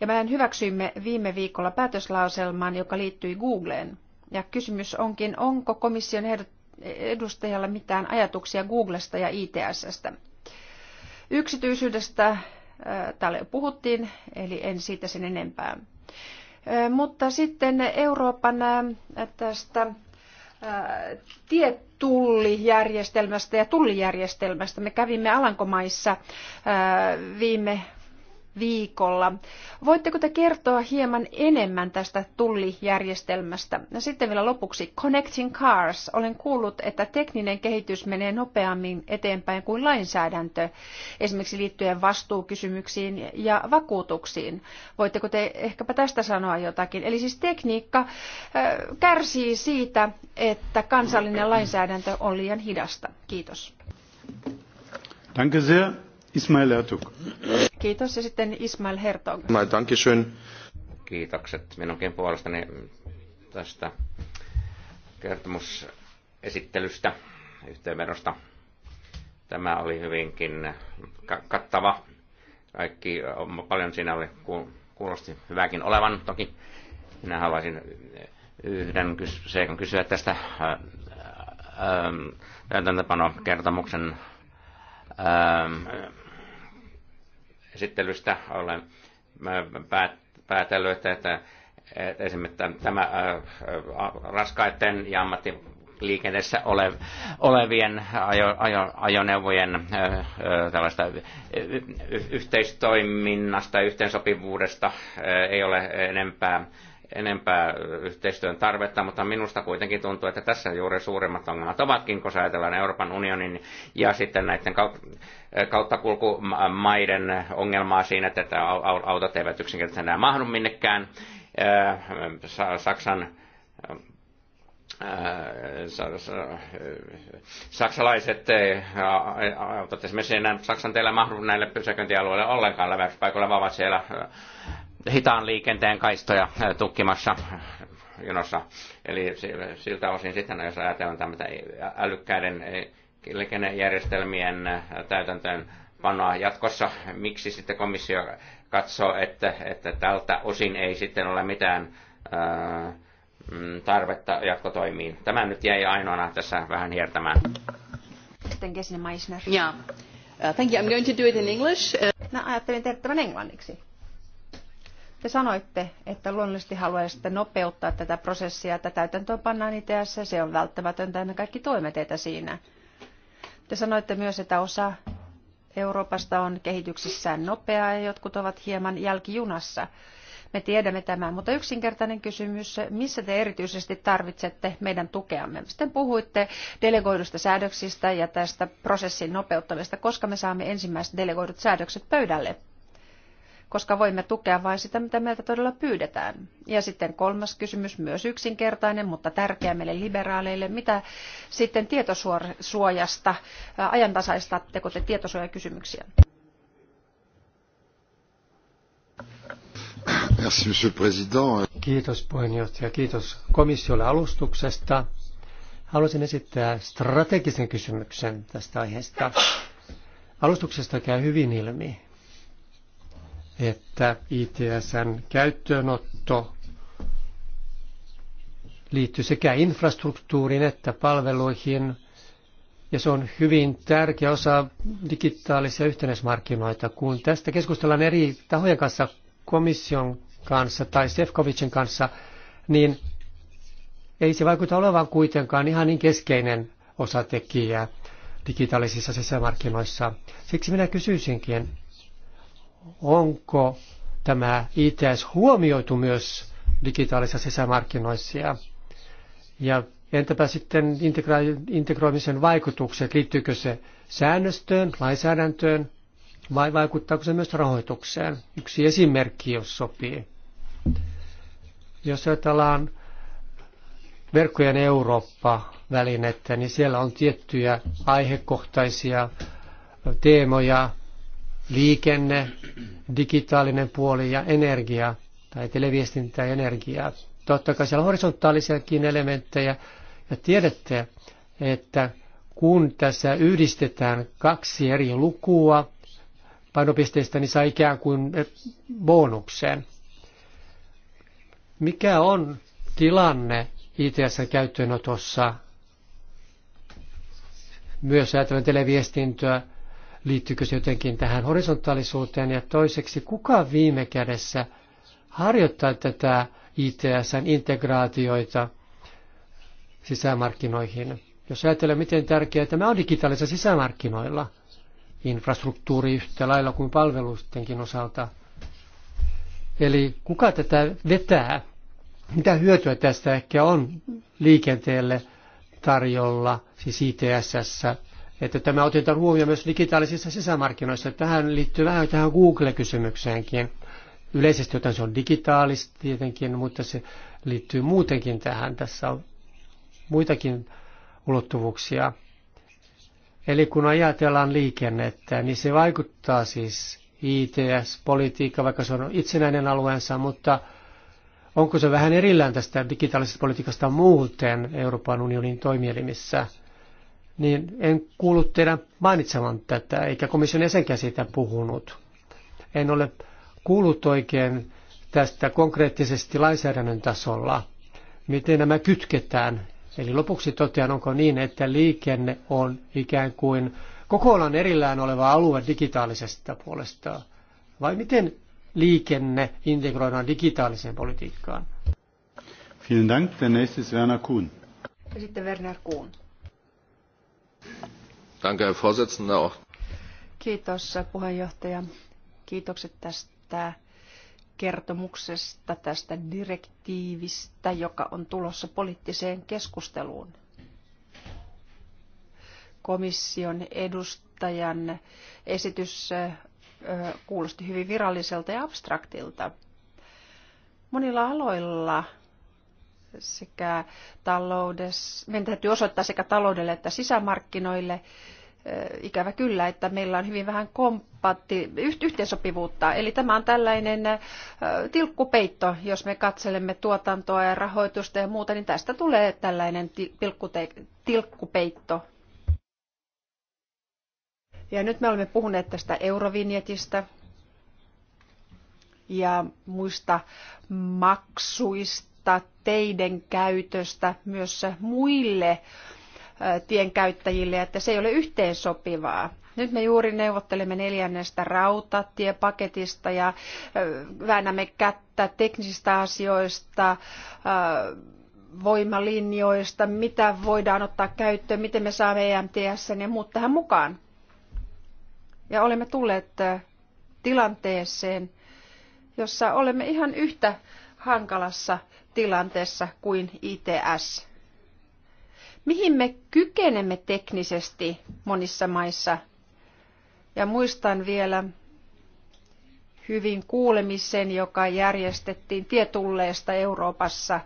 Ja mehän hyväksyimme viime viikolla päätöslauselman, joka liittyi Googleen. Ja kysymys onkin, onko komission ehdot edustajalla mitään ajatuksia Googlesta ja ITSstä. Yksityisyydestä äh, täällä jo puhuttiin, eli en siitä sen enempää. Äh, mutta sitten Euroopan äh, tästä tietullijärjestelmästä ja tullijärjestelmästä. Me kävimme Alankomaissa viime viikolla. Voitteko te kertoa hieman enemmän tästä tullijärjestelmästä? Ja sitten vielä lopuksi Connecting Cars. Olen kuullut, että tekninen kehitys menee nopeammin eteenpäin kuin lainsäädäntö, esimerkiksi liittyen vastuukysymyksiin ja vakuutuksiin. Voitteko te ehkäpä tästä sanoa jotakin? Eli siis tekniikka kärsii siitä, että kansallinen lainsäädäntö on liian hidasta. Kiitos. Danke sehr. Ismail Ertug. Kiitos ja sitten Ismail Hertog. Dankeschön. Kiitokset minunkin puolestani tästä kertomusesittelystä, yhteenvedosta. Tämä oli hyvinkin kattava. Kaikki, paljon siinä oli, kuulosti hyväkin olevan toki. Minä haluaisin yhden seikan kysyä tästä täytäntöpanokertomuksen esittelystä olen päätellyt, että, että esimerkiksi tämä raskaiden ja ammattiliikenteessä ole, olevien ajo, ajo, ajoneuvojen tällaista yhteistoiminnasta, yhteensopivuudesta ei ole enempää enempää yhteistyön tarvetta, mutta minusta kuitenkin tuntuu, että tässä juuri suurimmat ongelmat ovatkin, kun ajatellaan Euroopan unionin ja sitten näiden kauttakulkumaiden ongelmaa siinä, että autot eivät yksinkertaisesti enää mahdu minnekään. Saksan saksalaiset autot esimerkiksi enää Saksan teillä mahdu näille pysäköintialueille ollenkaan läväyspaikoilla, vaan ovat siellä hitaan liikenteen kaistoja tukkimassa jonossa. Eli siltä osin sitten, jos ajatellaan tämmöitä älykkäiden liikennejärjestelmien äh, täytäntöön panoa jatkossa. Miksi sitten komissio katsoo, että, että tältä osin ei sitten ole mitään ää, äh, mm, tarvetta jatkotoimiin? Tämä nyt jäi ainoana tässä vähän hiertämään. Sitten Kesne Meissner. Yeah. Äh, uh, thank you. I'm going to do it in English. Uh... No, ajattelin tehdä tämän englanniksi. Te sanoitte, että luonnollisesti haluaisitte nopeuttaa tätä prosessia, että täytäntöön pannaan itse se on välttämätöntä ja ne kaikki toimet siinä. Te sanoitte myös, että osa Euroopasta on kehityksessään nopeaa ja jotkut ovat hieman jälkijunassa. Me tiedämme tämän, mutta yksinkertainen kysymys, missä te erityisesti tarvitsette meidän tukeamme? Sitten puhuitte delegoidusta säädöksistä ja tästä prosessin nopeuttamista, koska me saamme ensimmäiset delegoidut säädökset pöydälle koska voimme tukea vain sitä, mitä meiltä todella pyydetään. Ja sitten kolmas kysymys, myös yksinkertainen, mutta tärkeä meille liberaaleille. Mitä sitten tietosuojasta, ajantasaistatteko te tietosuojakysymyksiä? Kiitos puheenjohtaja, kiitos komissiolle alustuksesta. Haluaisin esittää strategisen kysymyksen tästä aiheesta. Alustuksesta käy hyvin ilmi, että ITSn käyttöönotto liittyy sekä infrastruktuuriin että palveluihin, ja se on hyvin tärkeä osa digitaalisia yhtenäismarkkinoita. Kun tästä keskustellaan eri tahojen kanssa, komission kanssa tai Sefcovicin kanssa, niin ei se vaikuta olevan kuitenkaan ihan niin keskeinen osatekijä digitaalisissa sisämarkkinoissa. Siksi minä kysyisinkin, onko tämä ITS huomioitu myös digitaalisissa sisämarkkinoissa. Ja entäpä sitten integroimisen vaikutukset, liittyykö se säännöstöön, lainsäädäntöön vai vaikuttaako se myös rahoitukseen? Yksi esimerkki, jos sopii. Jos ajatellaan verkkojen Eurooppa-välinettä, niin siellä on tiettyjä aihekohtaisia teemoja, liikenne, digitaalinen puoli ja energia, tai televiestintä ja energia. Totta kai siellä on horisontaalisiakin elementtejä, ja tiedätte, että kun tässä yhdistetään kaksi eri lukua painopisteistä, niin saa ikään kuin bonukseen. Mikä on tilanne ITS-käyttöönotossa myös ajatellen televiestintöä liittyykö se jotenkin tähän horisontaalisuuteen ja toiseksi, kuka viime kädessä harjoittaa tätä its integraatioita sisämarkkinoihin. Jos ajatellaan, miten tärkeää tämä on digitaalisessa sisämarkkinoilla, infrastruktuuri yhtä lailla kuin palveluidenkin osalta. Eli kuka tätä vetää? Mitä hyötyä tästä ehkä on liikenteelle tarjolla, siis ITSS? että tämä otetaan huomioon myös digitaalisissa sisämarkkinoissa. Tähän liittyy vähän tähän Google-kysymykseenkin. Yleisesti joten se on digitaalista tietenkin, mutta se liittyy muutenkin tähän. Tässä on muitakin ulottuvuuksia. Eli kun ajatellaan liikennettä, niin se vaikuttaa siis ITS-politiikka, vaikka se on itsenäinen alueensa, mutta onko se vähän erillään tästä digitaalisesta politiikasta muuten Euroopan unionin toimielimissä – niin en kuullut teidän mainitsevan tätä, eikä komission jäsenkään siitä puhunut. En ole kuullut oikein tästä konkreettisesti lainsäädännön tasolla, miten nämä kytketään. Eli lopuksi totean, onko niin, että liikenne on ikään kuin kokonaan erillään oleva alue digitaalisesta puolesta, vai miten liikenne integroidaan digitaaliseen politiikkaan? Vielen Dank. Der nächste ist Werner Kuhn. sitten Werner Kuhn. Danke, Herr Vorsitzender. Kiitos puheenjohtaja. Kiitokset tästä kertomuksesta, tästä direktiivistä, joka on tulossa poliittiseen keskusteluun. Komission edustajan esitys kuulosti hyvin viralliselta ja abstraktilta. Monilla aloilla sekä taloudessa, meidän täytyy osoittaa sekä taloudelle että sisämarkkinoille, ikävä kyllä, että meillä on hyvin vähän kompatti, yhteensopivuutta. Eli tämä on tällainen tilkkupeitto, jos me katselemme tuotantoa ja rahoitusta ja muuta, niin tästä tulee tällainen tilkkupeitto. Ja nyt me olemme puhuneet tästä eurovinjetistä ja muista maksuista tiedottaa teiden käytöstä myös muille tienkäyttäjille, että se ei ole yhteensopivaa. Nyt me juuri neuvottelemme neljännestä rautatiepaketista ja väännämme kättä teknisistä asioista, voimalinjoista, mitä voidaan ottaa käyttöön, miten me saamme EMTS ja muut tähän mukaan. Ja olemme tulleet tilanteeseen, jossa olemme ihan yhtä hankalassa tilanteessa kuin ITS. Mihin me kykenemme teknisesti monissa maissa? Ja muistan vielä hyvin kuulemisen, joka järjestettiin tietulleesta Euroopassa,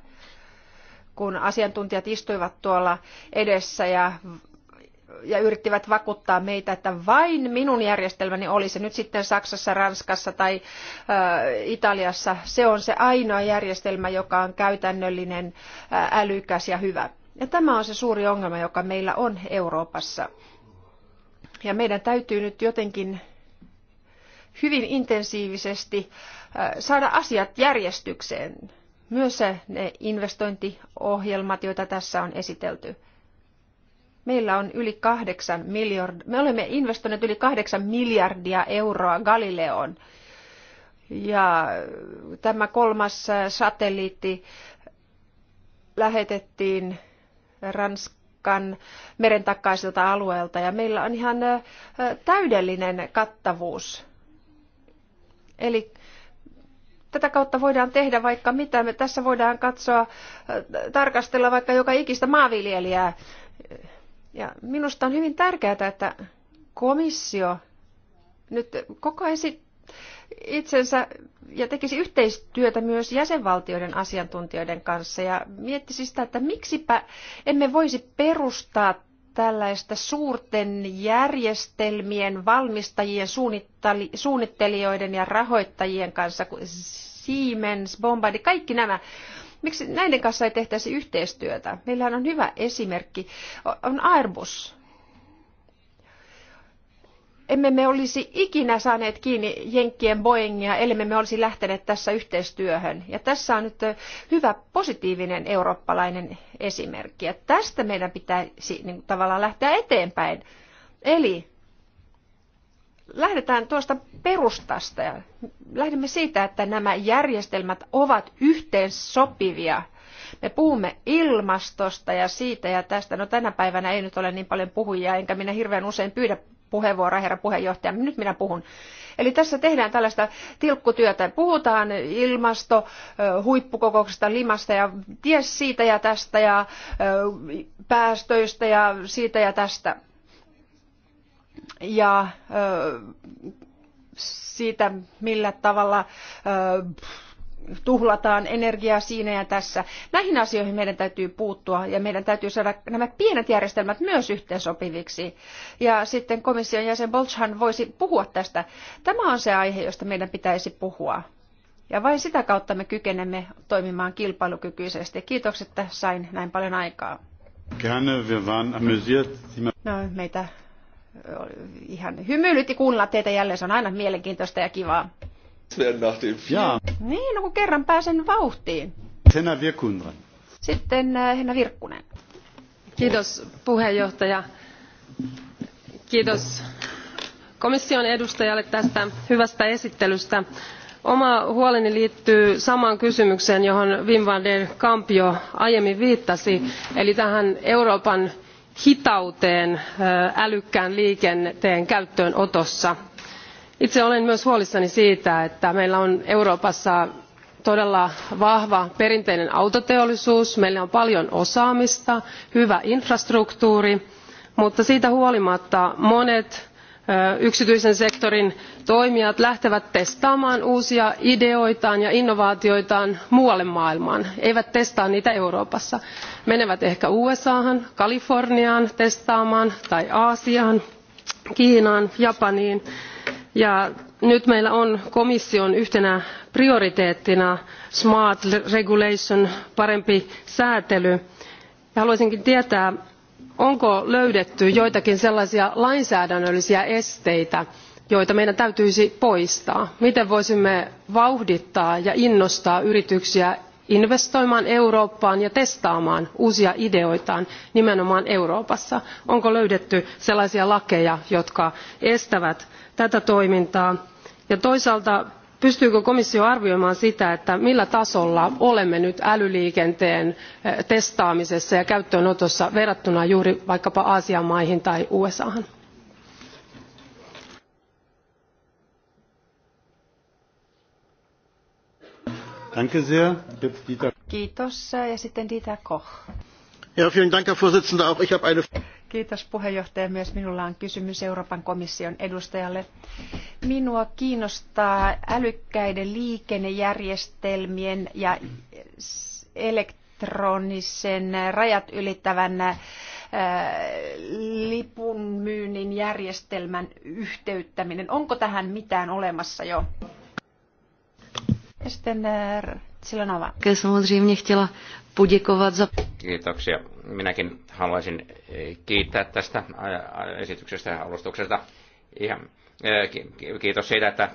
kun asiantuntijat istuivat tuolla edessä ja ja yrittivät vakuuttaa meitä, että vain minun järjestelmäni olisi nyt sitten Saksassa, Ranskassa tai äh, Italiassa. Se on se ainoa järjestelmä, joka on käytännöllinen, äh, älykäs ja hyvä. Ja tämä on se suuri ongelma, joka meillä on Euroopassa. Ja meidän täytyy nyt jotenkin hyvin intensiivisesti äh, saada asiat järjestykseen. Myös ne investointiohjelmat, joita tässä on esitelty. Meillä on yli kahdeksan miljardia, me olemme investoineet yli kahdeksan miljardia euroa Galileoon. Ja tämä kolmas äh, satelliitti lähetettiin Ranskan merentakaiselta alueelta ja meillä on ihan äh, täydellinen kattavuus. Eli tätä kautta voidaan tehdä vaikka mitä. Me tässä voidaan katsoa, äh, tarkastella vaikka joka ikistä maanviljelijää ja minusta on hyvin tärkeää, että komissio nyt kokoaisi itsensä ja tekisi yhteistyötä myös jäsenvaltioiden asiantuntijoiden kanssa ja miettisi sitä, että miksipä emme voisi perustaa tällaista suurten järjestelmien valmistajien, suunnittelijoiden ja rahoittajien kanssa, kuten Siemens, Bombardi, kaikki nämä Miksi näiden kanssa ei tehtäisi yhteistyötä? Meillähän on hyvä esimerkki, on Airbus. Emme me olisi ikinä saaneet kiinni Jenkkien Boeingia, ellei me olisi lähteneet tässä yhteistyöhön. Ja tässä on nyt hyvä positiivinen eurooppalainen esimerkki. Ja tästä meidän pitäisi niin, tavallaan lähteä eteenpäin. Eli lähdetään tuosta perustasta ja lähdemme siitä, että nämä järjestelmät ovat yhteensopivia. Me puhumme ilmastosta ja siitä ja tästä. No tänä päivänä ei nyt ole niin paljon puhujia, enkä minä hirveän usein pyydä puheenvuoroa, herra puheenjohtaja. Nyt minä puhun. Eli tässä tehdään tällaista tilkkutyötä. Puhutaan ilmasto, huippukokouksesta, limasta ja ties siitä ja tästä ja päästöistä ja siitä ja tästä ja siitä, millä tavalla tuhlataan energiaa siinä ja tässä. Näihin asioihin meidän täytyy puuttua ja meidän täytyy saada nämä pienet järjestelmät myös yhteensopiviksi. Ja sitten komission jäsen Bolchan voisi puhua tästä. Tämä on se aihe, josta meidän pitäisi puhua. Ja vain sitä kautta me kykenemme toimimaan kilpailukykyisesti. Kiitokset, että sain näin paljon aikaa. No, meitä ihan hymyilytti kuunnella teitä jälleen. Se on aina mielenkiintoista ja kivaa. Ja. Niin, no kun kerran pääsen vauhtiin. Henna Virkkunen. Sitten äh, Henna Virkkunen. Kiitos puheenjohtaja. Kiitos komission edustajalle tästä hyvästä esittelystä. Oma huoleni liittyy samaan kysymykseen, johon Wim van der Kamp jo aiemmin viittasi, eli tähän Euroopan hitauteen älykkään liikenteen käyttöönotossa. itse olen myös huolissani siitä että meillä on euroopassa todella vahva perinteinen autoteollisuus meillä on paljon osaamista hyvä infrastruktuuri mutta siitä huolimatta monet yksityisen sektorin toimijat lähtevät testaamaan uusia ideoitaan ja innovaatioitaan muualle maailmaan eivät testaa niitä euroopassa menevät ehkä usahan kaliforniaan testaamaan tai aasiaan kiinaan japaniin ja nyt meillä on komission yhtenä prioriteettina smart regulation parempi säätely. haluaisinkin tietää onko löydetty joitakin sellaisia lainsäädännöllisiä esteitä joita meidän täytyisi poistaa? miten voisimme vauhdittaa ja innostaa yrityksiä investoimaan eurooppaan ja testaamaan uusia ideoitaan nimenomaan euroopassa? onko löydetty sellaisia lakeja jotka estävät tätä toimintaa? ja toisaalta pystyykö komissio arvioimaan sitä että millä tasolla olemme nyt älyliikenteen eh, testaamisessa ja käyttöönotossa verrattuna juuri vaikkapa aasian maihin tai usahan? Kiitos. Ja sitten Dieter Koch. Ja, vielen Dank, Herr Vorsitzender. Auch ich habe eine Kiitos puheenjohtaja. Myös minulla on kysymys Euroopan komission edustajalle. Minua kiinnostaa älykkäiden liikennejärjestelmien ja elektronisen rajat ylittävän äh, lipunmyynnin järjestelmän yhteyttäminen. Onko tähän mitään olemassa jo? Ja sitten äh, Silanova. Samozřejmě chtěla poděkovat za... Kiitoksia. Minäkin haluaisin eh, kiittää tästä esityksestä ja alustuksesta. Ihan kiitos siitä, että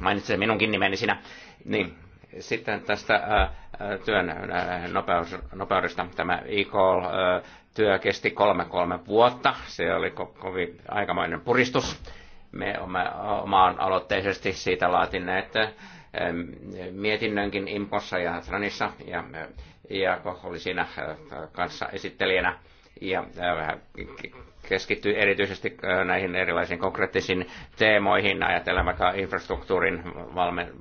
mainitsit minunkin nimeni sinä. Niin, sitten tästä työn nopeudesta tämä e työ kesti kolme kolme vuotta. Se oli ko- kovin aikamoinen puristus. Me olemme omaan aloitteisesti siitä laatineet mietinnönkin Impossa ja Tranissa ja ja oli siinä äh, kanssa esittelijänä ja äh, keskittyi erityisesti äh, näihin erilaisiin konkreettisiin teemoihin, ajatellaan vaikka infrastruktuurin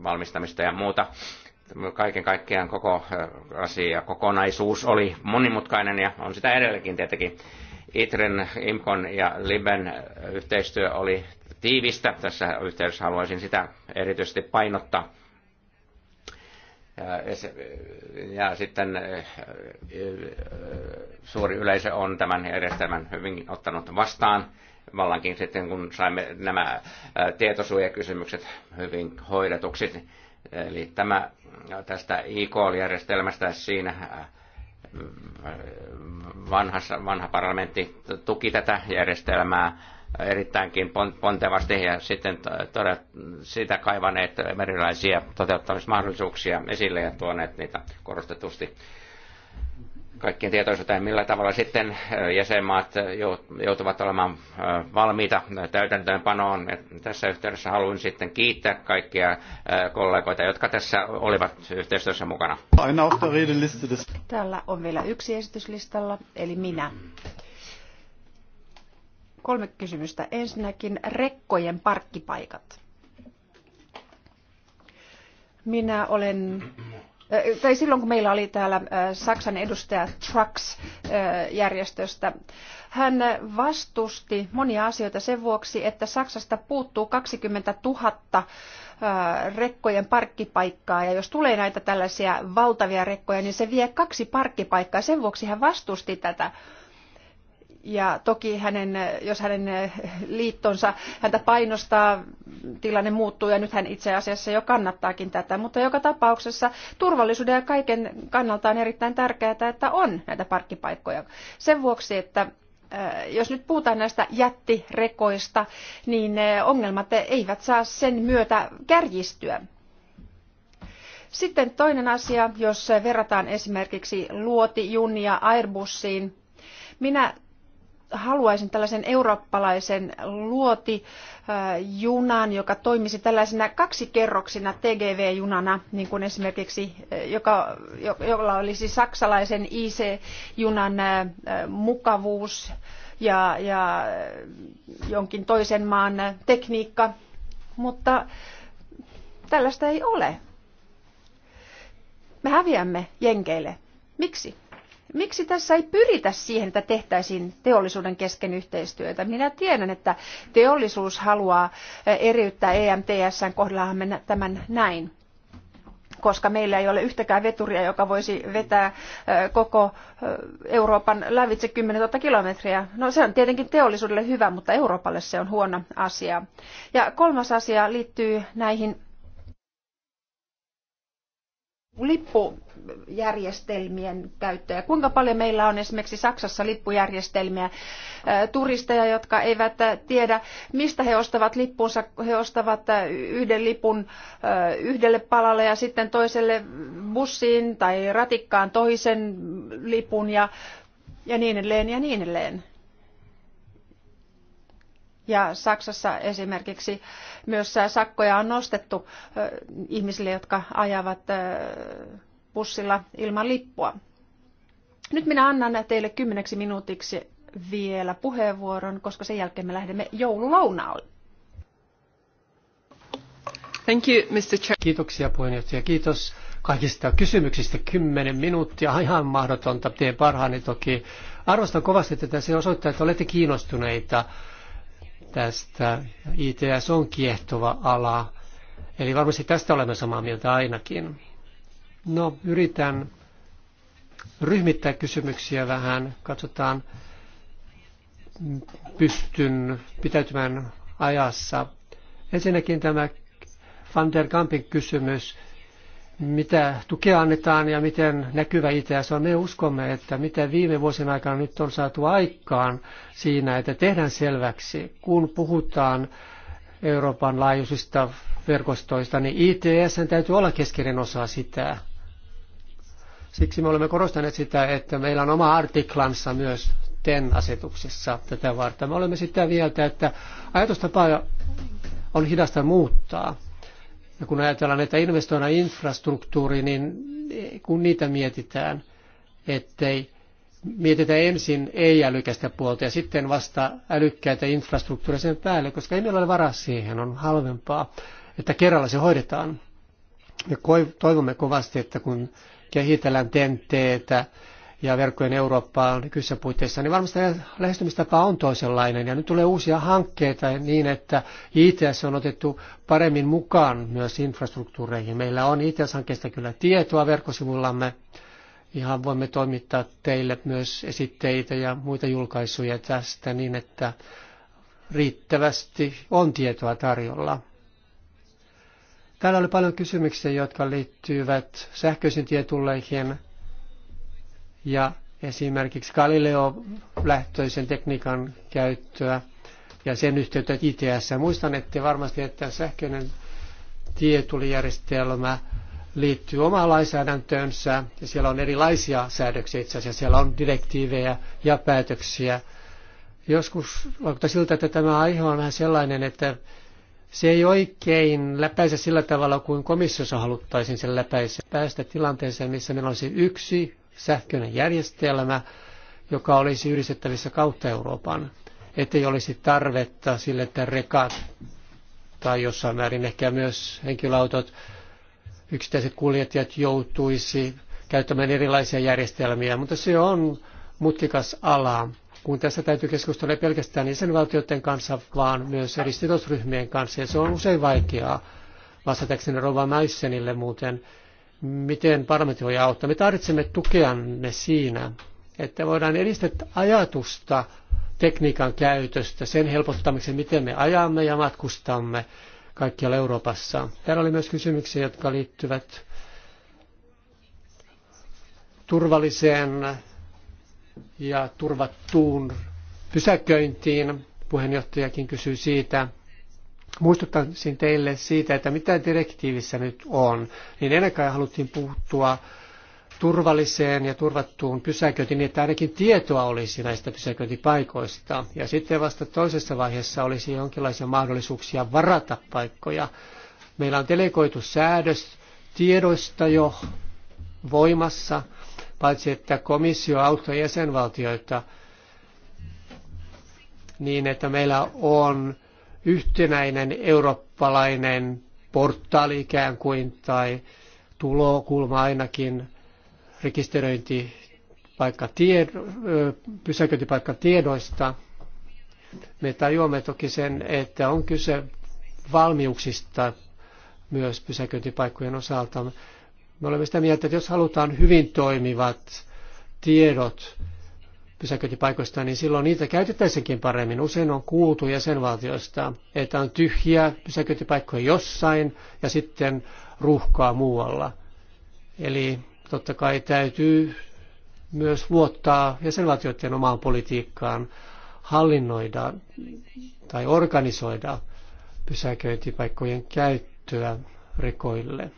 valmistamista ja muuta. Kaiken kaikkiaan koko asia kokonaisuus oli monimutkainen ja on sitä edelleenkin tietenkin. ITREN, IMKON ja LIBEN yhteistyö oli tiivistä. Tässä yhteydessä haluaisin sitä erityisesti painottaa ja sitten eh, eh, suuri yleisö on tämän järjestelmän hyvin ottanut vastaan. Vallankin sitten kun saimme nämä eh, tietosuojakysymykset hyvin hoidetuksi, eli tämä, tästä ikl järjestelmästä siinä vanhassa, vanha parlamentti tuki tätä järjestelmää erittäinkin pontevasti ja sitten todet, sitä kaivaneet erilaisia toteuttamismahdollisuuksia esille ja tuoneet niitä korostetusti kaikkien tietoisuuteen, millä tavalla sitten jäsenmaat joutuvat olemaan valmiita täytäntöönpanoon. Tässä yhteydessä haluan sitten kiittää kaikkia kollegoita, jotka tässä olivat yhteistyössä mukana. Täällä on vielä yksi esityslistalla, eli minä. Kolme kysymystä. Ensinnäkin rekkojen parkkipaikat. Minä olen, tai silloin kun meillä oli täällä Saksan edustaja Trucks-järjestöstä, hän vastusti monia asioita sen vuoksi, että Saksasta puuttuu 20 000 rekkojen parkkipaikkaa ja jos tulee näitä tällaisia valtavia rekkoja, niin se vie kaksi parkkipaikkaa. Sen vuoksi hän vastusti tätä. Ja toki hänen, jos hänen liittonsa häntä painostaa, tilanne muuttuu ja nyt hän itse asiassa jo kannattaakin tätä. Mutta joka tapauksessa turvallisuuden ja kaiken kannalta on erittäin tärkeää, että on näitä parkkipaikkoja. Sen vuoksi, että äh, jos nyt puhutaan näistä jättirekoista, niin äh, ongelmat eivät saa sen myötä kärjistyä. Sitten toinen asia, jos verrataan esimerkiksi luotijunia Airbusiin, minä haluaisin tällaisen eurooppalaisen luotijunan, joka toimisi tällaisena kaksikerroksina TGV-junana, niin kuin esimerkiksi, joka, jolla olisi saksalaisen IC-junan mukavuus ja, ja jonkin toisen maan tekniikka, mutta tällaista ei ole. Me häviämme jenkeille. Miksi? Miksi tässä ei pyritä siihen, että tehtäisiin teollisuuden kesken yhteistyötä? Minä tiedän, että teollisuus haluaa eh, eriyttää EMTSn kohdallahan mennä tämän näin koska meillä ei ole yhtäkään veturia, joka voisi vetää eh, koko eh, Euroopan lävitse 10 000 kilometriä. No se on tietenkin teollisuudelle hyvä, mutta Euroopalle se on huono asia. Ja kolmas asia liittyy näihin lippujärjestelmien käyttöä. Kuinka paljon meillä on esimerkiksi Saksassa lippujärjestelmiä turisteja, jotka eivät tiedä, mistä he ostavat lippunsa. He ostavat yhden lipun yhdelle palalle ja sitten toiselle bussiin tai ratikkaan toisen lipun ja, ja niin edelleen ja niin edelleen. Ja Saksassa esimerkiksi äh, myös äh, sakkoja on nostettu äh, ihmisille, jotka ajavat äh, bussilla ilman lippua. Nyt minä annan teille kymmeneksi minuutiksi vielä puheenvuoron, koska sen jälkeen me lähdemme joululounaalle. Thank you, Mr. Chair. Kiitoksia puheenjohtaja. Kiitos kaikista kysymyksistä. Kymmenen minuuttia, ihan mahdotonta. Teen parhaani toki. Arvostan kovasti tätä. Se osoittaa, että olette kiinnostuneita tästä. ITS on kiehtova ala, eli varmasti tästä olemme samaa mieltä ainakin. No, yritän ryhmittää kysymyksiä vähän. Katsotaan, pystyn pitäytymään ajassa. Ensinnäkin tämä Van der Kampin kysymys mitä tukea annetaan ja miten näkyvä ITS on. Me uskomme, että mitä viime vuosien aikana nyt on saatu aikaan siinä, että tehdään selväksi, kun puhutaan Euroopan laajuisista verkostoista, niin ITS täytyy olla keskeinen osa sitä. Siksi me olemme korostaneet sitä, että meillä on oma artiklansa myös TEN-asetuksessa tätä varten. Me olemme sitä mieltä, että ajatustapa on hidasta muuttaa. Ja kun ajatellaan, että investoidaan infrastruktuuriin, niin kun niitä mietitään, ettei mietitä ensin ei-älykästä puolta ja sitten vasta älykkäitä infrastruktuuria sen päälle, koska ei meillä ole varaa siihen, on halvempaa, että kerralla se hoidetaan. Me toivomme kovasti, että kun kehitellään tenteetä, ja verkkojen Eurooppaa nykyisissä puitteissa, niin varmasti lähestymistapa on toisenlainen. Ja nyt tulee uusia hankkeita niin, että ITS on otettu paremmin mukaan myös infrastruktuureihin. Meillä on ITS-hankkeesta kyllä tietoa verkkosivullamme. Ihan voimme toimittaa teille myös esitteitä ja muita julkaisuja tästä niin, että riittävästi on tietoa tarjolla. Täällä oli paljon kysymyksiä, jotka liittyvät sähköisiin tietulleihin, ja esimerkiksi Galileo-lähtöisen tekniikan käyttöä ja sen yhteyttä ITS. Muistan, että varmasti, että sähköinen tietulijärjestelmä liittyy omaan lainsäädäntöönsä ja siellä on erilaisia säädöksiä itse asiassa. Siellä on direktiivejä ja päätöksiä. Joskus vaikuttaa siltä, että tämä aihe on vähän sellainen, että se ei oikein läpäise sillä tavalla kuin komissiossa haluttaisiin sen läpäise. Päästä tilanteeseen, missä meillä olisi yksi sähköinen järjestelmä, joka olisi yhdistettävissä kautta Euroopan, ettei olisi tarvetta sille, että rekat tai jossain määrin ehkä myös henkilöautot, yksittäiset kuljettajat joutuisi käyttämään erilaisia järjestelmiä, mutta se on mutkikas ala, kun tässä täytyy keskustella pelkästään jäsenvaltioiden kanssa, vaan myös eri sidosryhmien kanssa, ja se on usein vaikeaa. Vastatakseni Rova Mäissenille muuten, miten parlamentti voi auttaa. Me tarvitsemme tukeanne siinä, että voidaan edistää ajatusta tekniikan käytöstä, sen helpottamiseksi, miten me ajamme ja matkustamme kaikkialla Euroopassa. Täällä oli myös kysymyksiä, jotka liittyvät turvalliseen ja turvattuun pysäköintiin. Puheenjohtajakin kysyi siitä muistuttaisin teille siitä, että mitä direktiivissä nyt on, niin ennen kaikkea haluttiin puuttua turvalliseen ja turvattuun pysäköintiin, niin että ainakin tietoa olisi näistä pysäköintipaikoista. Ja sitten vasta toisessa vaiheessa olisi jonkinlaisia mahdollisuuksia varata paikkoja. Meillä on delegoitu säädös tiedoista jo voimassa, paitsi että komissio auttaa jäsenvaltioita niin, että meillä on yhtenäinen eurooppalainen portaali ikään kuin tai tulokulma ainakin rekisteröinti paikka pysäköintipaikka tiedoista. Me tajuamme toki sen, että on kyse valmiuksista myös pysäköintipaikkojen osalta. Me olemme sitä mieltä, että jos halutaan hyvin toimivat tiedot pysäköintipaikoista, niin silloin niitä käytettäisiinkin paremmin. Usein on kuultu jäsenvaltioista, että on tyhjiä pysäköintipaikkoja jossain ja sitten ruuhkaa muualla. Eli totta kai täytyy myös luottaa jäsenvaltioiden omaan politiikkaan hallinnoida tai organisoida pysäköintipaikkojen käyttöä rekoille.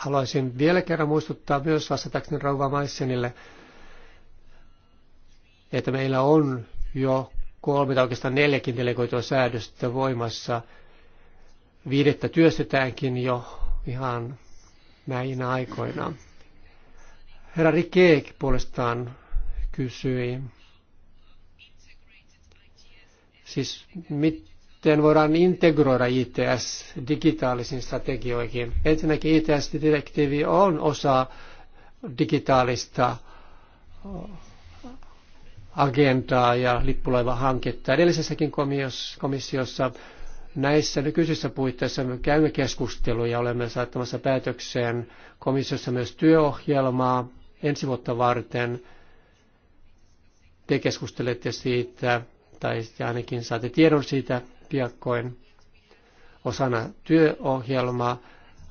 Haluaisin vielä kerran muistuttaa myös vastatakseni Rauva Maissenille, että meillä on jo kolme tai oikeastaan neljäkin delegoitua säädöstä voimassa. Viidettä työstetäänkin jo ihan näinä aikoina. Herra Rikeek puolestaan kysyi, siis mit, sitten voidaan integroida ITS digitaalisiin strategioihin. Ensinnäkin ITS-direktiivi on osa digitaalista äh, agendaa ja hanketta. Edellisessäkin komissiossa näissä nykyisissä puitteissa me käymme keskusteluja, olemme saattamassa päätökseen komissiossa myös työohjelmaa ensi vuotta varten. Te keskustelette siitä, tai ainakin saatte tiedon siitä piakkoin osana työohjelmaa.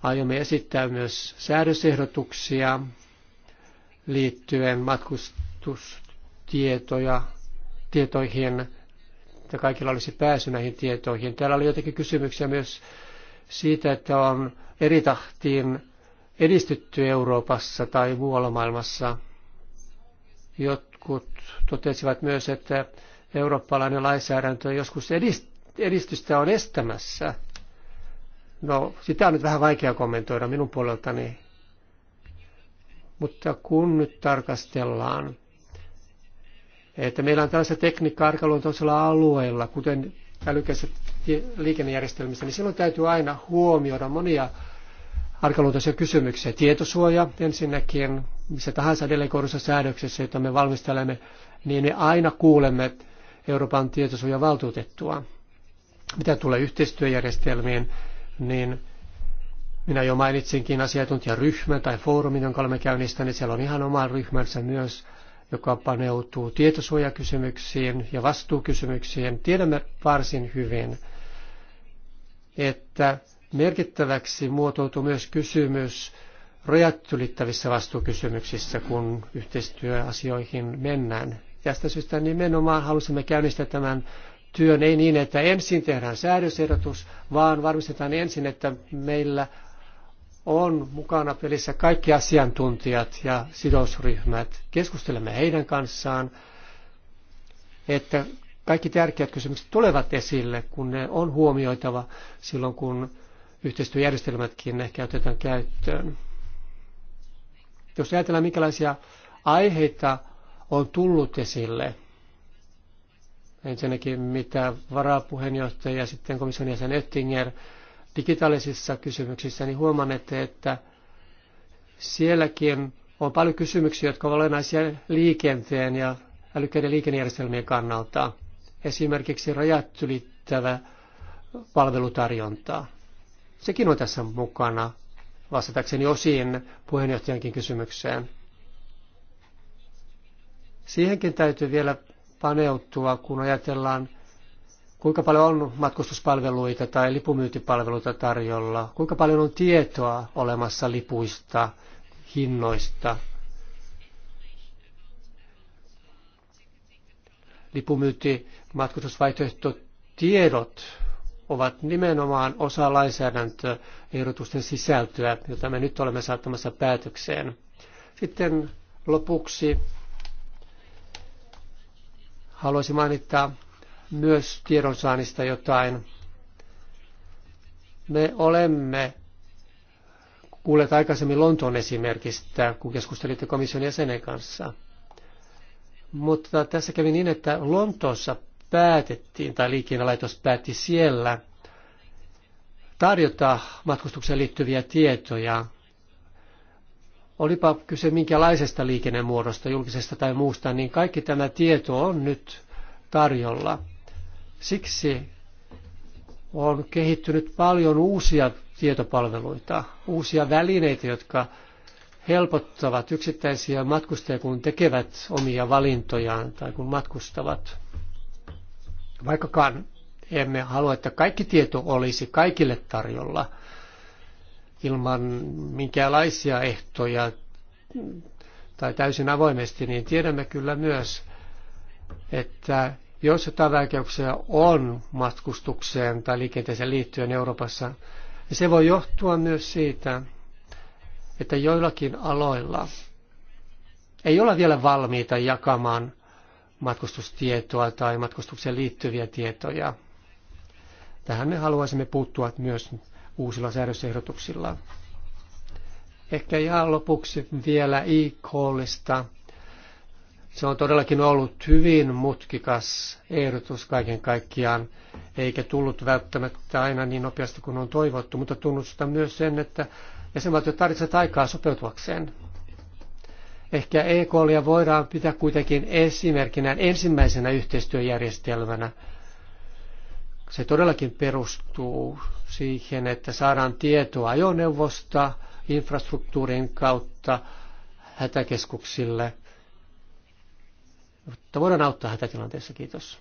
Aiomme esittää myös säädösehdotuksia liittyen matkustustietoja tietoihin, että kaikilla olisi pääsy näihin tietoihin. Täällä oli jotenkin kysymyksiä myös siitä, että on eri tahtiin edistytty Euroopassa tai muualla maailmassa. Jotkut totesivat myös, että eurooppalainen lainsäädäntö joskus edist- edistystä on estämässä. No, sitä on nyt vähän vaikea kommentoida minun puoleltani. Mutta kun nyt tarkastellaan, että meillä on tällaista tekniikkaa arkaluontoisella alueella, kuten älykässä liikennejärjestelmissä, niin silloin täytyy aina huomioida monia arkaluontoisia kysymyksiä. Tietosuoja ensinnäkin, missä tahansa delegoidussa säädöksessä, jota me valmistelemme, niin me aina kuulemme Euroopan tietosuojavaltuutettua. Mitä tulee yhteistyöjärjestelmiin, niin minä jo mainitsinkin asiantuntijaryhmän tai foorumin, jonka olemme käynnistäneet. Siellä on ihan oma ryhmänsä myös, joka paneutuu tietosuojakysymyksiin ja vastuukysymyksiin. Tiedämme varsin hyvin, että merkittäväksi muotoutuu myös kysymys rajat ylittävissä vastuukysymyksissä, kun yhteistyöasioihin mennään. Tästä syystä nimenomaan halusimme käynnistää tämän työn ei niin, että ensin tehdään säädösehdotus, vaan varmistetaan ensin, että meillä on mukana pelissä kaikki asiantuntijat ja sidosryhmät. Keskustelemme heidän kanssaan, että kaikki tärkeät kysymykset tulevat esille, kun ne on huomioitava silloin, kun yhteistyöjärjestelmätkin käytetään käyttöön. Jos ajatellaan, minkälaisia aiheita on tullut esille, Ensinnäkin mitä varapuheenjohtaja ja sitten komission jäsen Oettinger digitaalisissa kysymyksissä, niin huomannette, että sielläkin on paljon kysymyksiä, jotka ovat olennaisia liikenteen ja älykkäiden liikennejärjestelmien kannalta. Esimerkiksi rajat ylittävä palvelutarjontaa. Sekin on tässä mukana, vastatakseni osin puheenjohtajankin kysymykseen. Siihenkin täytyy vielä paneutua, kun ajatellaan, kuinka paljon on matkustuspalveluita tai lipumyyntipalveluita tarjolla, kuinka paljon on tietoa olemassa lipuista, hinnoista, lipumyynti, Tiedot ovat nimenomaan osa lainsäädäntöehdotusten sisältöä, jota me nyt olemme saattamassa päätökseen. Sitten lopuksi Haluaisin mainita myös tiedonsaannista jotain. Me olemme kuulleet aikaisemmin Lontoon esimerkistä, kun keskustelitte komission jäsenen kanssa. Mutta tässä kävi niin, että Lontoossa päätettiin, tai liikennelaitos päätti siellä tarjota matkustukseen liittyviä tietoja Olipa kyse minkälaisesta liikennemuodosta, julkisesta tai muusta, niin kaikki tämä tieto on nyt tarjolla. Siksi on kehittynyt paljon uusia tietopalveluita, uusia välineitä, jotka helpottavat yksittäisiä matkustajia, kun tekevät omia valintojaan tai kun matkustavat. Vaikkakaan emme halua, että kaikki tieto olisi kaikille tarjolla – ilman minkäänlaisia ehtoja tai täysin avoimesti, niin tiedämme kyllä myös, että jos jotain vaikeuksia on matkustukseen tai liikenteeseen liittyen Euroopassa, niin se voi johtua myös siitä, että joillakin aloilla ei olla vielä valmiita jakamaan matkustustietoa tai matkustukseen liittyviä tietoja. Tähän me haluaisimme puuttua myös uusilla säädösehdotuksilla. Ehkä ihan lopuksi vielä IKlista. Se on todellakin ollut hyvin mutkikas ehdotus kaiken kaikkiaan, eikä tullut välttämättä aina niin nopeasti kuin on toivottu, mutta tunnustan myös sen, että jäsenvaltiot tarvitsevat aikaa sopeutuakseen. Ehkä EKLia voidaan pitää kuitenkin esimerkkinä ensimmäisenä yhteistyöjärjestelmänä. Se todellakin perustuu siihen, että saadaan tietoa ajoneuvosta infrastruktuurin kautta hätäkeskuksille, mutta voidaan auttaa hätätilanteessa. Kiitos.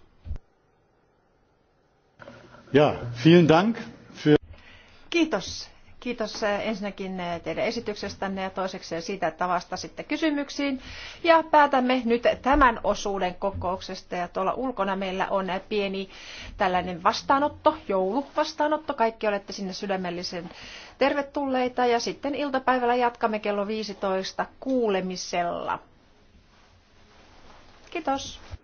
Ja, vielen Dank. Für... Kiitos Kiitos eh, ensinnäkin eh, teidän esityksestänne ja toiseksi siitä, että vastasitte kysymyksiin. Ja päätämme nyt tämän osuuden kokouksesta ja tuolla ulkona meillä on eh, pieni tällainen vastaanotto, jouluvastaanotto. Kaikki olette sinne sydämellisen tervetulleita ja sitten iltapäivällä jatkamme kello 15 kuulemisella. Kiitos.